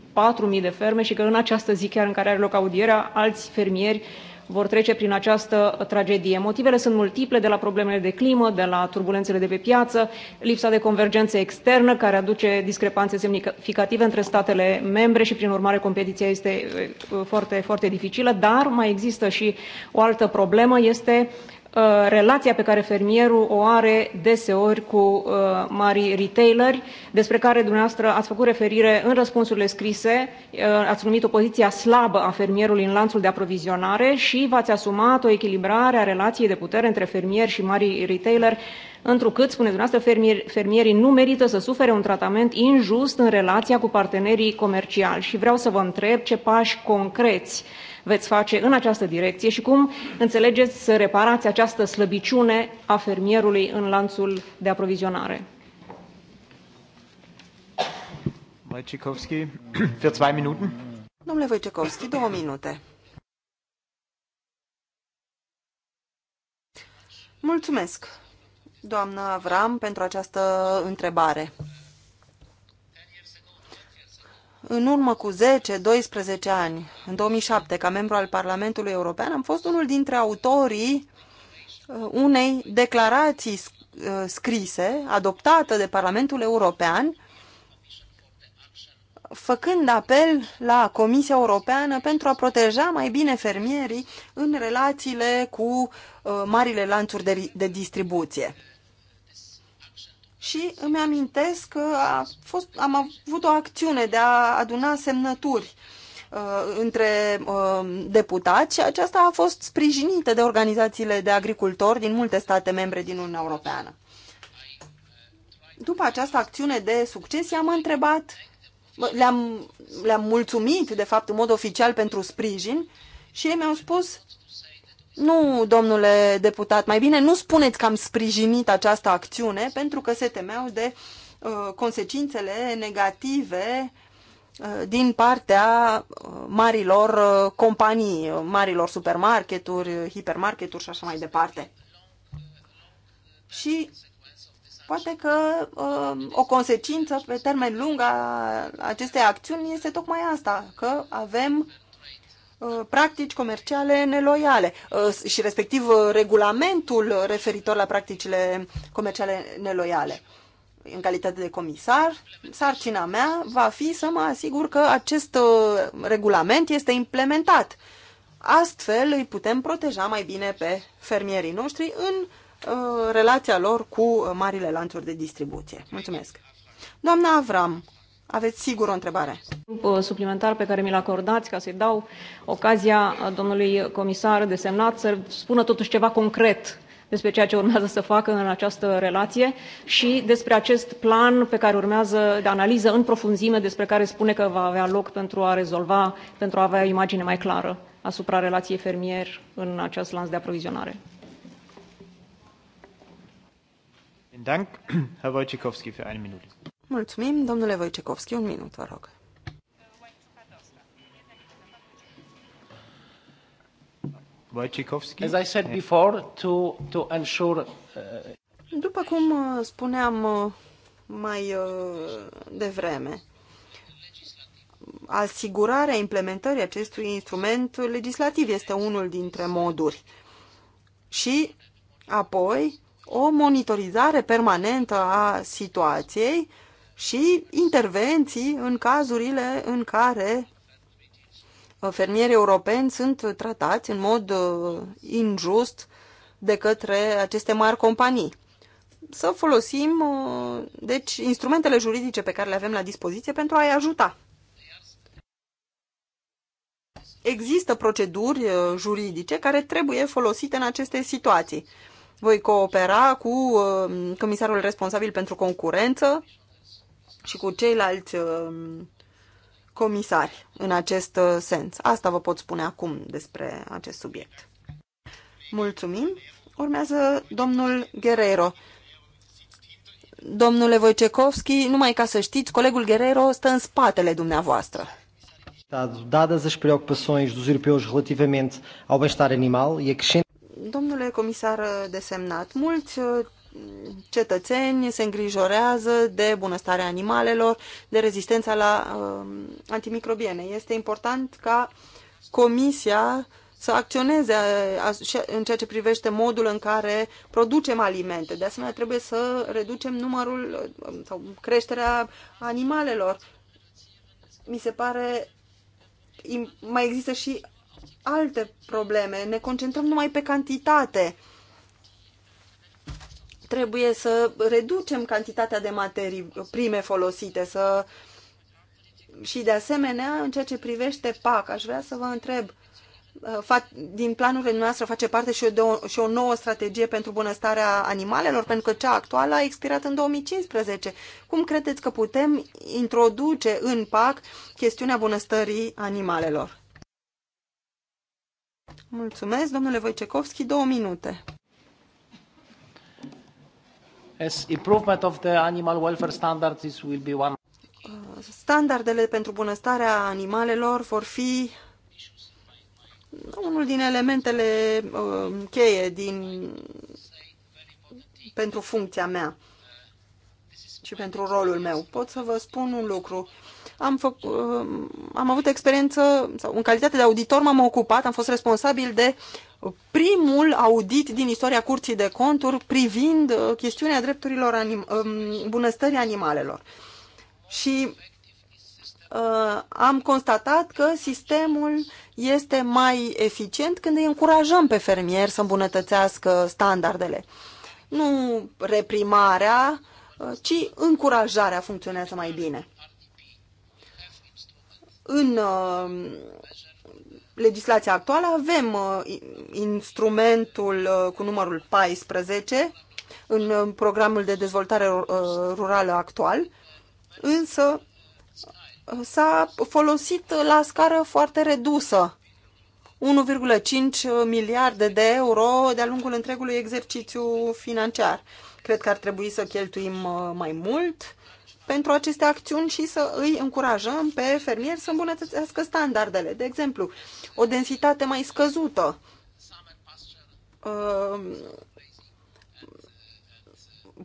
4.000 de ferme și că în această zi chiar în care are loc audierea, alți fermieri vor trece prin această uh, tragedie. motivele sunt multiple de la problemele de climă de la turbulențele de pe piață lipsa de convergență externă care aduce discrepanțe semnificative între statele membre și prin urmare competiția este uh, uh, foarte foarte dificilă dar mai există și o altă problemă este Uh, relația pe care fermierul o are deseori cu uh, mari retaileri, despre care dumneavoastră ați făcut referire în răspunsurile scrise, uh, ați numit o poziție slabă a fermierului în lanțul de aprovizionare și v-ați asumat o echilibrare a relației de putere între fermieri și mari retaileri, întrucât, spune dumneavoastră, fermier, fermierii nu merită să sufere un tratament injust în relația cu partenerii comerciali. Și vreau să vă întreb ce pași concreți uh, veți face în această direcție și cum înțelegeți să reparați această slăbiciune a fermierului în lanțul de aprovizionare. Domnule Wojciechowski, două minute. Mulțumesc, doamnă Avram, pentru această întrebare. În urmă cu 10-12 ani, în 2007, ca membru al Parlamentului European, am fost unul dintre autorii uh, unei declarații uh, scrise, adoptată de Parlamentul European, făcând apel la Comisia Europeană pentru a proteja mai bine fermierii în relațiile cu uh, marile lanțuri de, de distribuție și îmi amintesc că a fost, am avut o acțiune de a aduna semnături uh, între uh, deputați și aceasta a fost sprijinită de organizațiile de agricultori din multe state membre din Uniunea Europeană. După această acțiune de succes, i-am întrebat, le-am le, -am, mulțumit, de fapt, în mod oficial pentru sprijin și ei mi-au spus nu, domnule deputat, mai bine nu spuneți că am sprijinit această acțiune pentru că se temeau de uh, consecințele negative uh, din partea uh, marilor uh, companii, marilor supermarketuri, hipermarketuri și așa mai departe. Și poate că o consecință pe termen lung a acestei acțiuni este tocmai asta, că avem Uh, practici comerciale neloiale uh, și respectiv uh, regulamentul referitor la practicile comerciale neloiale. În calitate de comisar, sarcina mea va fi să mă asigur că acest regulament este implementat. Astfel îi putem proteja mai bine pe fermierii noștri în relația lor cu marile lanțuri de distribuție. Mulțumesc! Doamna Avram, aveți sigur o întrebare. Uh, suplimentar pe care mi-l acordați ca să-i dau ocazia uh, domnului comisar semnat să spună totuși ceva concret despre ceea ce urmează să facă în această relație și despre acest plan pe care urmează de analiză în profunzime despre care spune că va avea loc pentru a rezolva, pentru a avea o imagine mai clară asupra relației fermier în acest lanț de aprovizionare. Dank, Herr Wojciechowski, für eine Minute. Mulțumim, domnule Voicecovski, un minut, vă rog. As I said before, to, to ensure... Uh, După cum uh, spuneam uh, mai devreme, asigurarea implementării acestui instrument legislativ este unul dintre moduri. Și apoi o monitorizare permanentă a situației și intervenții în cazurile în care uh, fermierii europeni sunt tratați în mod uh, injust de către aceste mari companii. Să folosim, uh, deci, instrumentele juridice pe care le avem la dispoziție pentru a-i ajuta. Există proceduri juridice care trebuie folosite în aceste situații. Voi coopera cu comisarul responsabil pentru concurență și cu ceilalți um, comisari în acest uh, sens. Asta vă pot spune acum despre acest subiect. Mulțumim. Urmează domnul Guerrero. Domnule Wojciechowski, numai ca să știți, colegul Guerrero stă în spatele dumneavoastră. Dadas as preocupações dos europeus relativamente ao bem-estar animal e a crescente Domnule comisar desemnat, mulți uh, cetățeni se îngrijorează de bunăstarea animalelor, de rezistența la uh, antimicrobiene. Este important ca Comisia să acționeze în ceea ce privește modul în care producem alimente. De asemenea, trebuie să reducem numărul um, sau creșterea animalelor. Mi se pare mai există și alte probleme. Ne concentrăm numai pe cantitate. Uh, trebuie să reducem cantitatea de materii prime folosite, să... Și de asemenea, în ceea ce privește PAC, aș vrea să vă întreb, uh, din planurile noastre face parte și o, și o nouă strategie pentru bunăstarea animalelor, pentru că cea actuală a expirat în 2015. Cum credeți că putem introduce în PAC chestiunea bunăstării animalelor? Mulțumesc, domnule Voicecovski, două minute. As improvement of the animal welfare standards, this will be one. Standardele pentru bunăstarea animalelor vor fi unul din elementele uh, cheie din, pentru funcția mea și pentru rolul meu. Pot să vă spun un lucru. Am, făc, uh, am avut experiență, sau în calitate de auditor m-am ocupat, am fost responsabil de primul audit din istoria Curții de Conturi privind uh, chestiunea drepturilor anim, um, bunăstării animalelor. Și uh, am constatat că sistemul este mai eficient când îi încurajăm pe fermieri să îmbunătățească standardele. Nu reprimarea, uh, ci încurajarea funcționează mai bine. În uh, legislația actuală avem uh, instrumentul uh, cu numărul 14 în programul de dezvoltare rurală actual, însă s-a folosit la scară foarte redusă. 1,5 miliarde de euro de-a lungul întregului exercițiu financiar. Cred că ar trebui să cheltuim mai mult pentru aceste acțiuni și să îi încurajăm pe fermieri să îmbunătățească standardele. De exemplu, o densitate mai scăzută, uh,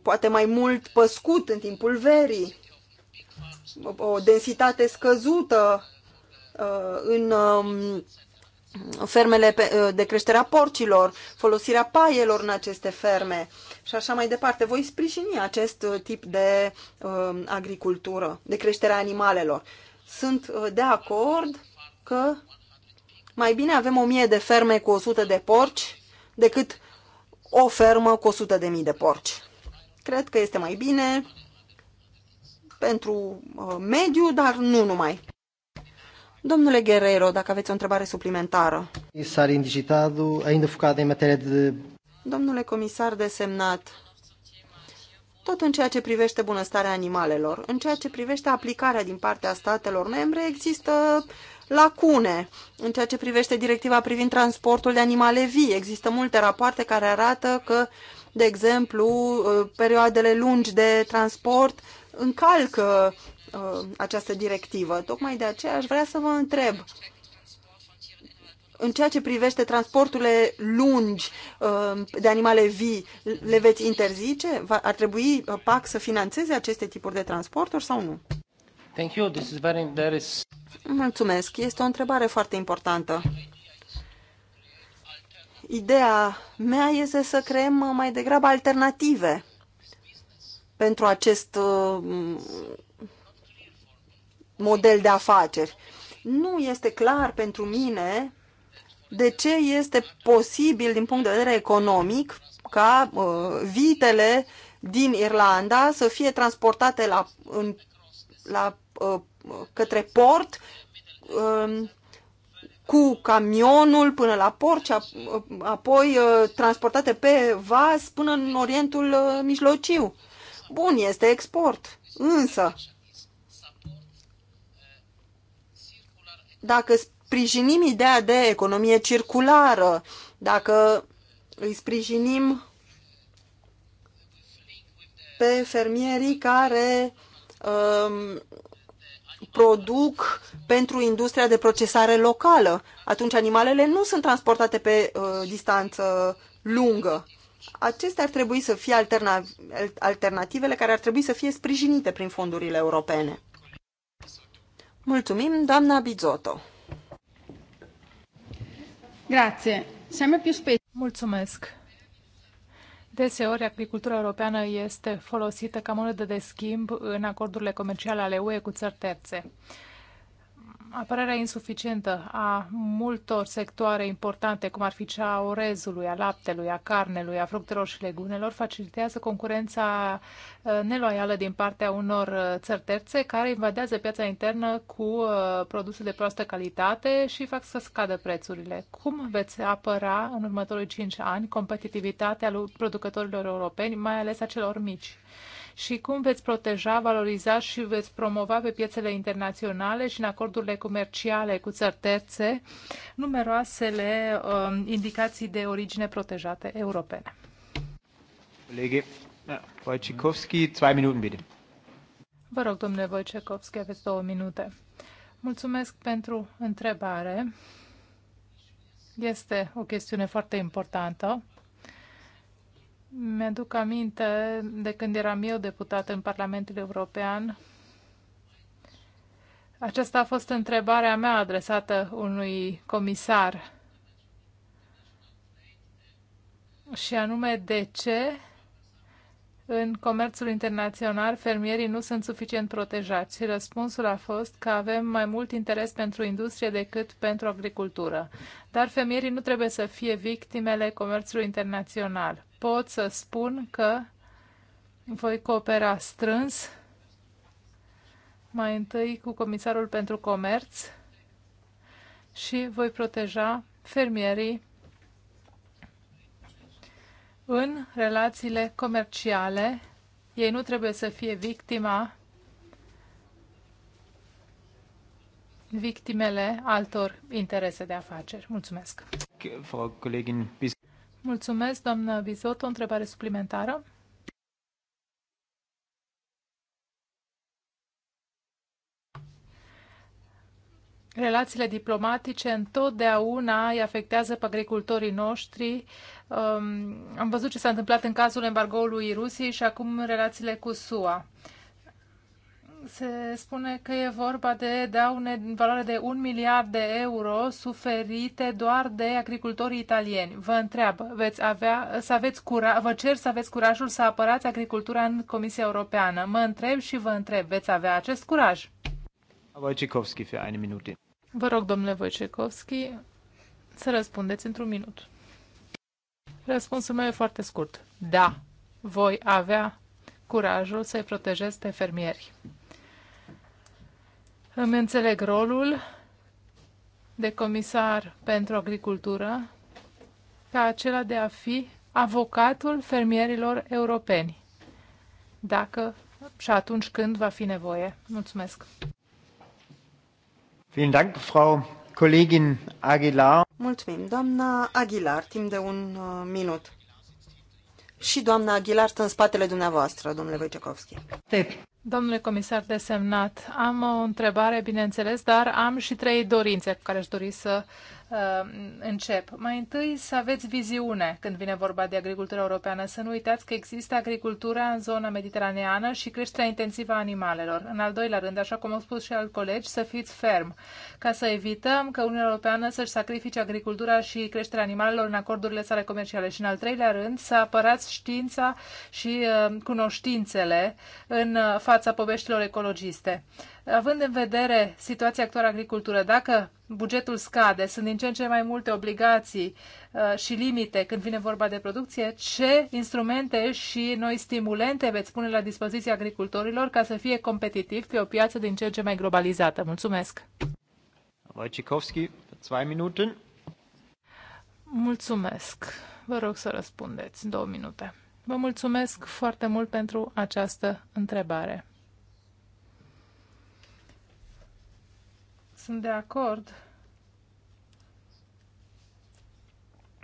poate mai mult păscut în timpul verii, o densitate scăzută uh, în um, fermele uh, de creștere a porcilor, folosirea paielor în aceste ferme și așa mai departe. Voi sprijini acest uh, tip de uh, agricultură, de creștere a animalelor. Sunt uh, de acord că mai bine avem o mie de ferme cu 100 de porci decât o fermă cu 100 de mii de porci. Cred că este mai bine pentru mediu, dar nu numai. Domnule Guerrero, dacă aveți o întrebare suplimentară. Comisar indigitado, ainda focat în materie de... Domnule comisar desemnat, tot în ceea ce privește bunăstarea animalelor, în ceea ce privește aplicarea din partea statelor membre, există lacune. În ceea ce privește directiva privind transportul de animale vii, există multe rapoarte care arată că, de exemplu, uh, perioadele lungi de transport încalcă Uh, această directivă. Tocmai de aceea aș vrea să vă întreb în ceea ce privește transporturile lungi uh, de animale vii, le veți interzice? Ar trebui uh, PAC să financeze aceste tipuri de transporturi sau nu? Thank you. This is very, that is... Mulțumesc. Este o întrebare foarte importantă. Ideea mea este să creăm mai degrabă alternative pentru acest model de afaceri. Nu este clar pentru mine de ce este posibil din punct de vedere economic ca uh, vitele din Irlanda să fie transportate la, în, la, uh, către port uh, cu camionul până la port și uh, apoi uh, transportate pe vas până în Orientul uh, Mijlociu. Bun, este export, însă Dacă sprijinim ideea de economie circulară, dacă îi sprijinim pe fermierii care um, produc pentru industria de procesare locală. Atunci animalele nu sunt transportate pe uh, distanță lungă. Acestea ar trebui să fie alterna- alternativele care ar trebui să fie sprijinite prin fondurile europene. Mulțumim, doamna Bizotto. Grazie. Sempre più spesso. Mulțumesc. Deseori, agricultura europeană este folosită ca monedă de schimb în acordurile comerciale ale UE cu țări terțe apărarea insuficientă a multor sectoare importante, cum ar fi cea a orezului, a laptelui, a carnelui, a fructelor și legumelor, facilitează concurența uh, neloială din partea unor uh, țări terțe care invadează piața internă cu uh, produse de proastă calitate și fac să scadă prețurile. Cum veți apăra în următorii 5 ani competitivitatea producătorilor europeni, mai ales a celor mici? și cum veți proteja, valoriza și veți promova pe piețele internaționale și în acordurile comerciale cu țări terțe numeroasele uh, indicații de origine protejate europene. Colegi, Wojciechowski, două minute, bine. Vă rog, domnule Wojciechowski, aveți două minute. Mulțumesc pentru întrebare. Este o chestiune foarte importantă mi-aduc aminte de când eram eu deputat în Parlamentul European. Aceasta a fost întrebarea mea adresată unui comisar. Și anume, de ce în comerțul internațional fermierii nu sunt suficient protejați? Și răspunsul a fost că avem mai mult interes pentru industrie decât pentru agricultură. Dar fermierii nu trebuie să fie victimele comerțului internațional pot să spun că voi coopera strâns mai întâi cu Comisarul pentru Comerț și voi proteja fermierii în relațiile comerciale. Ei nu trebuie să fie victima victimele altor interese de afaceri. Mulțumesc! Mulțumesc, doamnă Bizot. O întrebare suplimentară? Relațiile diplomatice întotdeauna îi afectează pe agricultorii noștri. Um, am văzut ce s-a întâmplat în cazul embargoului Rusiei și acum relațiile cu SUA. Uh, se spune că e vorba de daune în valoare de un miliard de euro suferite doar de agricultorii italieni. Vă întreb, veți avea, să aveți cura, vă cer să aveți curajul să apărați agricultura în Comisia Europeană. Mă întreb și vă întreb, veți avea acest curaj? Wojciechowski, für un minut. Vă rog, domnule Wojciechowski, să răspundeți într-un minut. Răspunsul meu e foarte scurt. Da, voi avea curajul să-i protejeze pe fermieri. Îmi înțeleg rolul de comisar pentru agricultură ca acela de a fi avocatul fermierilor europeni, dacă și atunci când va fi nevoie. Mulțumesc! Vielen Dank, Frau Kollegin Aguilar. Mulțumim, doamna Aguilar, timp de un uh, minut și doamna Aguilar stă în spatele dumneavoastră, domnule Wojciechowski. Domnule comisar desemnat, am o întrebare, bineînțeles, dar am și trei dorințe cu care aș dori să Uh, încep. Mai întâi să aveți viziune când vine vorba de agricultura europeană. Să nu uitați că există agricultura în zona mediteraneană și creșterea intensivă a animalelor. În al doilea rând, așa cum au spus și alt colegi, să fiți ferm ca să evităm că Uniunea Europeană să-și sacrifice agricultura și creșterea animalelor în acordurile sale comerciale. Și în al treilea rând, să apărați știința și uh, cunoștințele în uh, fața poveștilor ecologiste având în vedere situația actuală agricultură, dacă bugetul scade, sunt din ce în ce mai multe obligații uh, și limite când vine vorba de producție, ce instrumente și noi stimulente veți pune la dispoziția agricultorilor ca să fie competitiv pe o piață din ce în ce mai globalizată? Mulțumesc! Wojciechowski, 2 minute. Mulțumesc! Vă rog să răspundeți, două minute. Vă mulțumesc foarte mult pentru această întrebare. sunt de acord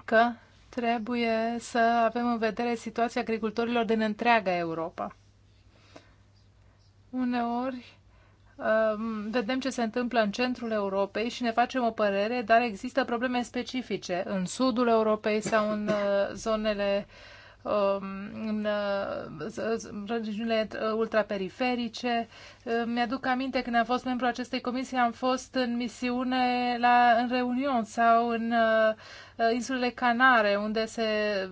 că trebuie să avem în vedere situația agricultorilor din întreaga Europa. Uneori um, vedem ce se întâmplă în centrul Europei și ne facem o părere, dar există probleme specifice în sudul Europei sau în uh, zonele uh, Um, uh, în regiunile uh, ultraperiferice. Uh, mi-aduc aminte când am fost membru acestei comisii, am fost în misiune la, în Reunion sau în insulele Canare, unde se,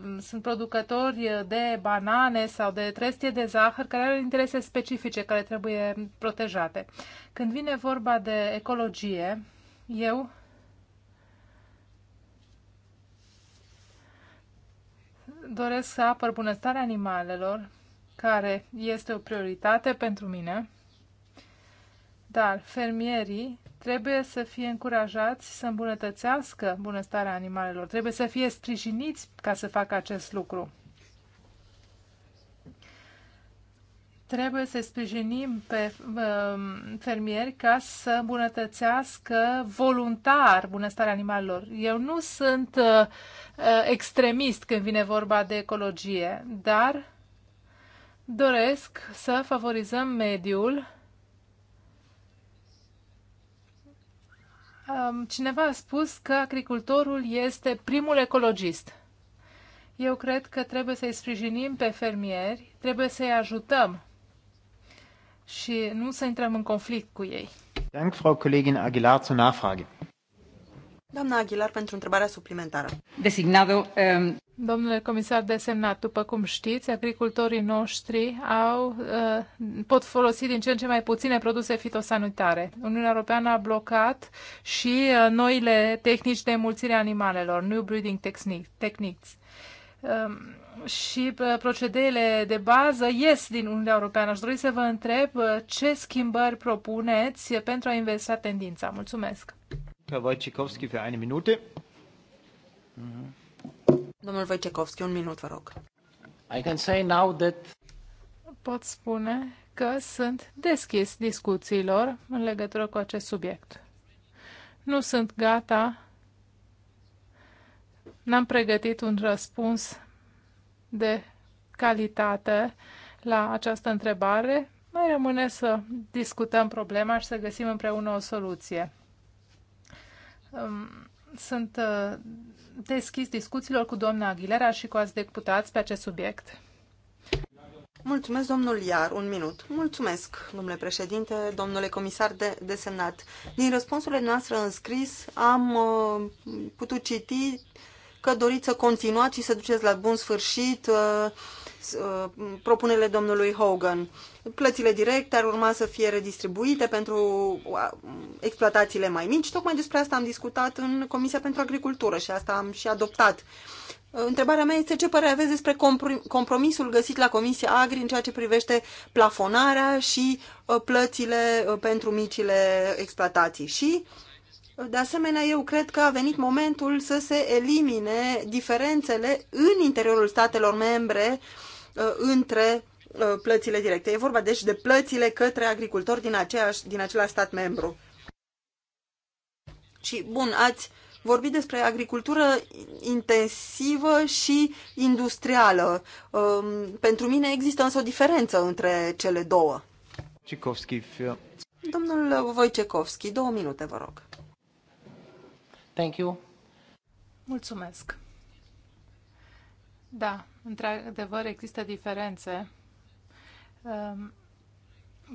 um, sunt producători de banane sau de trestie de zahăr care au interese specifice care trebuie protejate. Când vine vorba de ecologie, eu doresc să apăr bunăstarea animalelor, care este o prioritate pentru mine, dar fermierii trebuie să fie încurajați să îmbunătățească bunăstarea animalelor, trebuie să fie sprijiniți ca să facă acest lucru. trebuie să sprijinim pe um, fermieri ca să îmbunătățească voluntar bunăstarea animalelor. Eu nu sunt uh, uh, extremist când vine vorba de ecologie, dar doresc să favorizăm mediul. Um, cineva a spus că agricultorul este primul ecologist. Eu cred că trebuie să-i sprijinim pe fermieri, trebuie să-i ajutăm și nu să intrăm în conflict cu ei. Dank, Frau Kollegin Aguilar, zur Nachfrage. Doamna Aguilar, pentru întrebarea suplimentară. Designado, um... Domnule comisar desemnat, după cum știți, agricultorii noștri au, eh, pot folosi din ce în ce mai puține produse fitosanitare. Uniunea Europeană a blocat și eh, noile tehnici de mulțire animalelor, new breeding techniques. Ehm, și uh, procedeele de bază ies din Uniunea Europeană. Aș dori să vă întreb uh, ce schimbări propuneți pentru a inversa tendința. Mulțumesc. Wojciechowski, pe eine minute. Mhm. Domnul Wojciechowski, un minut, vă rog. I can say now that... Pot spune că sunt deschis discuțiilor în legătură cu acest subiect. Nu sunt gata N-am pregătit un răspuns de calitate la această întrebare, mai rămâne să discutăm problema și să găsim împreună o soluție. Sunt uh, deschis discuțiilor cu doamna Aguilera și cu alți deputați pe acest subiect. Mulțumesc, domnul Iar. Un minut. Mulțumesc, domnule președinte, domnule comisar de desemnat. Din răspunsurile noastre înscris am uh, putut citi uh, că doriți să continuați și să duceți la bun sfârșit uh, uh, propunerile domnului Hogan. Plățile directe ar urma să fie redistribuite pentru uh, exploatațiile mai mici. Tocmai despre asta am discutat în Comisia pentru Agricultură și asta am și adoptat. Întrebarea mea este ce părere aveți despre compromisul găsit la Comisia Agri în ceea ce privește plafonarea și plățile pentru micile exploatații. Și de asemenea, eu cred că a venit momentul să se elimine diferențele în interiorul statelor membre uh, între uh, plățile directe. E vorba deci de plățile către agricultori din, aceeași, din același stat membru. Și, bun, ați vorbit despre agricultură intensivă și industrială. Um, pentru mine există însă o diferență între cele două. Domnul Wojciechowski, două minute, vă rog. Thank you. Mulțumesc. Da, într-adevăr există diferențe. Ehm,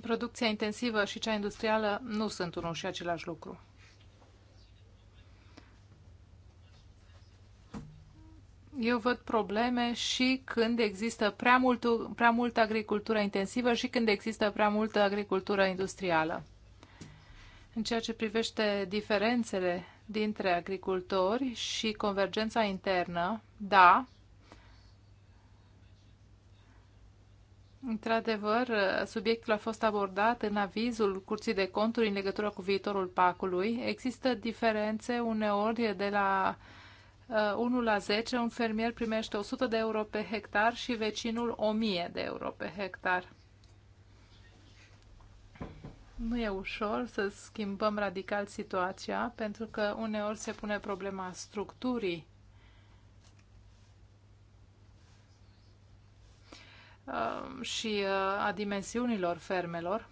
producția intensivă și cea industrială nu sunt unul și același lucru. Eu văd probleme și când există prea, mult, prea multă agricultură intensivă și când există prea multă agricultură industrială. În ceea ce privește diferențele dintre agricultori și convergența internă, da, într adevăr subiectul a fost abordat în avizul Curții de Conturi în legătură cu viitorul pacului. Există diferențe uneori de la 1 uh, la 10, un fermier primește 100 de euro pe hectar și vecinul 1000 de euro pe hectar. Nu e ușor să schimbăm radical situația, pentru că uneori se pune problema structurii uh, și uh, a dimensiunilor fermelor.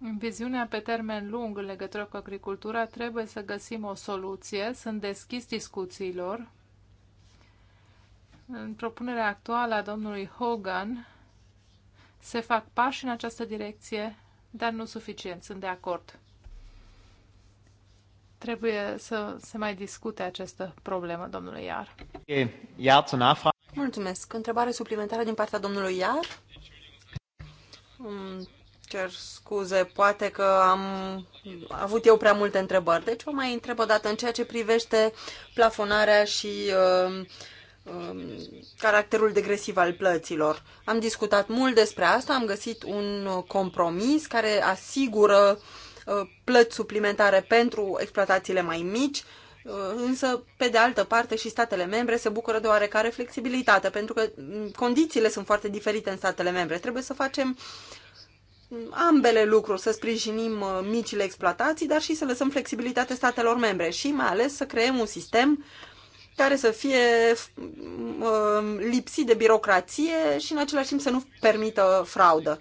În viziunea pe termen lung în legătură cu agricultura trebuie să găsim o soluție. Sunt deschis discuțiilor. În propunerea actuală a domnului Hogan se fac pași în această direcție, dar nu suficient. Sunt de acord. Trebuie să se mai discute această problemă, domnule Iar. Mulțumesc. Întrebare suplimentară din partea domnului Iar? Cer scuze, poate că am avut eu prea multe întrebări. Deci o mai întreb o dată în ceea ce privește plafonarea și uh, Um, caracterul degresiv al plăților. Am discutat mult despre asta, am găsit un compromis care asigură uh, plăți suplimentare pentru exploatațiile mai mici, uh, însă, pe de altă parte, și statele membre se bucură de oarecare flexibilitate, pentru că mm, condițiile sunt foarte diferite în statele membre. Trebuie să facem mm, ambele lucruri, să sprijinim uh, micile exploatații, dar și să lăsăm flexibilitate statelor membre și mai ales să creăm un sistem uh, care să fie lipsi um, lipsit de birocrație și în același timp să nu permită fraudă.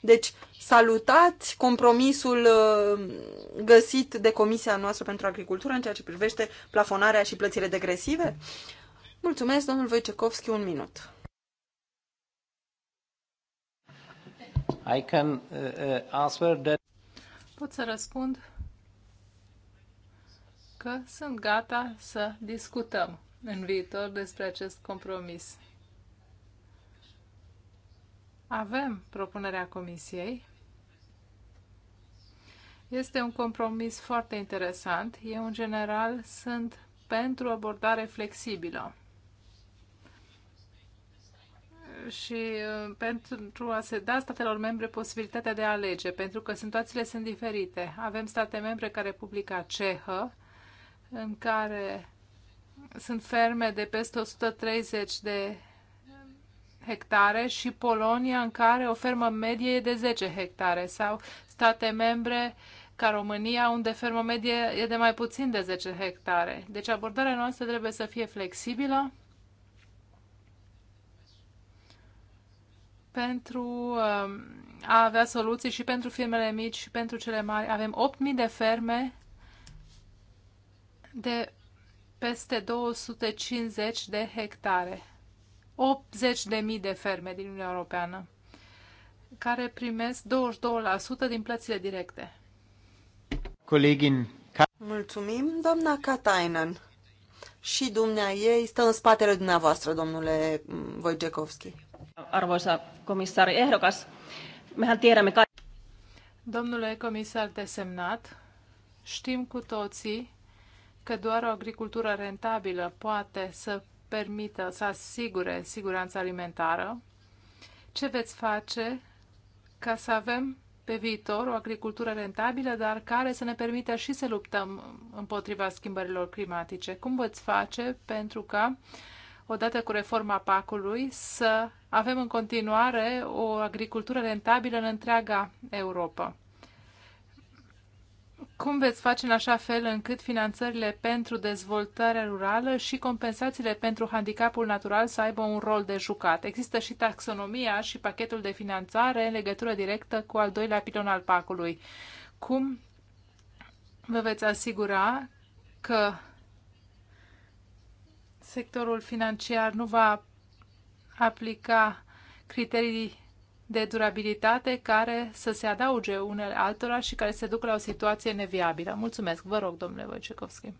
Deci, salutați compromisul um, găsit de Comisia noastră pentru Agricultură în ceea ce privește plafonarea și plățile degresive? Mulțumesc, domnul Wojciechowski, un minut. I can uh, uh, that. Pot să răspund că sunt gata să discutăm în viitor despre acest compromis. Avem propunerea Comisiei. Este un compromis foarte interesant. Eu, în general, sunt pentru abordare flexibilă și uh, pentru a se da statelor membre posibilitatea de a alege, pentru că situațiile sunt diferite. Avem state membre care publică Cehă, în care sunt ferme de peste 130 de hectare și Polonia în care o fermă medie e de 10 hectare sau state membre ca România, unde fermă medie e de mai puțin de 10 hectare. Deci abordarea noastră trebuie să fie flexibilă pentru um, a avea soluții și pentru firmele mici și pentru cele mari. Avem 8.000 de ferme de peste 250 de hectare, 80.000 de ferme din Uniunea Europeană, care primesc 22% din plățile directe. Colegin. Mulțumim, doamna Katainen. Și dumnea ei stă în spatele dumneavoastră, domnule Wojciechowski. Arvoisa comisar ehdokas, mehan tiedämme... Domnule comisar desemnat, știm cu toții că doar o agricultură rentabilă poate să permită să asigure siguranța alimentară? Ce veți face ca să avem pe viitor o agricultură rentabilă, dar care să ne permită și să luptăm împotriva schimbărilor climatice? Cum veți face pentru ca, odată cu reforma PAC-ului, să avem în continuare o agricultură rentabilă în întreaga Europa? cum veți face în așa fel încât finanțările pentru dezvoltarea rurală și compensațiile pentru handicapul natural să aibă un rol de jucat? Există și taxonomia și pachetul de finanțare în legătură directă cu al doilea pilon al pacului. Cum vă veți asigura că sectorul financiar nu va aplica criterii de durabilitate care să se adauge unele altora și care se ducă la o situație neviabilă. Mulțumesc. Vă rog, domnule Wojciechowski.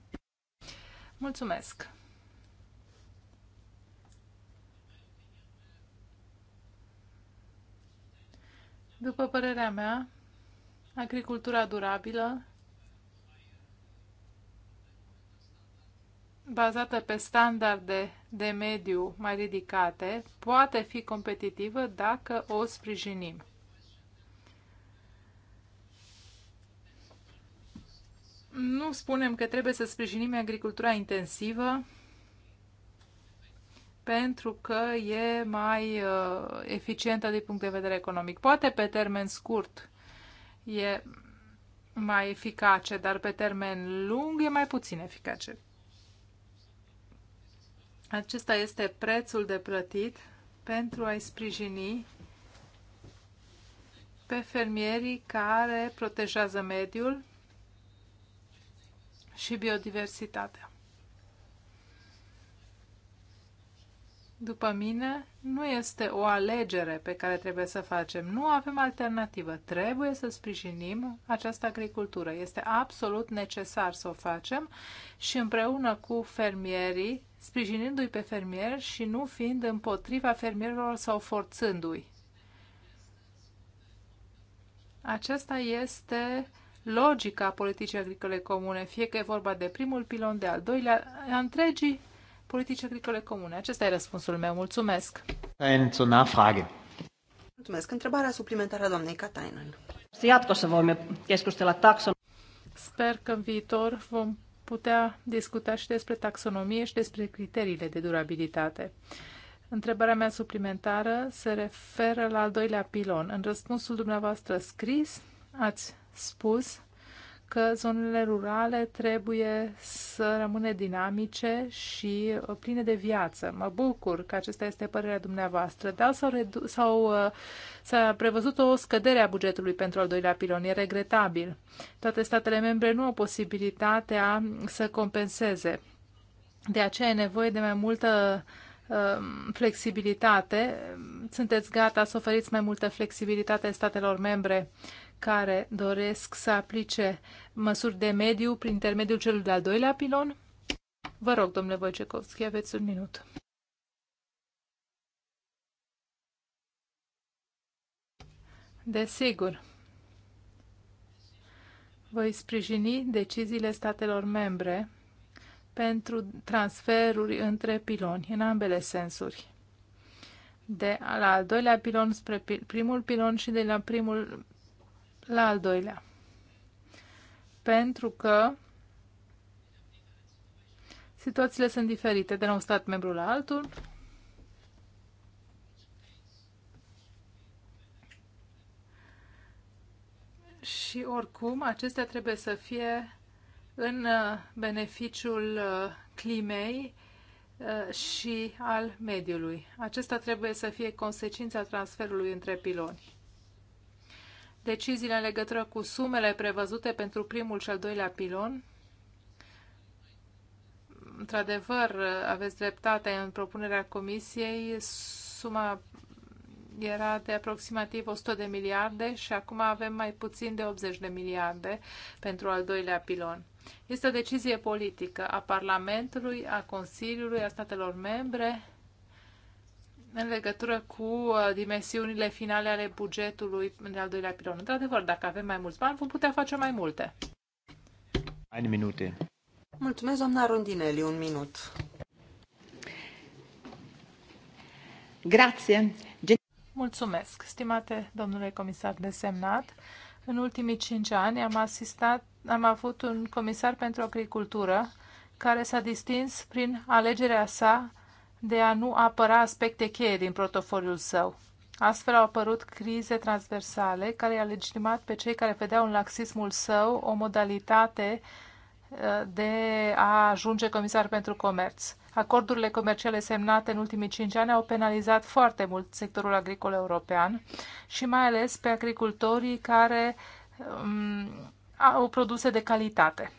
Mulțumesc. După părerea mea, agricultura durabilă bazată pe standarde de mediu mai ridicate poate fi competitivă dacă o sprijinim. Nu spunem că trebuie să sprijinim agricultura intensivă pentru că e mai uh, eficientă din punct de vedere economic. Poate pe termen scurt e mai eficace, dar pe termen lung e mai puțin eficace. Acesta este prețul de plătit pentru a-i sprijini pe fermierii care protejează mediul și biodiversitatea. după mine, nu este o alegere pe care trebuie să facem. Nu avem alternativă. Trebuie să sprijinim această agricultură. Este absolut necesar să o facem și împreună cu fermierii, sprijinindu-i pe fermieri și nu fiind împotriva fermierilor sau forțându-i. Aceasta este logica politicii agricole comune, fie că e vorba de primul pilon, de al doilea, a întregii politici agricole comune. Acesta e răspunsul meu. Mulțumesc. Mulțumesc. Întrebarea suplimentară a doamnei Katainen. taxon... Sper că în viitor vom putea discuta și despre taxonomie și despre criteriile de durabilitate. Întrebarea mea suplimentară se referă la al doilea pilon. În răspunsul dumneavoastră scris, ați spus că zonele rurale trebuie să rămână dinamice și uh, pline de viață. Mă bucur că acesta este părerea dumneavoastră, dar s-au redu- sau, uh, s-a prevăzut o scădere a bugetului pentru al doilea pilon. E regretabil. Toate statele membre nu au posibilitatea să compenseze. De aceea e nevoie de mai multă um, flexibilitate. Sunteți gata să oferiți mai multă flexibilitate statelor membre care doresc să aplice măsuri de mediu prin intermediul celui de-al doilea pilon? Vă rog, domnule Wojciechowski, aveți un minut. Desigur, voi sprijini deciziile statelor membre pentru transferuri între piloni, în ambele sensuri. De la al doilea pilon spre primul pilon și de la primul la al doilea. Pentru că situațiile sunt diferite de la un stat membru la altul. Și oricum, acestea trebuie să fie în uh, beneficiul uh, climei uh, și al mediului. Acesta trebuie să fie consecința transferului între piloni deciziile în legătură cu sumele prevăzute pentru primul și al doilea pilon. Într-adevăr, aveți dreptate în propunerea comisiei, suma era de aproximativ 100 de miliarde și acum avem mai puțin de 80 de miliarde pentru al doilea pilon. Este o decizie politică a Parlamentului, a Consiliului, a statelor membre în legătură cu uh, dimensiunile finale ale bugetului de al doilea pilon. Într-adevăr, dacă avem mai mulți bani, vom putea face mai multe. Ai minute. Mulțumesc, doamna Rondinelli, un minut. Grație. Mulțumesc, stimate domnule comisar desemnat. În ultimii cinci ani am, asistat, am avut un comisar pentru agricultură care s-a distins prin alegerea sa de a nu apăra aspecte cheie din protofoliul său. Astfel au apărut crize transversale care i-a legitimat pe cei care vedeau în laxismul său o modalitate uh, de a ajunge comisar pentru comerț. Acordurile comerciale semnate în ultimii cinci ani au penalizat foarte mult sectorul agricol european și mai ales pe agricultorii care um, au produse de calitate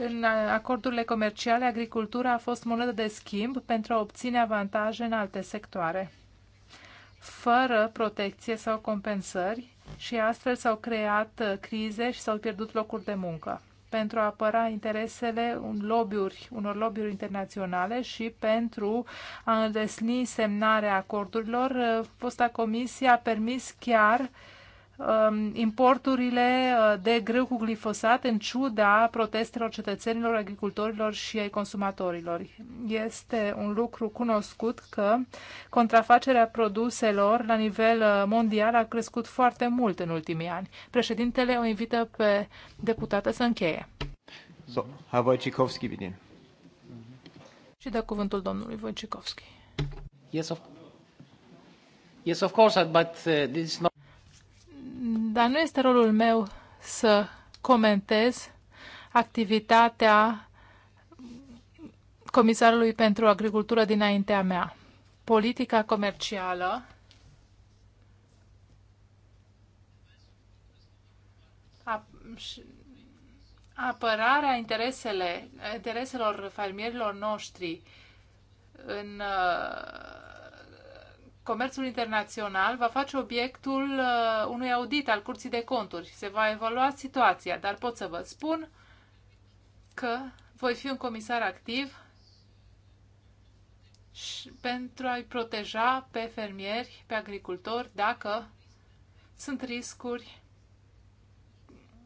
în acordurile comerciale, agricultura a fost monedă de schimb pentru a obține avantaje în alte sectoare, fără protecție sau compensări și astfel s-au creat uh, crize și s-au pierdut locuri de muncă pentru a apăra interesele un lobby-uri, unor lobby-uri internaționale și pentru a îndesni semnarea acordurilor, uh, fosta comisie a permis chiar uh, Um, importurile uh, de grâu cu glifosat în ciuda protestelor cetățenilor, agricultorilor și ai consumatorilor. Este un lucru cunoscut că contrafacerea produselor la nivel uh, mondial a crescut foarte mult în ultimii ani. Președintele o invită pe deputată să încheie. So, Wojciechowski vine. Și dă cuvântul domnului Wojciechowski. Yes, of, yes, of course, but uh, this is not... Dar nu este rolul meu să comentez activitatea Comisarului pentru Agricultură dinaintea mea. Politica comercială apărarea interesele, intereselor fermierilor noștri în uh, comerțul internațional va face obiectul uh, unui audit al Curții de Conturi. Se va evalua situația, dar pot să vă spun că voi fi un comisar activ și pentru a-i proteja pe fermieri, pe agricultori, dacă sunt riscuri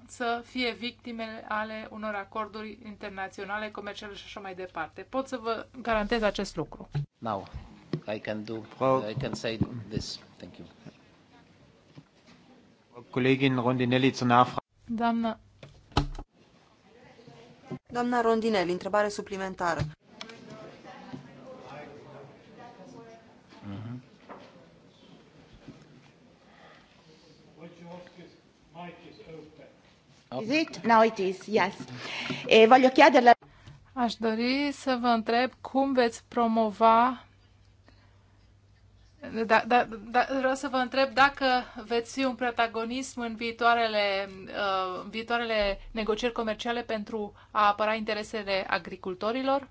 să fie victime ale unor acorduri internaționale, comerciale și așa mai departe. Pot să vă garantez acest lucru. Now, I can do, Frau I can say this. Thank you. Kollegin Rondinelli zur Nachfrage. Doamna. Doamna Rondinelli, întrebare suplimentară. Oh. Is it? Now it is, yes. E, eh, voglio chiederle... Aș dori să vă întreb cum veți promova da, da, da, vreau să vă întreb dacă veți fi un protagonism în viitoarele, uh, viitoarele negocieri comerciale pentru a apăra interesele agricultorilor?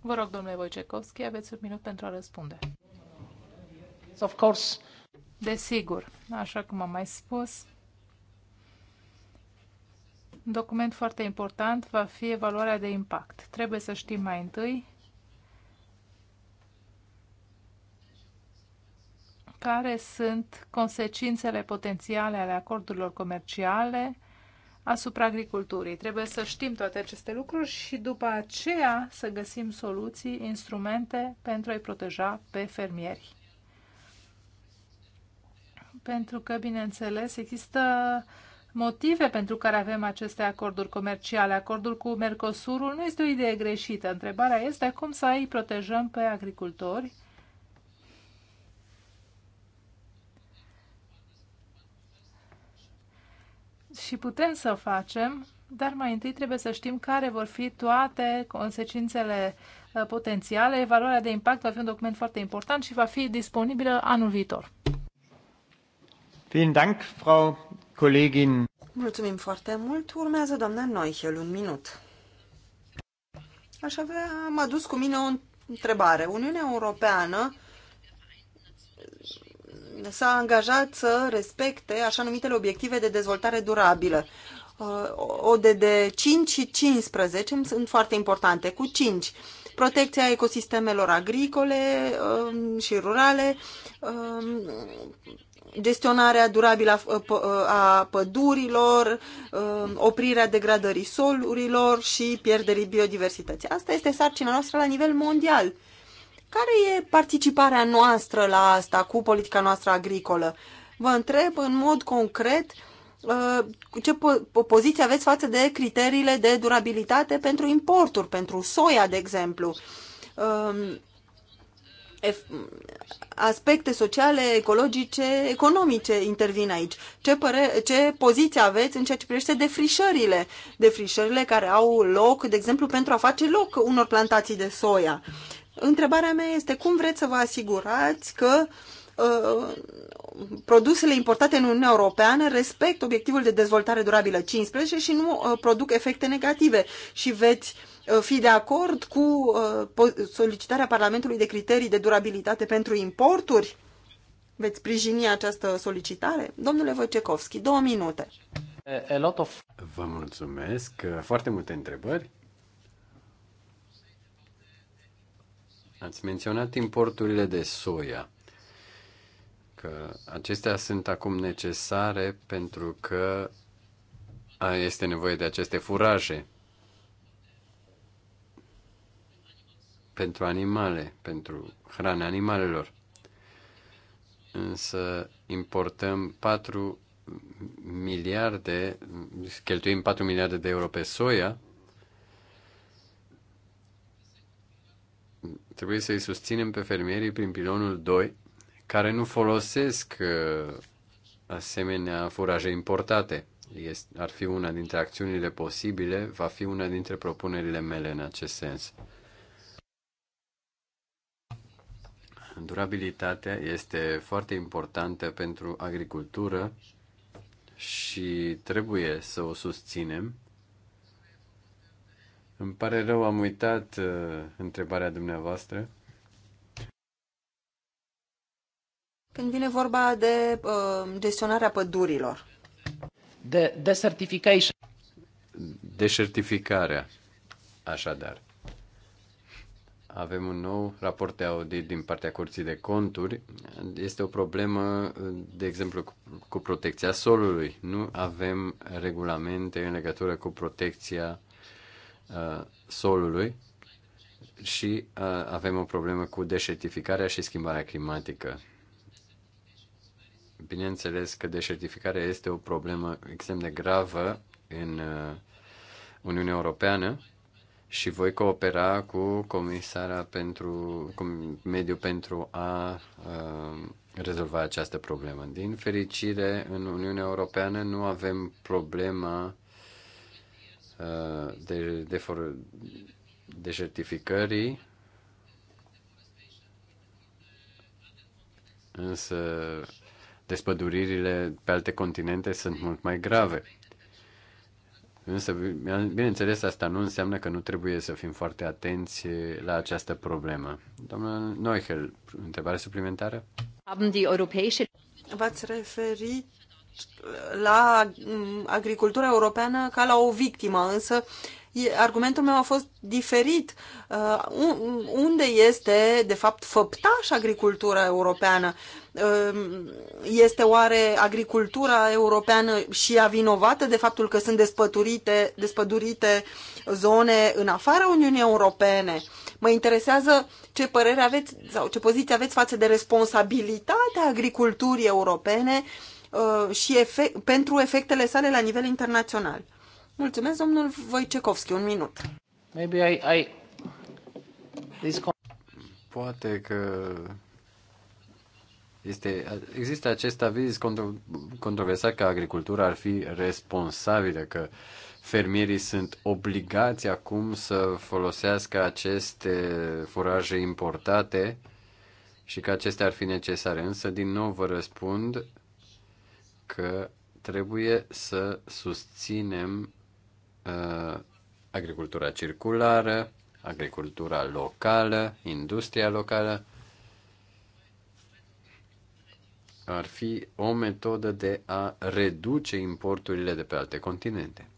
Vă rog, domnule Wojciechowski, aveți un minut pentru a răspunde. Of course. Desigur, așa cum am mai spus, un document foarte important va fi evaluarea de impact. Trebuie să știm mai întâi care sunt consecințele potențiale ale acordurilor comerciale asupra agriculturii. Trebuie să știm toate aceste lucruri și după aceea să găsim soluții, instrumente pentru a-i proteja pe fermieri. Pentru că, bineînțeles, există motive pentru care avem aceste acorduri comerciale. Acordul cu Mercosurul nu este o idee greșită. Întrebarea este cum să îi protejăm pe agricultori și putem să o facem, dar mai întâi trebuie să știm care vor fi toate consecințele uh, potențiale. Evaluarea de impact va fi un document foarte important și va fi disponibilă anul viitor. Vielen Dank, Frau Kollegin. Mulțumim foarte mult. Urmează doamna Noichel, un minut. Aș avea, am adus cu mine o întrebare. Uniunea Europeană s-a angajat să respecte așa numitele obiective de dezvoltare durabilă. ODD 5 și 15 sunt foarte importante. Cu 5, protecția ecosistemelor agricole um, și rurale, um, gestionarea durabilă a pădurilor, um, oprirea degradării solurilor și pierderii biodiversității. Asta este sarcina noastră la nivel mondial. Care e participarea noastră la asta cu politica noastră agricolă? Vă întreb în mod concret uh, ce po- poziție aveți față de criteriile de durabilitate pentru importuri, pentru soia, de exemplu. Um, aspecte sociale, ecologice, economice intervin aici. Ce, păre- ce poziție aveți în ceea ce privește defrișările? Defrișările care au loc, de exemplu, pentru a face loc unor plantații de soia. Întrebarea mea este cum vreți să vă asigurați că uh, produsele importate în Uniunea Europeană respectă obiectivul de dezvoltare durabilă 15 și nu uh, produc efecte negative și veți uh, fi de acord cu solicitarea Parlamentului de criterii de durabilitate pentru importuri? Veți sprijini această solicitare? Domnule Wojciechowski, două minute. Vă mulțumesc. Foarte multe întrebări. Ați menționat importurile de soia, că acestea sunt acum necesare pentru că este nevoie de aceste furaje pentru animale, pentru hrane animalelor. Însă importăm 4 miliarde, cheltuim 4 miliarde de euro pe soia, Trebuie să-i susținem pe fermierii prin pilonul 2, care nu folosesc uh, asemenea furaje importate. Este, ar fi una dintre acțiunile posibile, va fi una dintre propunerile mele în acest sens. Durabilitatea este foarte importantă pentru agricultură și trebuie să o susținem îmi pare rău, am uitat uh, întrebarea dumneavoastră. Când vine vorba de uh, gestionarea pădurilor. De desertification. certificarea, așadar. Avem un nou raport de audit din partea Curții de Conturi. Este o problemă, de exemplu, cu protecția solului. Nu avem regulamente în legătură cu protecția Uh, solului și uh, avem o problemă cu deșertificarea și schimbarea climatică. Bineînțeles că deșertificarea este o problemă extrem de gravă în uh, Uniunea Europeană și voi coopera cu comisara pentru cu mediu pentru a, uh, rezolva această problemă. Din fericire, în Uniunea Europeană nu avem problema Uh, de, de, for, de certificării, însă despăduririle pe alte continente sunt mult mai grave. Însă, bineînțeles, asta nu înseamnă că nu trebuie să fim foarte atenți la această problemă. Doamna Neuchel, întrebare suplimentară? V-ați referit la mm, agricultura europeană ca la o victimă, însă argumentul meu a fost diferit. Uh, unde este, de fapt, făptaș agricultura europeană? Um, este oare agricultura europeană și ea vinovată de faptul că sunt despăturite, despădurite zone în afara Uniunii Europene? Mă interesează ce părere aveți sau ce poziție aveți față de responsabilitatea agriculturii europene uh, Uh, și efect, pentru efectele sale la nivel internațional. Mulțumesc, domnul Voicecovski, un minut. Maybe I, I... This... Poate că este, există acest aviz contro, controversat că agricultura ar fi responsabilă, că fermierii sunt obligați acum să folosească aceste furaje importate și că acestea ar fi necesare. Însă, din nou vă răspund, că trebuie să susținem uh, agricultura circulară, agricultura locală, industria locală. Ar fi o metodă de a reduce importurile de pe alte continente.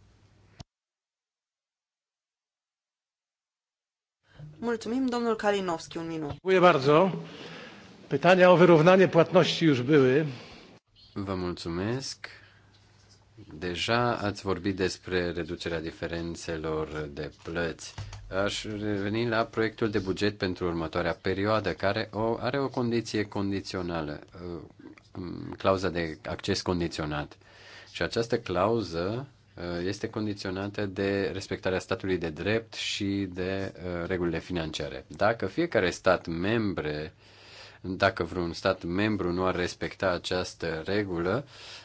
Mulțumim, domnul Kalinowski, un minut. Dziękuję bardzo. Pytania o wyrównanie płatności już były. Vă mulțumesc. Deja ați vorbit despre reducerea diferențelor de plăți. Aș reveni la proiectul de buget pentru următoarea perioadă, care o, are o condiție condițională, uh, um, clauza de acces condiționat. Și această clauză uh, este condiționată de respectarea statului de drept și de uh, regulile financiare. Dacă fiecare stat membre dacă vreun stat membru nu ar respecta această regulă,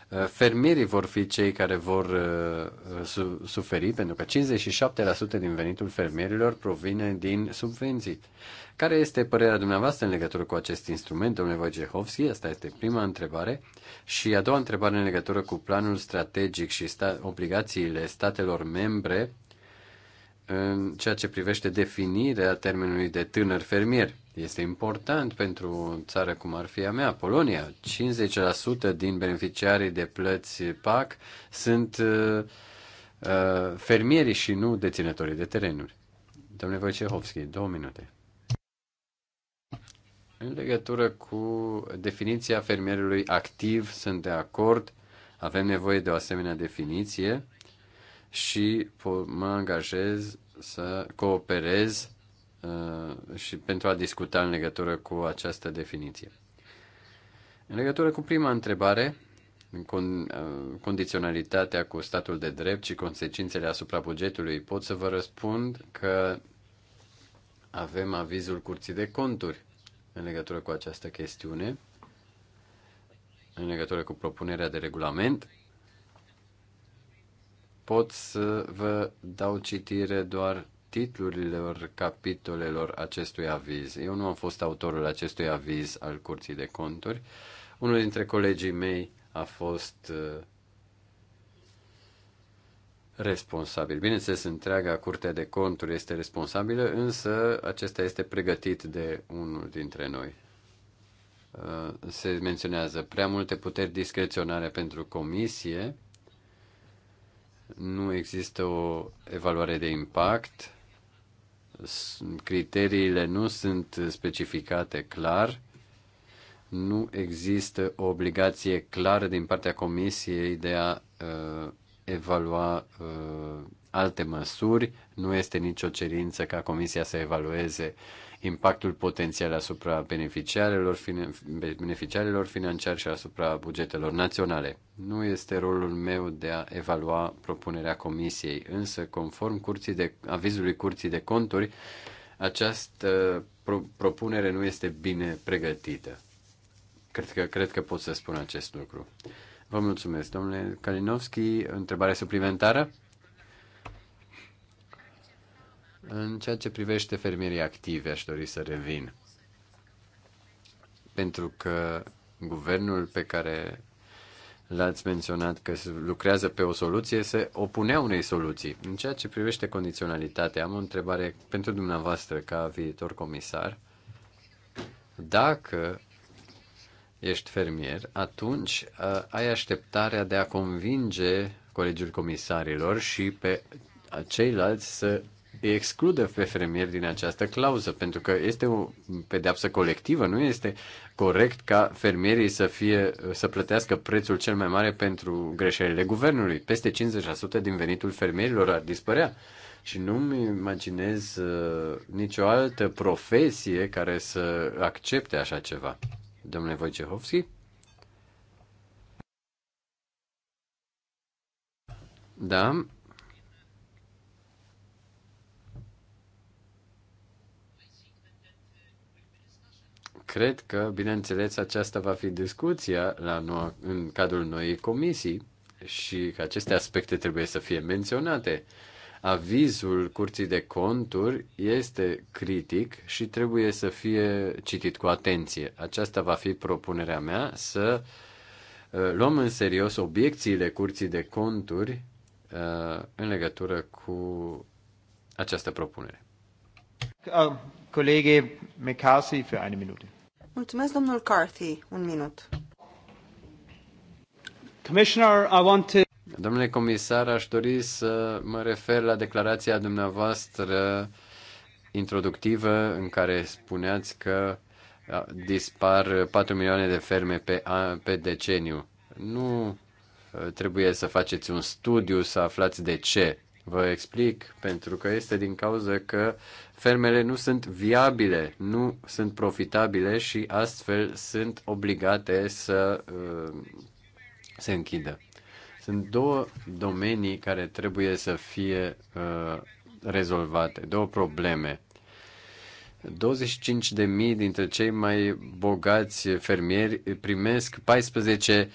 uh, fermierii vor fi cei care vor uh, suferi, pentru că 57% din venitul fermierilor provine din subvenții. Care este părerea dumneavoastră în legătură cu acest instrument, domnule Wojciechowski? Asta este prima întrebare. Și a doua întrebare în legătură cu planul strategic și sta- obligațiile statelor membre în ceea ce privește definirea termenului de tânăr fermier este important pentru o țară cum ar fi a mea, Polonia. 50% din beneficiarii de plăți PAC sunt uh, uh, fermierii și nu deținătorii de terenuri. Domnule Wojciechowski, două minute. În legătură cu definiția fermierului activ, sunt de acord. Avem nevoie de o asemenea definiție și mă angajez să cooperez Uh, și pentru a discuta în legătură cu această definiție. În legătură cu prima întrebare, uh, condiționalitatea cu statul de drept și consecințele asupra bugetului, pot să vă răspund că avem avizul Curții de Conturi în legătură cu această chestiune, în legătură cu propunerea de regulament. Pot să vă dau citire doar titlurilor capitolelor acestui aviz. Eu nu am fost autorul acestui aviz al Curții de Conturi. Unul dintre colegii mei a fost uh, responsabil. Bineînțeles, întreaga Curte de Conturi este responsabilă, însă acesta este pregătit de unul dintre noi. Uh, se menționează prea multe puteri discreționare pentru comisie, nu există o evaluare de impact, criteriile nu sunt specificate clar, nu există o obligație clară din partea Comisiei de a uh, evalua uh, alte măsuri, nu este nicio cerință ca Comisia să evalueze uh, impactul potențial asupra beneficiarilor, beneficiarilor financiari și asupra bugetelor naționale. Nu este rolul meu de a evalua propunerea comisiei, însă conform curții de, avizului curții de conturi, această pro, propunere nu este bine pregătită. Cred că, cred că pot să spun acest lucru. Vă mulțumesc, domnule Kalinowski. Întrebare suplimentară? În ceea ce privește fermierii activi, aș dori să revin. Pentru că guvernul pe care l-ați menționat că lucrează pe o soluție, se opunea unei soluții. În ceea ce privește condiționalitatea, am o întrebare pentru dumneavoastră ca viitor comisar. Dacă ești fermier, atunci uh, ai așteptarea de a convinge colegiul comisarilor și pe ceilalți să îi excludă pe fermieri din această clauză, pentru că este o pedeapsă colectivă, nu este corect ca fermierii să, fie, să plătească prețul cel mai mare pentru greșelile guvernului. Peste 50% din venitul fermierilor ar dispărea. Și nu-mi imaginez uh, nicio altă profesie care să accepte așa ceva. Domnule Wojciechowski? Da, Cred că, bineînțeles, aceasta va fi discuția la noua, în cadrul noii comisii și că aceste aspecte trebuie să fie menționate. Avizul Curții de Conturi este critic și trebuie să fie citit cu atenție. Aceasta va fi propunerea mea să uh, luăm în serios obiecțiile Curții de Conturi uh, în legătură cu această propunere. Uh, Colegii McCarthy, pentru o minut. Mulțumesc, domnul Carthy. Un minut. Commissioner, I want to... Domnule comisar, aș dori să mă refer la declarația dumneavoastră introductivă în care spuneați că dispar 4 milioane de ferme pe, pe deceniu. Nu uh, trebuie să faceți un studiu să aflați de ce. Vă explic, pentru că este din cauza că fermele nu sunt viabile, nu sunt profitabile și astfel sunt obligate să uh, se închidă. Sunt două domenii care trebuie să fie uh, rezolvate, două probleme. 25.000 dintre cei mai bogați fermieri primesc 14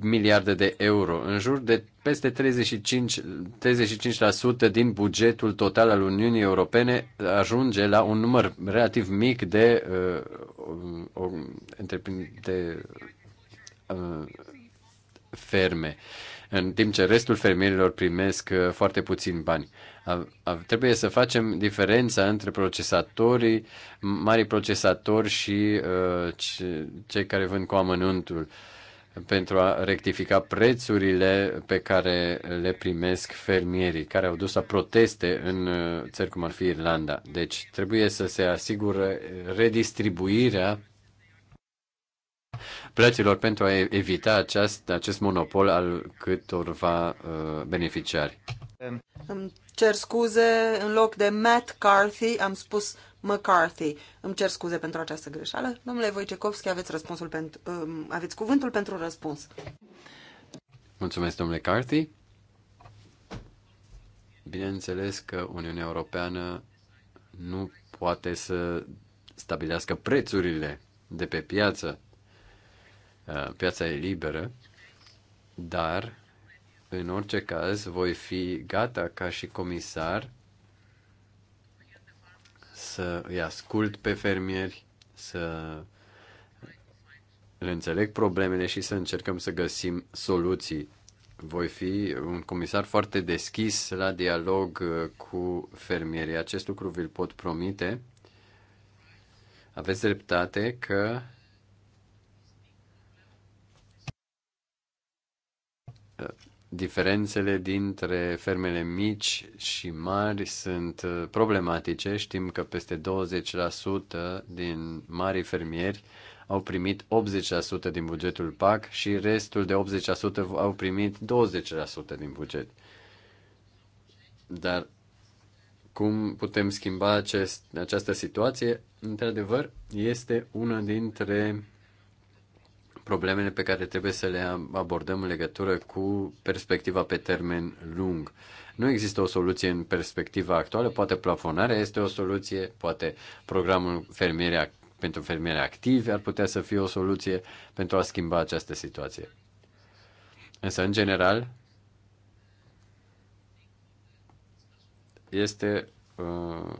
miliarde de euro, în jur de peste 35, 35% din bugetul total al Uniunii Europene ajunge la un număr relativ mic de, uh, de, uh, ferme, în timp ce restul fermierilor primesc uh, foarte puțin bani. Trebuie să facem diferența între procesatorii, mari procesatori și uh, cei care vând cu amănuntul pentru a rectifica prețurile pe care le primesc fermierii, care au dus la proteste în uh, țări cum ar fi Irlanda. Deci trebuie să se asigură redistribuirea plăților pentru a evita aceast, acest monopol al câtorva uh, beneficiari cer scuze, în loc de Matt Carthy, am spus McCarthy. Îmi cer scuze pentru această greșeală. Domnule Wojciechowski, aveți, răspunsul pentru, um, aveți cuvântul pentru răspuns. Mulțumesc, domnule Carthy. Bineînțeles că Uniunea Europeană nu poate să stabilească prețurile de pe piață. Uh, piața e liberă, dar în orice caz, voi fi gata ca și comisar să îi ascult pe fermieri, să le înțeleg problemele și să încercăm să găsim soluții. Voi fi un comisar foarte deschis la dialog uh, cu fermierii. Acest lucru vi-l pot promite. Aveți dreptate că diferențele dintre fermele mici și mari sunt uh, problematice. Știm că peste 20% din mari fermieri au primit 80% din bugetul PAC și restul de 80% au primit 20% din buget. Dar cum putem schimba acest, această situație? Într-adevăr, este una dintre problemele pe care trebuie să le abordăm în legătură cu perspectiva pe termen lung. Nu există o soluție în perspectiva actuală, poate plafonarea este o soluție, poate programul fermierea, pentru fermiere active ar putea să fie o soluție pentru a schimba această situație. Însă, în general, este uh,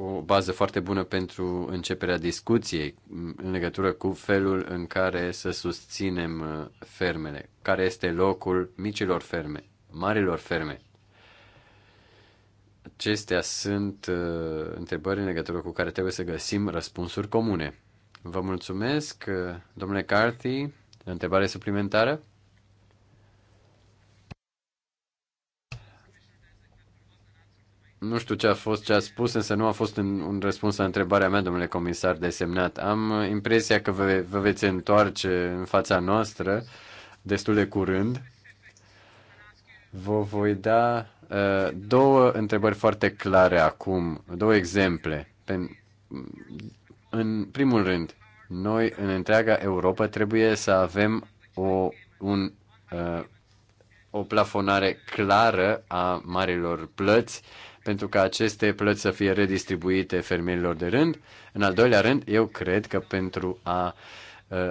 o bază foarte bună pentru începerea discuției în legătură cu felul în care să susținem uh, fermele, care este locul micilor ferme, marilor ferme. Acestea sunt uh, întrebări în legătură cu care trebuie să găsim răspunsuri comune. Vă mulțumesc, uh, domnule Carthy. Întrebare suplimentară? Nu știu ce a fost, ce a spus, însă nu a fost un, un răspuns la întrebarea mea, domnule comisar desemnat. Am impresia că vă, vă veți întoarce în fața noastră destul de curând. Vă voi da uh, două întrebări foarte clare acum, două exemple. Pen, în primul rând, noi în întreaga Europa trebuie să avem o, un, uh, o plafonare clară a marilor plăți pentru ca aceste plăți să fie redistribuite fermierilor de rând. În al doilea rând, eu cred că pentru a uh,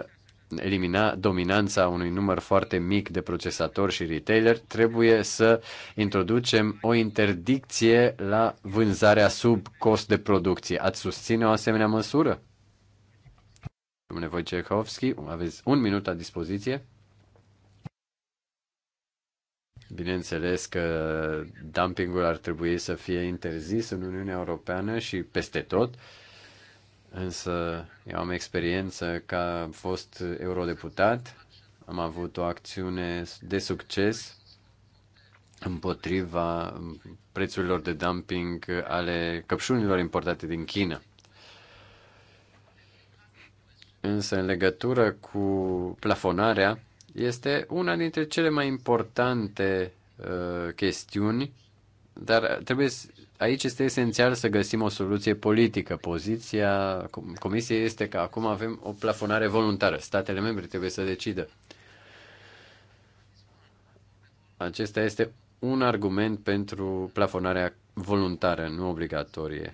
elimina dominanța unui număr foarte mic de procesatori și retailer, trebuie să introducem o interdicție la vânzarea sub cost de producție. Ați susține o asemenea măsură? Domnule Wojciechowski, aveți un minut la dispoziție. Bineînțeles că dumpingul ar trebui să fie interzis în Uniunea Europeană și peste tot, însă eu am experiență ca fost eurodeputat, am avut o acțiune de succes împotriva prețurilor de dumping ale căpșunilor importate din China. Însă, în legătură cu plafonarea, este una dintre cele mai importante uh, chestiuni, dar trebuie să, aici este esențial să găsim o soluție politică. Poziția Comisiei este că acum avem o plafonare voluntară. Statele membre trebuie să decidă. Acesta este un argument pentru plafonarea voluntară, nu obligatorie.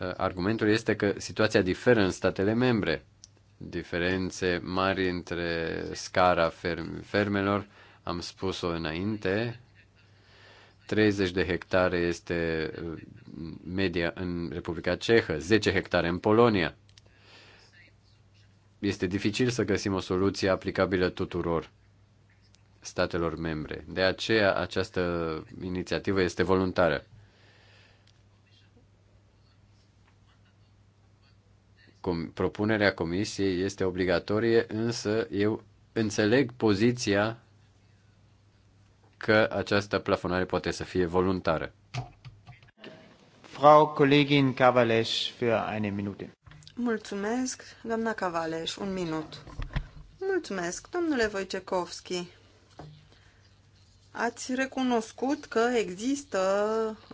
Uh, argumentul este că situația diferă în statele membre diferențe mari între scara fermelor. Am spus-o înainte, 30 de hectare este uh, media în Republica Cehă, 10 hectare în Polonia. Este dificil să găsim o soluție aplicabilă tuturor statelor membre. De aceea această inițiativă este voluntară. com- propunerea comisiei este obligatorie, însă eu înțeleg poziția că această plafonare poate să fie voluntară. Frau Kollegin Cavaleș, für eine Minute. Mulțumesc, doamna Cavaleș, un minut. Mulțumesc, domnule Wojciechowski. Ați recunoscut că există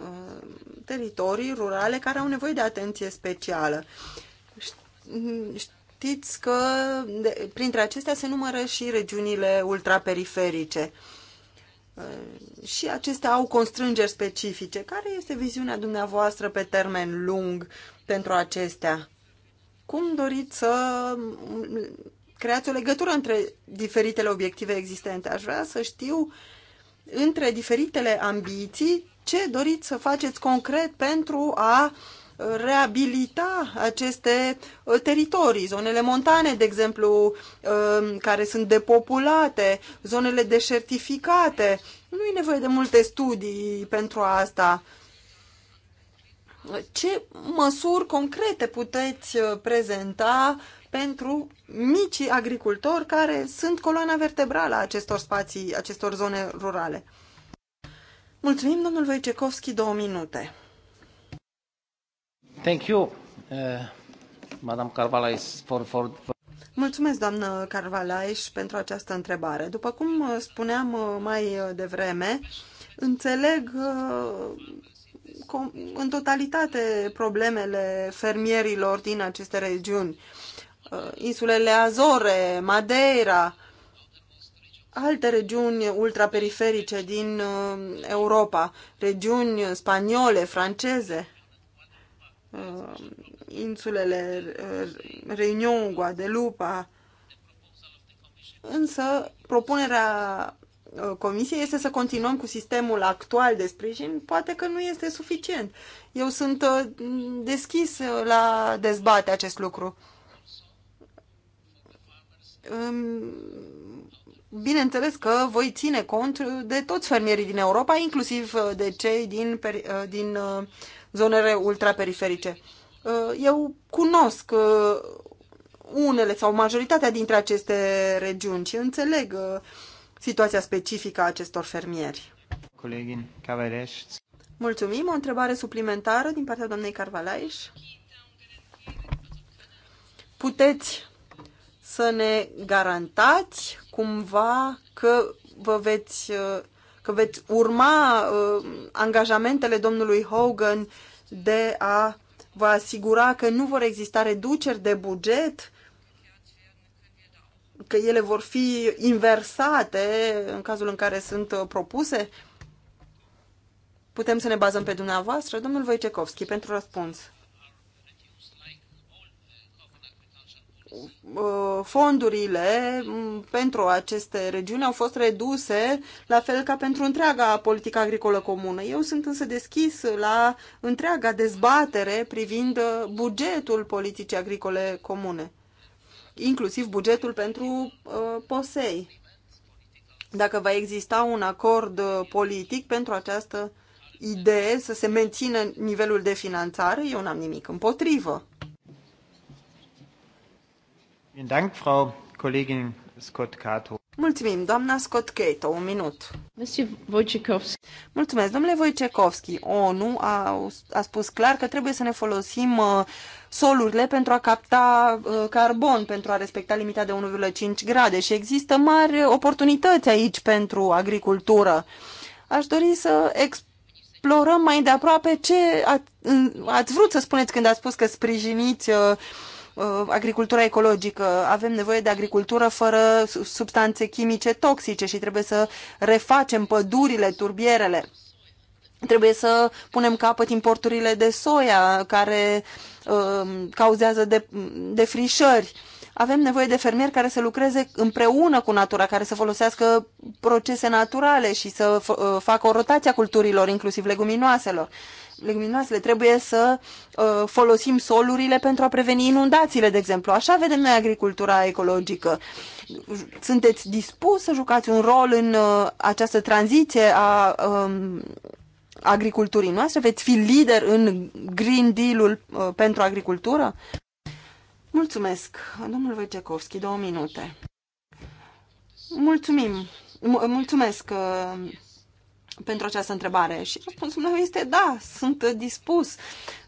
uh, teritorii rurale care au nevoie de atenție specială știți că printre acestea se numără și regiunile ultraperiferice. Uh, și acestea au constrângeri specifice. Care este viziunea dumneavoastră pe termen lung pentru acestea? Cum doriți să mm, creați o legătură între diferitele obiective existente? Aș vrea să știu între diferitele ambiții ce doriți să faceți concret pentru a uh, reabilita aceste uh, teritorii, zonele montane, de exemplu, um, care sunt depopulate, zonele deșertificate. Nu e nevoie de multe studii pentru asta. Ce măsuri concrete puteți uh, prezenta pentru micii agricultori care sunt coloana vertebrală a acestor spații, acestor zone rurale? Mulțumim, domnul Voicecovski, două minute. Thank you, uh, Madame for, for, for... Mulțumesc, doamnă Carvalhais, pentru această întrebare. După cum uh, spuneam uh, mai uh, devreme, înțeleg în totalitate problemele fermierilor din aceste regiuni. Insulele Azore, Madeira, alte regiuni ultraperiferice din Europa, regiuni spaniole, franceze uh, insulele uh, Reunion, Guadelupa. Însă, propunerea uh, Comisiei este să continuăm cu sistemul actual de sprijin, poate că nu este suficient. Eu sunt uh, deschis la dezbate acest lucru. Bineînțeles că voi ține cont de toți fermierii din Europa, inclusiv de cei din, din zonele ultraperiferice. Uh, eu cunosc uh, unele sau majoritatea dintre aceste regiuni și înțeleg uh, situația specifică a acestor fermieri. Colegin Mulțumim. O întrebare suplimentară din partea doamnei Carvalaiș. Puteți să ne garantați cumva că vă veți că veți urma uh, angajamentele domnului Hogan de a vă asigura că nu vor exista reduceri de buget, că ele vor fi inversate în cazul în care sunt uh, propuse? Putem să ne bazăm pe dumneavoastră, domnul Wojciechowski, pentru răspuns. fondurile pentru aceste regiuni au fost reduse, la fel ca pentru întreaga politică agricolă comună. Eu sunt însă deschis la întreaga dezbatere privind bugetul politicii agricole comune, inclusiv bugetul pentru uh, POSEI. Dacă va exista un acord politic pentru această idee să se mențină nivelul de finanțare, eu n-am nimic împotrivă. Mulțumim, doamna Scott Cato, un minut. Mulțumesc, domnule Wojciechowski. ONU a, a spus clar că trebuie să ne folosim uh, solurile pentru a capta uh, carbon, pentru a respecta limita de 1,5 grade și există mari oportunități aici pentru agricultură. Aș dori să explorăm mai de aproape ce ați, ați vrut să spuneți când ați spus că sprijiniți uh, Uh, agricultura ecologică. Avem nevoie de agricultură fără substanțe chimice toxice și trebuie să refacem pădurile, turbierele. Trebuie să punem capăt importurile de soia care uh, cauzează de, defrișări. Avem nevoie de fermieri care să lucreze împreună cu natura, care să folosească procese naturale și să uh, facă o rotație a culturilor, inclusiv leguminoaselor. Uh, leguminoasele, trebuie să uh, folosim solurile pentru a preveni inundațiile, de exemplu. Așa vedem noi agricultura ecologică. Sunteți dispus să jucați un rol în uh, această tranziție a um, agriculturii noastre? Veți fi lider în Green Deal-ul uh, pentru agricultură? Mulțumesc. Domnul Vecekovski, două minute. Mulțumim. Mulțumesc. Uh, pentru această întrebare? Și răspunsul meu este da, sunt dispus,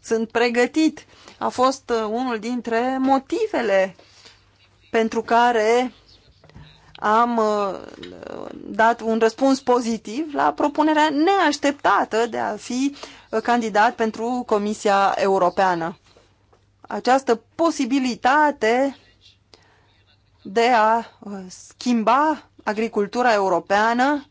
sunt pregătit. A fost uh, unul dintre motivele pentru care am uh, dat un răspuns pozitiv la propunerea neașteptată de a fi uh, candidat pentru Comisia Europeană. Această posibilitate de a schimba agricultura europeană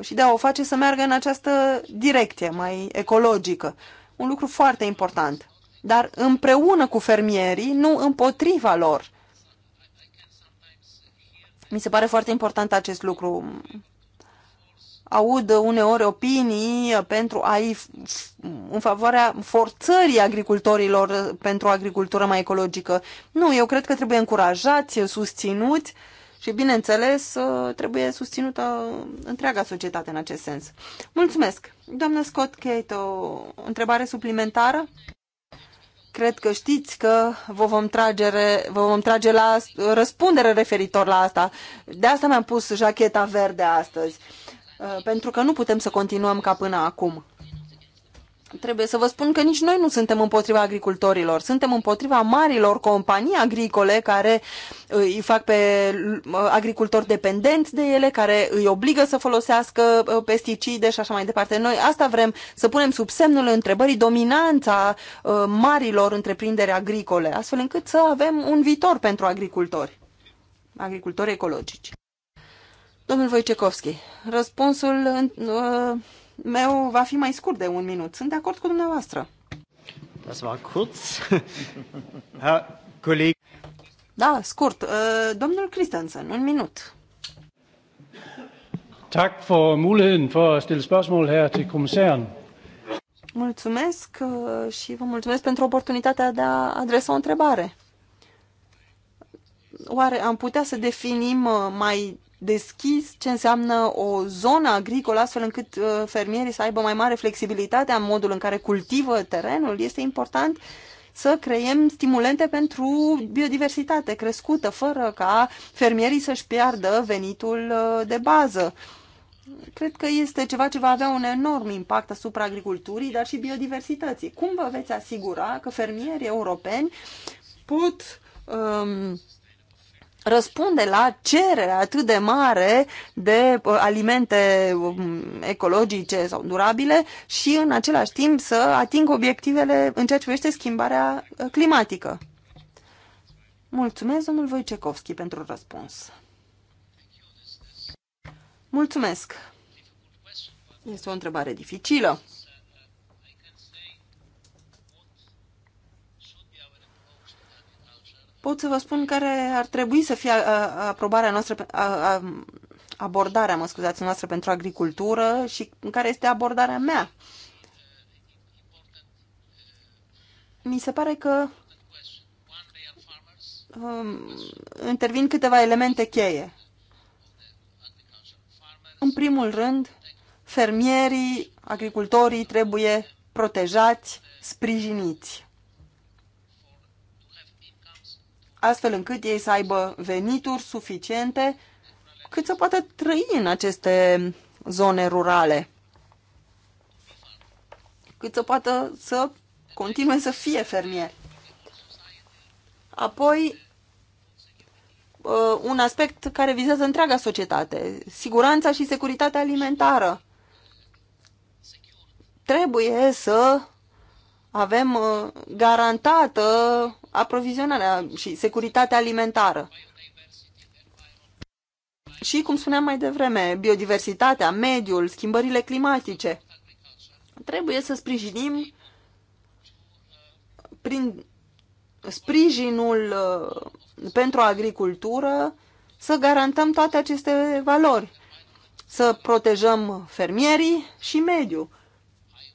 și de a o face să meargă în această direcție mai ecologică. Un lucru foarte important. Dar împreună cu fermierii, nu împotriva lor. Mi se pare foarte important acest lucru. Aud uneori opinii pentru a în favoarea forțării agricultorilor pentru o agricultură mai ecologică. Nu, eu cred că trebuie încurajați, susținuți uh, și, bineînțeles, uh, trebuie susținută întreaga societate în acest sens. Mulțumesc! Doamnă Scott Kate, o întrebare suplimentară? Cred că știți că vă vom trage, vă vom trage la răspundere referitor la asta. De asta mi-am pus jacheta verde astăzi, uh, pentru că nu putem să continuăm ca până acum trebuie să vă spun că nici noi nu suntem împotriva agricultorilor, suntem împotriva marilor companii agricole care uh, îi fac pe uh, agricultori dependenți de ele, care îi obligă să folosească uh, pesticide și așa mai departe. Noi asta vrem să punem sub semnul întrebării dominanța marilor întreprinderi agricole, astfel încât să avem un viitor pentru agricultori, agricultori ecologici. Domnul Wojciechowski, răspunsul meu va fi mai scurt de un minut. Sunt de acord cu dumneavoastră. Das war kurz. Herr Kollege. Da, scurt. Uh, domnul Christensen, un minut. Tak for muligheden for at stille spørgsmål her til kommissæren. Mulțumesc uh, și vă mulțumesc pentru oportunitatea de a adresa o întrebare. Oare am putea să definim uh, mai deschis ce înseamnă o zonă agricolă, astfel încât uh, fermierii să aibă mai mare flexibilitate în modul în care cultivă terenul, este important să creiem stimulente pentru biodiversitate crescută, fără ca fermierii să-și piardă venitul uh, de bază. Cred că este ceva ce va avea un enorm impact asupra agriculturii, dar și biodiversității. Cum vă veți asigura că fermierii europeni pot um, răspunde la cererea atât de mare de uh, alimente um, ecologice sau durabile și în același timp să atingă obiectivele în ceea ce privește schimbarea uh, climatică. Mulțumesc, domnul Voicecovski, pentru răspuns. Mulțumesc. Este o întrebare dificilă. pot să vă spun care ar trebui să fie uh, aprobarea noastră, uh, uh, abordarea, mă scuzați, noastră pentru agricultură și care este abordarea mea. Mi se pare că um, intervin câteva elemente cheie. În primul rând, fermierii, agricultorii trebuie protejați, sprijiniți. astfel încât ei să aibă venituri suficiente cât să poată trăi în aceste zone rurale. Cât să poată să continue să fie fermieri. Apoi, uh, un aspect care vizează întreaga societate, siguranța și securitatea alimentară. Trebuie să avem uh, garantată aprovizionarea și securitatea alimentară. Și, cum spuneam mai devreme, biodiversitatea, mediul, schimbările climatice. Trebuie să sprijinim prin sprijinul uh, pentru agricultură să garantăm toate aceste valori, să protejăm fermierii și mediul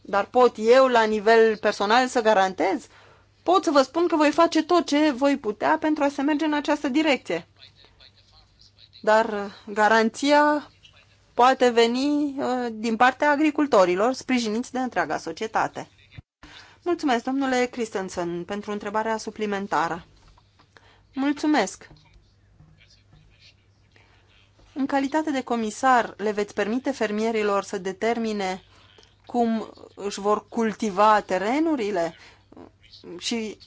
dar pot eu, la nivel personal, să garantez? Pot să vă spun că voi face tot ce voi putea pentru a se merge în această direcție. Dar uh, garanția poate veni uh, din partea agricultorilor, sprijiniți de întreaga societate. Mulțumesc, domnule Christensen, pentru întrebarea suplimentară. Mulțumesc. În calitate de comisar, le veți permite fermierilor să determine cum își vor cultiva terenurile și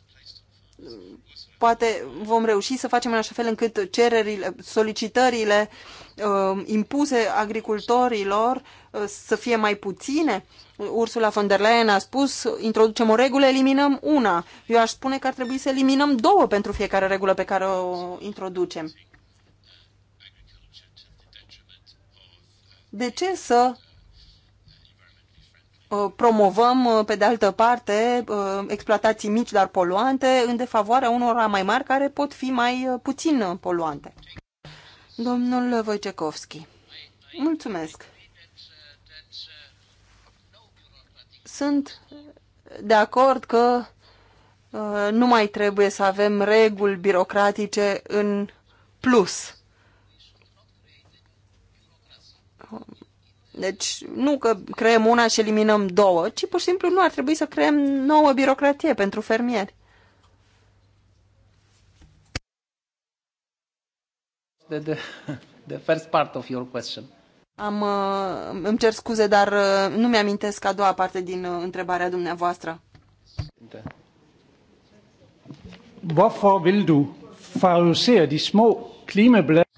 poate vom reuși să facem în așa fel încât cererile, solicitările uh, impuse agricultorilor uh, să fie mai puține. Ursula von der Leyen a spus, introducem o regulă, eliminăm una. Eu aș spune că ar trebui să eliminăm două pentru fiecare regulă pe care o introducem. De ce să Uh, promovăm, uh, pe de altă parte, uh, exploatații mici, dar poluante, în defavoarea unora mai mari care pot fi mai puțin poluante. Domnul Wojciechowski, mulțumesc. Sunt de acord că nu mai trebuie să avem reguli birocratice în plus Deci nu că creăm una și eliminăm două, ci pur și simplu nu ar trebui să creăm nouă birocratie pentru fermieri. The, the, the first part of your question. Am, uh, îmi cer scuze, dar uh, nu mi-amintesc a doua parte din uh, întrebarea dumneavoastră. Da. Hvorfor vil du favorisere de små klimabelastede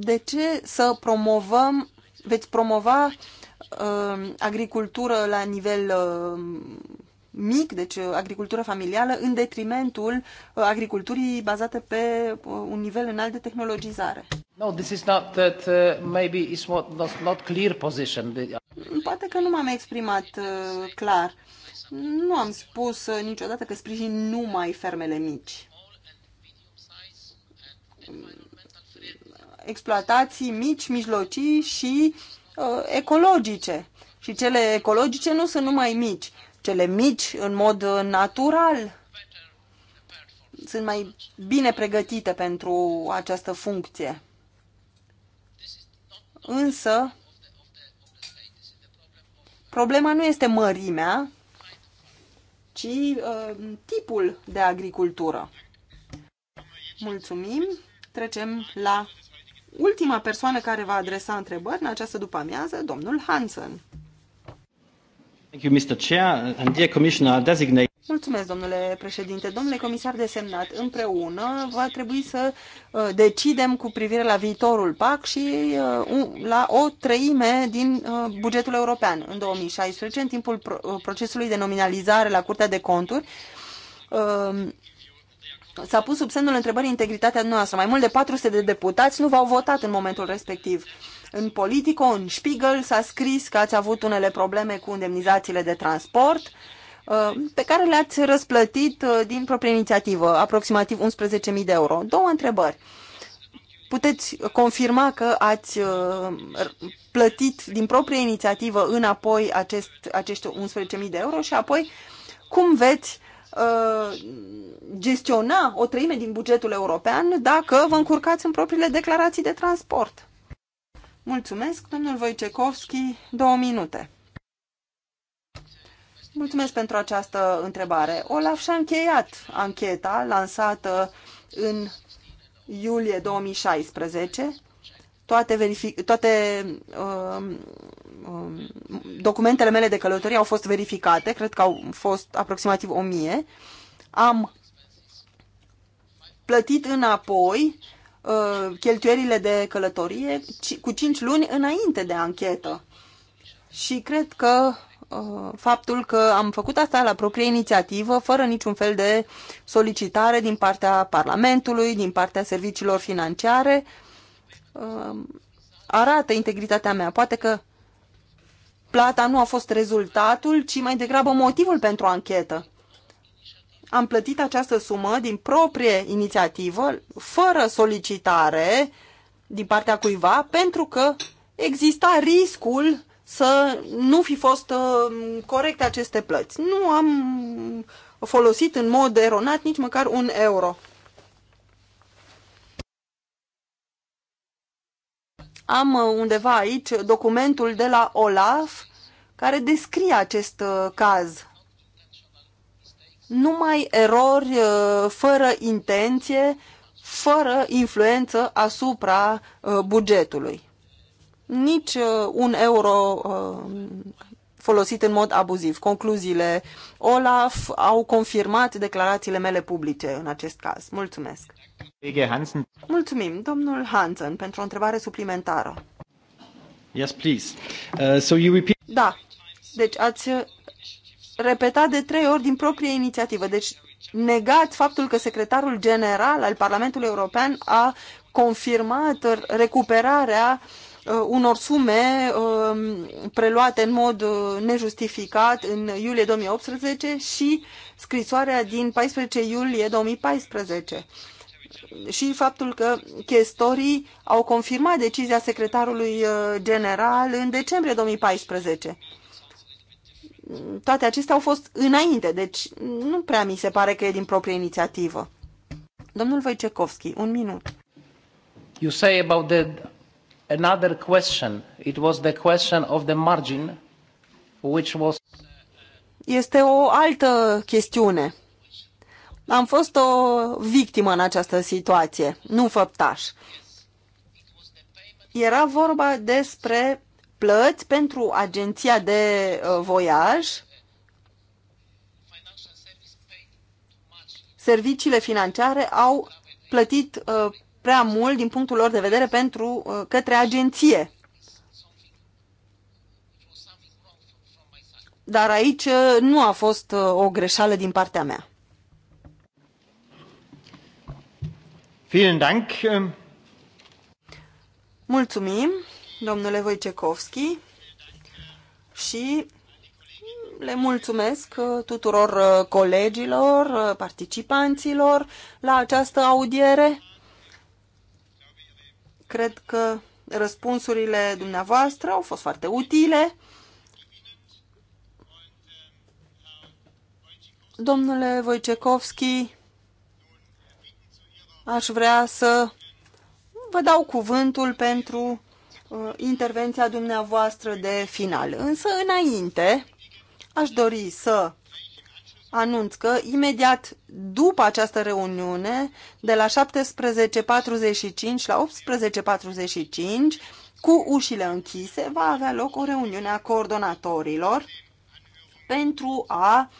de ce să promovăm, veți promova uh, agricultură la nivel uh, mic, deci uh, agricultură familială, în detrimentul uh, agriculturii bazate pe uh, un nivel înalt de tehnologizare. No, this is not that uh, maybe it's what, not, not clear position. Poate că nu m-am exprimat uh, clar. Nu am spus uh, niciodată că sprijin numai fermele mici exploatații mici, mijlocii și uh, ecologice. Și cele ecologice nu sunt numai mici. Cele mici, în mod uh, natural, sunt mai bine pregătite pentru această funcție. Însă, problema nu este mărimea, ci uh, tipul de agricultură. Mulțumim! Trecem la Ultima persoană care va adresa întrebări în această după-amiază, domnul Hansen. Mulțumesc, domnule președinte. Domnule comisar desemnat, împreună va trebui să uh, decidem cu privire la viitorul PAC și uh, la o treime din uh, bugetul european în 2016, în timpul procesului de nominalizare la Curtea de Conturi s-a pus sub semnul întrebării integritatea noastră. Mai mult de 400 de deputați nu v-au votat în momentul respectiv. În Politico, în Spiegel, s-a scris că ați avut unele probleme cu indemnizațiile de transport, uh, pe care le-ați răsplătit uh, din proprie inițiativă, aproximativ 11.000 de euro. Două întrebări. Puteți confirma că ați uh, plătit din proprie inițiativă înapoi acest, acești 11.000 de euro și apoi cum veți Uh, gestiona o treime din bugetul european dacă vă încurcați în propriile declarații de transport. Mulțumesc, domnul Wojciechowski, două minute. Mulțumesc pentru această întrebare. Olaf și-a încheiat ancheta lansată în iulie 2016. Toate, verific- toate uh, Um, documentele mele de călătorie au fost verificate, cred că au fost aproximativ 1000. Am plătit înapoi uh, cheltuierile de călătorie cu 5 luni înainte de anchetă. Și cred că uh, faptul că am făcut asta la proprie inițiativă, fără niciun fel de solicitare din partea Parlamentului, din partea serviciilor financiare, uh, arată integritatea mea. Poate că plata nu a fost rezultatul, ci mai degrabă motivul pentru anchetă. Am plătit această sumă din proprie inițiativă, fără solicitare din partea cuiva, pentru că exista riscul să nu fi fost uh, corecte aceste plăți. Nu am folosit în mod eronat nici măcar un euro. Am uh, undeva aici documentul de la OLAF care descrie acest uh, caz. Numai erori uh, fără intenție, fără influență asupra bugetului. Nici un euro folosit în mod abuziv. Concluziile OLAF au confirmat declarațiile mele publice în acest caz. Mulțumesc! Hansen. Mulțumim, domnul Hansen, pentru o întrebare suplimentară. Yes, please. Uh, so you repeat... Da, deci ați uh, repetat de trei ori din proprie inițiativă. Deci negați faptul că secretarul general al Parlamentului European a confirmat recuperarea uh, unor sume uh, preluate în mod uh, nejustificat în iulie 2018 și scrisoarea din 14 iulie 2014 și faptul că chestorii au confirmat decizia secretarului uh, general în decembrie 2014. Toate acestea au fost înainte, deci nu prea mi se pare că e din proprie inițiativă. Domnul Wojciechowski, un minut. You say about the another question. It was the question of the margin which was Este o altă chestiune am fost o victimă în această situație, nu făptaș. Era vorba despre plăți pentru agenția de uh, voiaj, serviciile financiare au plătit uh, prea mult din punctul lor de vedere pentru uh, către agenție. Dar aici uh, nu a fost uh, o greșeală din partea mea. Vielen Dank. Ähm. Mulțumim, domnule Wojciechowski, și le mulțumesc uh, tuturor uh, colegilor, uh, participanților la această audiere. Cred că răspunsurile dumneavoastră au fost foarte utile. Domnule Wojciechowski, aș vrea să vă dau cuvântul pentru uh, intervenția dumneavoastră de final. Însă, înainte, aș dori să anunț că imediat după această reuniune, de la 17.45 la 18.45, cu ușile închise, va avea loc o reuniune a coordonatorilor pentru a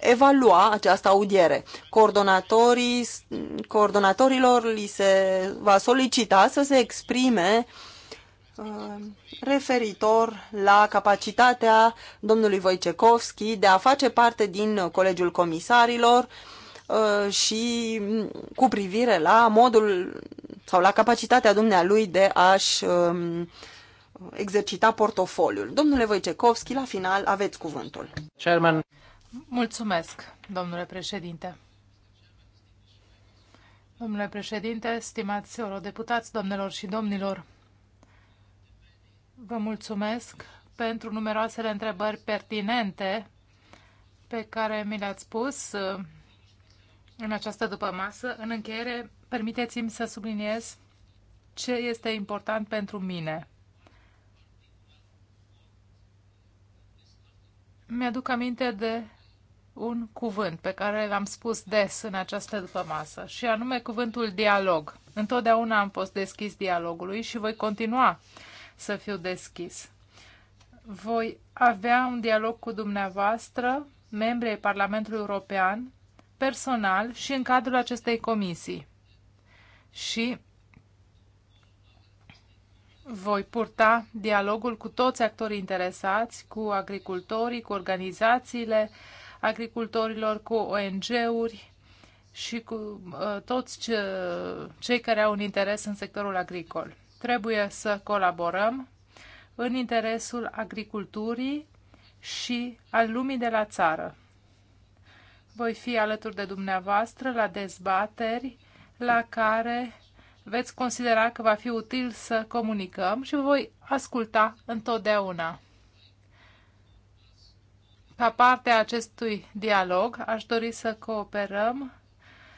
evalua această audiere. Coordonatorii, coordonatorilor li se va solicita să se exprime uh, referitor la capacitatea domnului Wojciechowski de a face parte din Colegiul Comisarilor uh, și cu privire la modul sau la capacitatea dumnealui de a-și um, exercita portofoliul. Domnule Wojciechowski, la final aveți cuvântul. Chairman. Mulțumesc, domnule președinte. Domnule președinte, stimați eurodeputați, domnilor și domnilor, vă mulțumesc pentru numeroasele întrebări pertinente pe care mi le-ați pus uh, în această dupămasă. În încheiere, permiteți-mi să subliniez ce este important pentru mine. Mi-aduc aminte de un cuvânt pe care l-am spus des în această dupămasă, și anume cuvântul dialog. Întotdeauna am fost deschis dialogului și voi continua să fiu deschis. Voi avea un dialog cu dumneavoastră, membrii Parlamentului European, personal și în cadrul acestei comisii. Și voi purta dialogul cu toți actorii interesați, cu agricultorii, cu organizațiile, uh, agricultorilor, cu ONG-uri și cu uh, toți ce, cei care au un interes în sectorul agricol. Trebuie să colaborăm în interesul agriculturii și al lumii de la țară. Voi fi alături de dumneavoastră la dezbateri la care veți considera că va fi util să comunicăm și voi asculta întotdeauna. Ca parte a acestui dialog, aș dori să cooperăm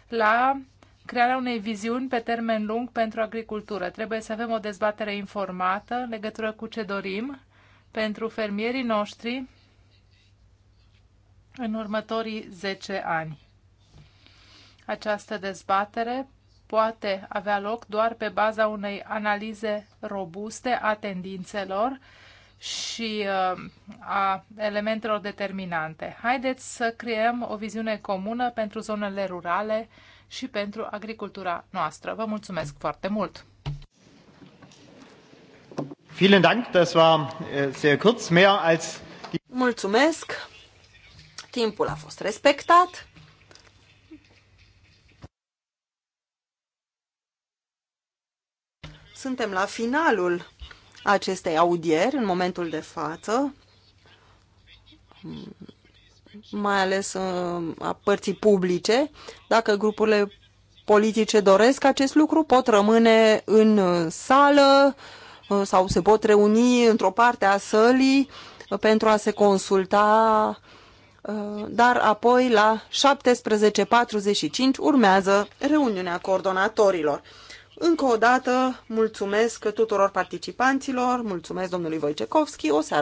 la crearea unei viziuni pe termen lung pentru agricultură. Trebuie să avem o dezbatere informată în legătură cu ce dorim pentru fermierii noștri în următorii 10 ani. Această dezbatere poate avea loc doar pe baza unei analize robuste a tendințelor și uh, a elementelor determinante. Haideți să creăm o viziune comună pentru zonele rurale și pentru agricultura noastră. Vă mulțumesc foarte mult! Vielen Dank, das war äh, sehr kurz, mehr als Mulțumesc. Timpul a fost respectat. Suntem la finalul acestei audieri în momentul de față, mai ales uh, a părții publice. Dacă grupurile politice doresc acest lucru, pot rămâne în uh, sală uh, sau se pot reuni într-o parte a sălii pentru a se consulta, dar apoi la 17.45 urmează reuniunea coordonatorilor. Încă o dată, mulțumesc tuturor participanților, mulțumesc domnului Wojciechowski, o seară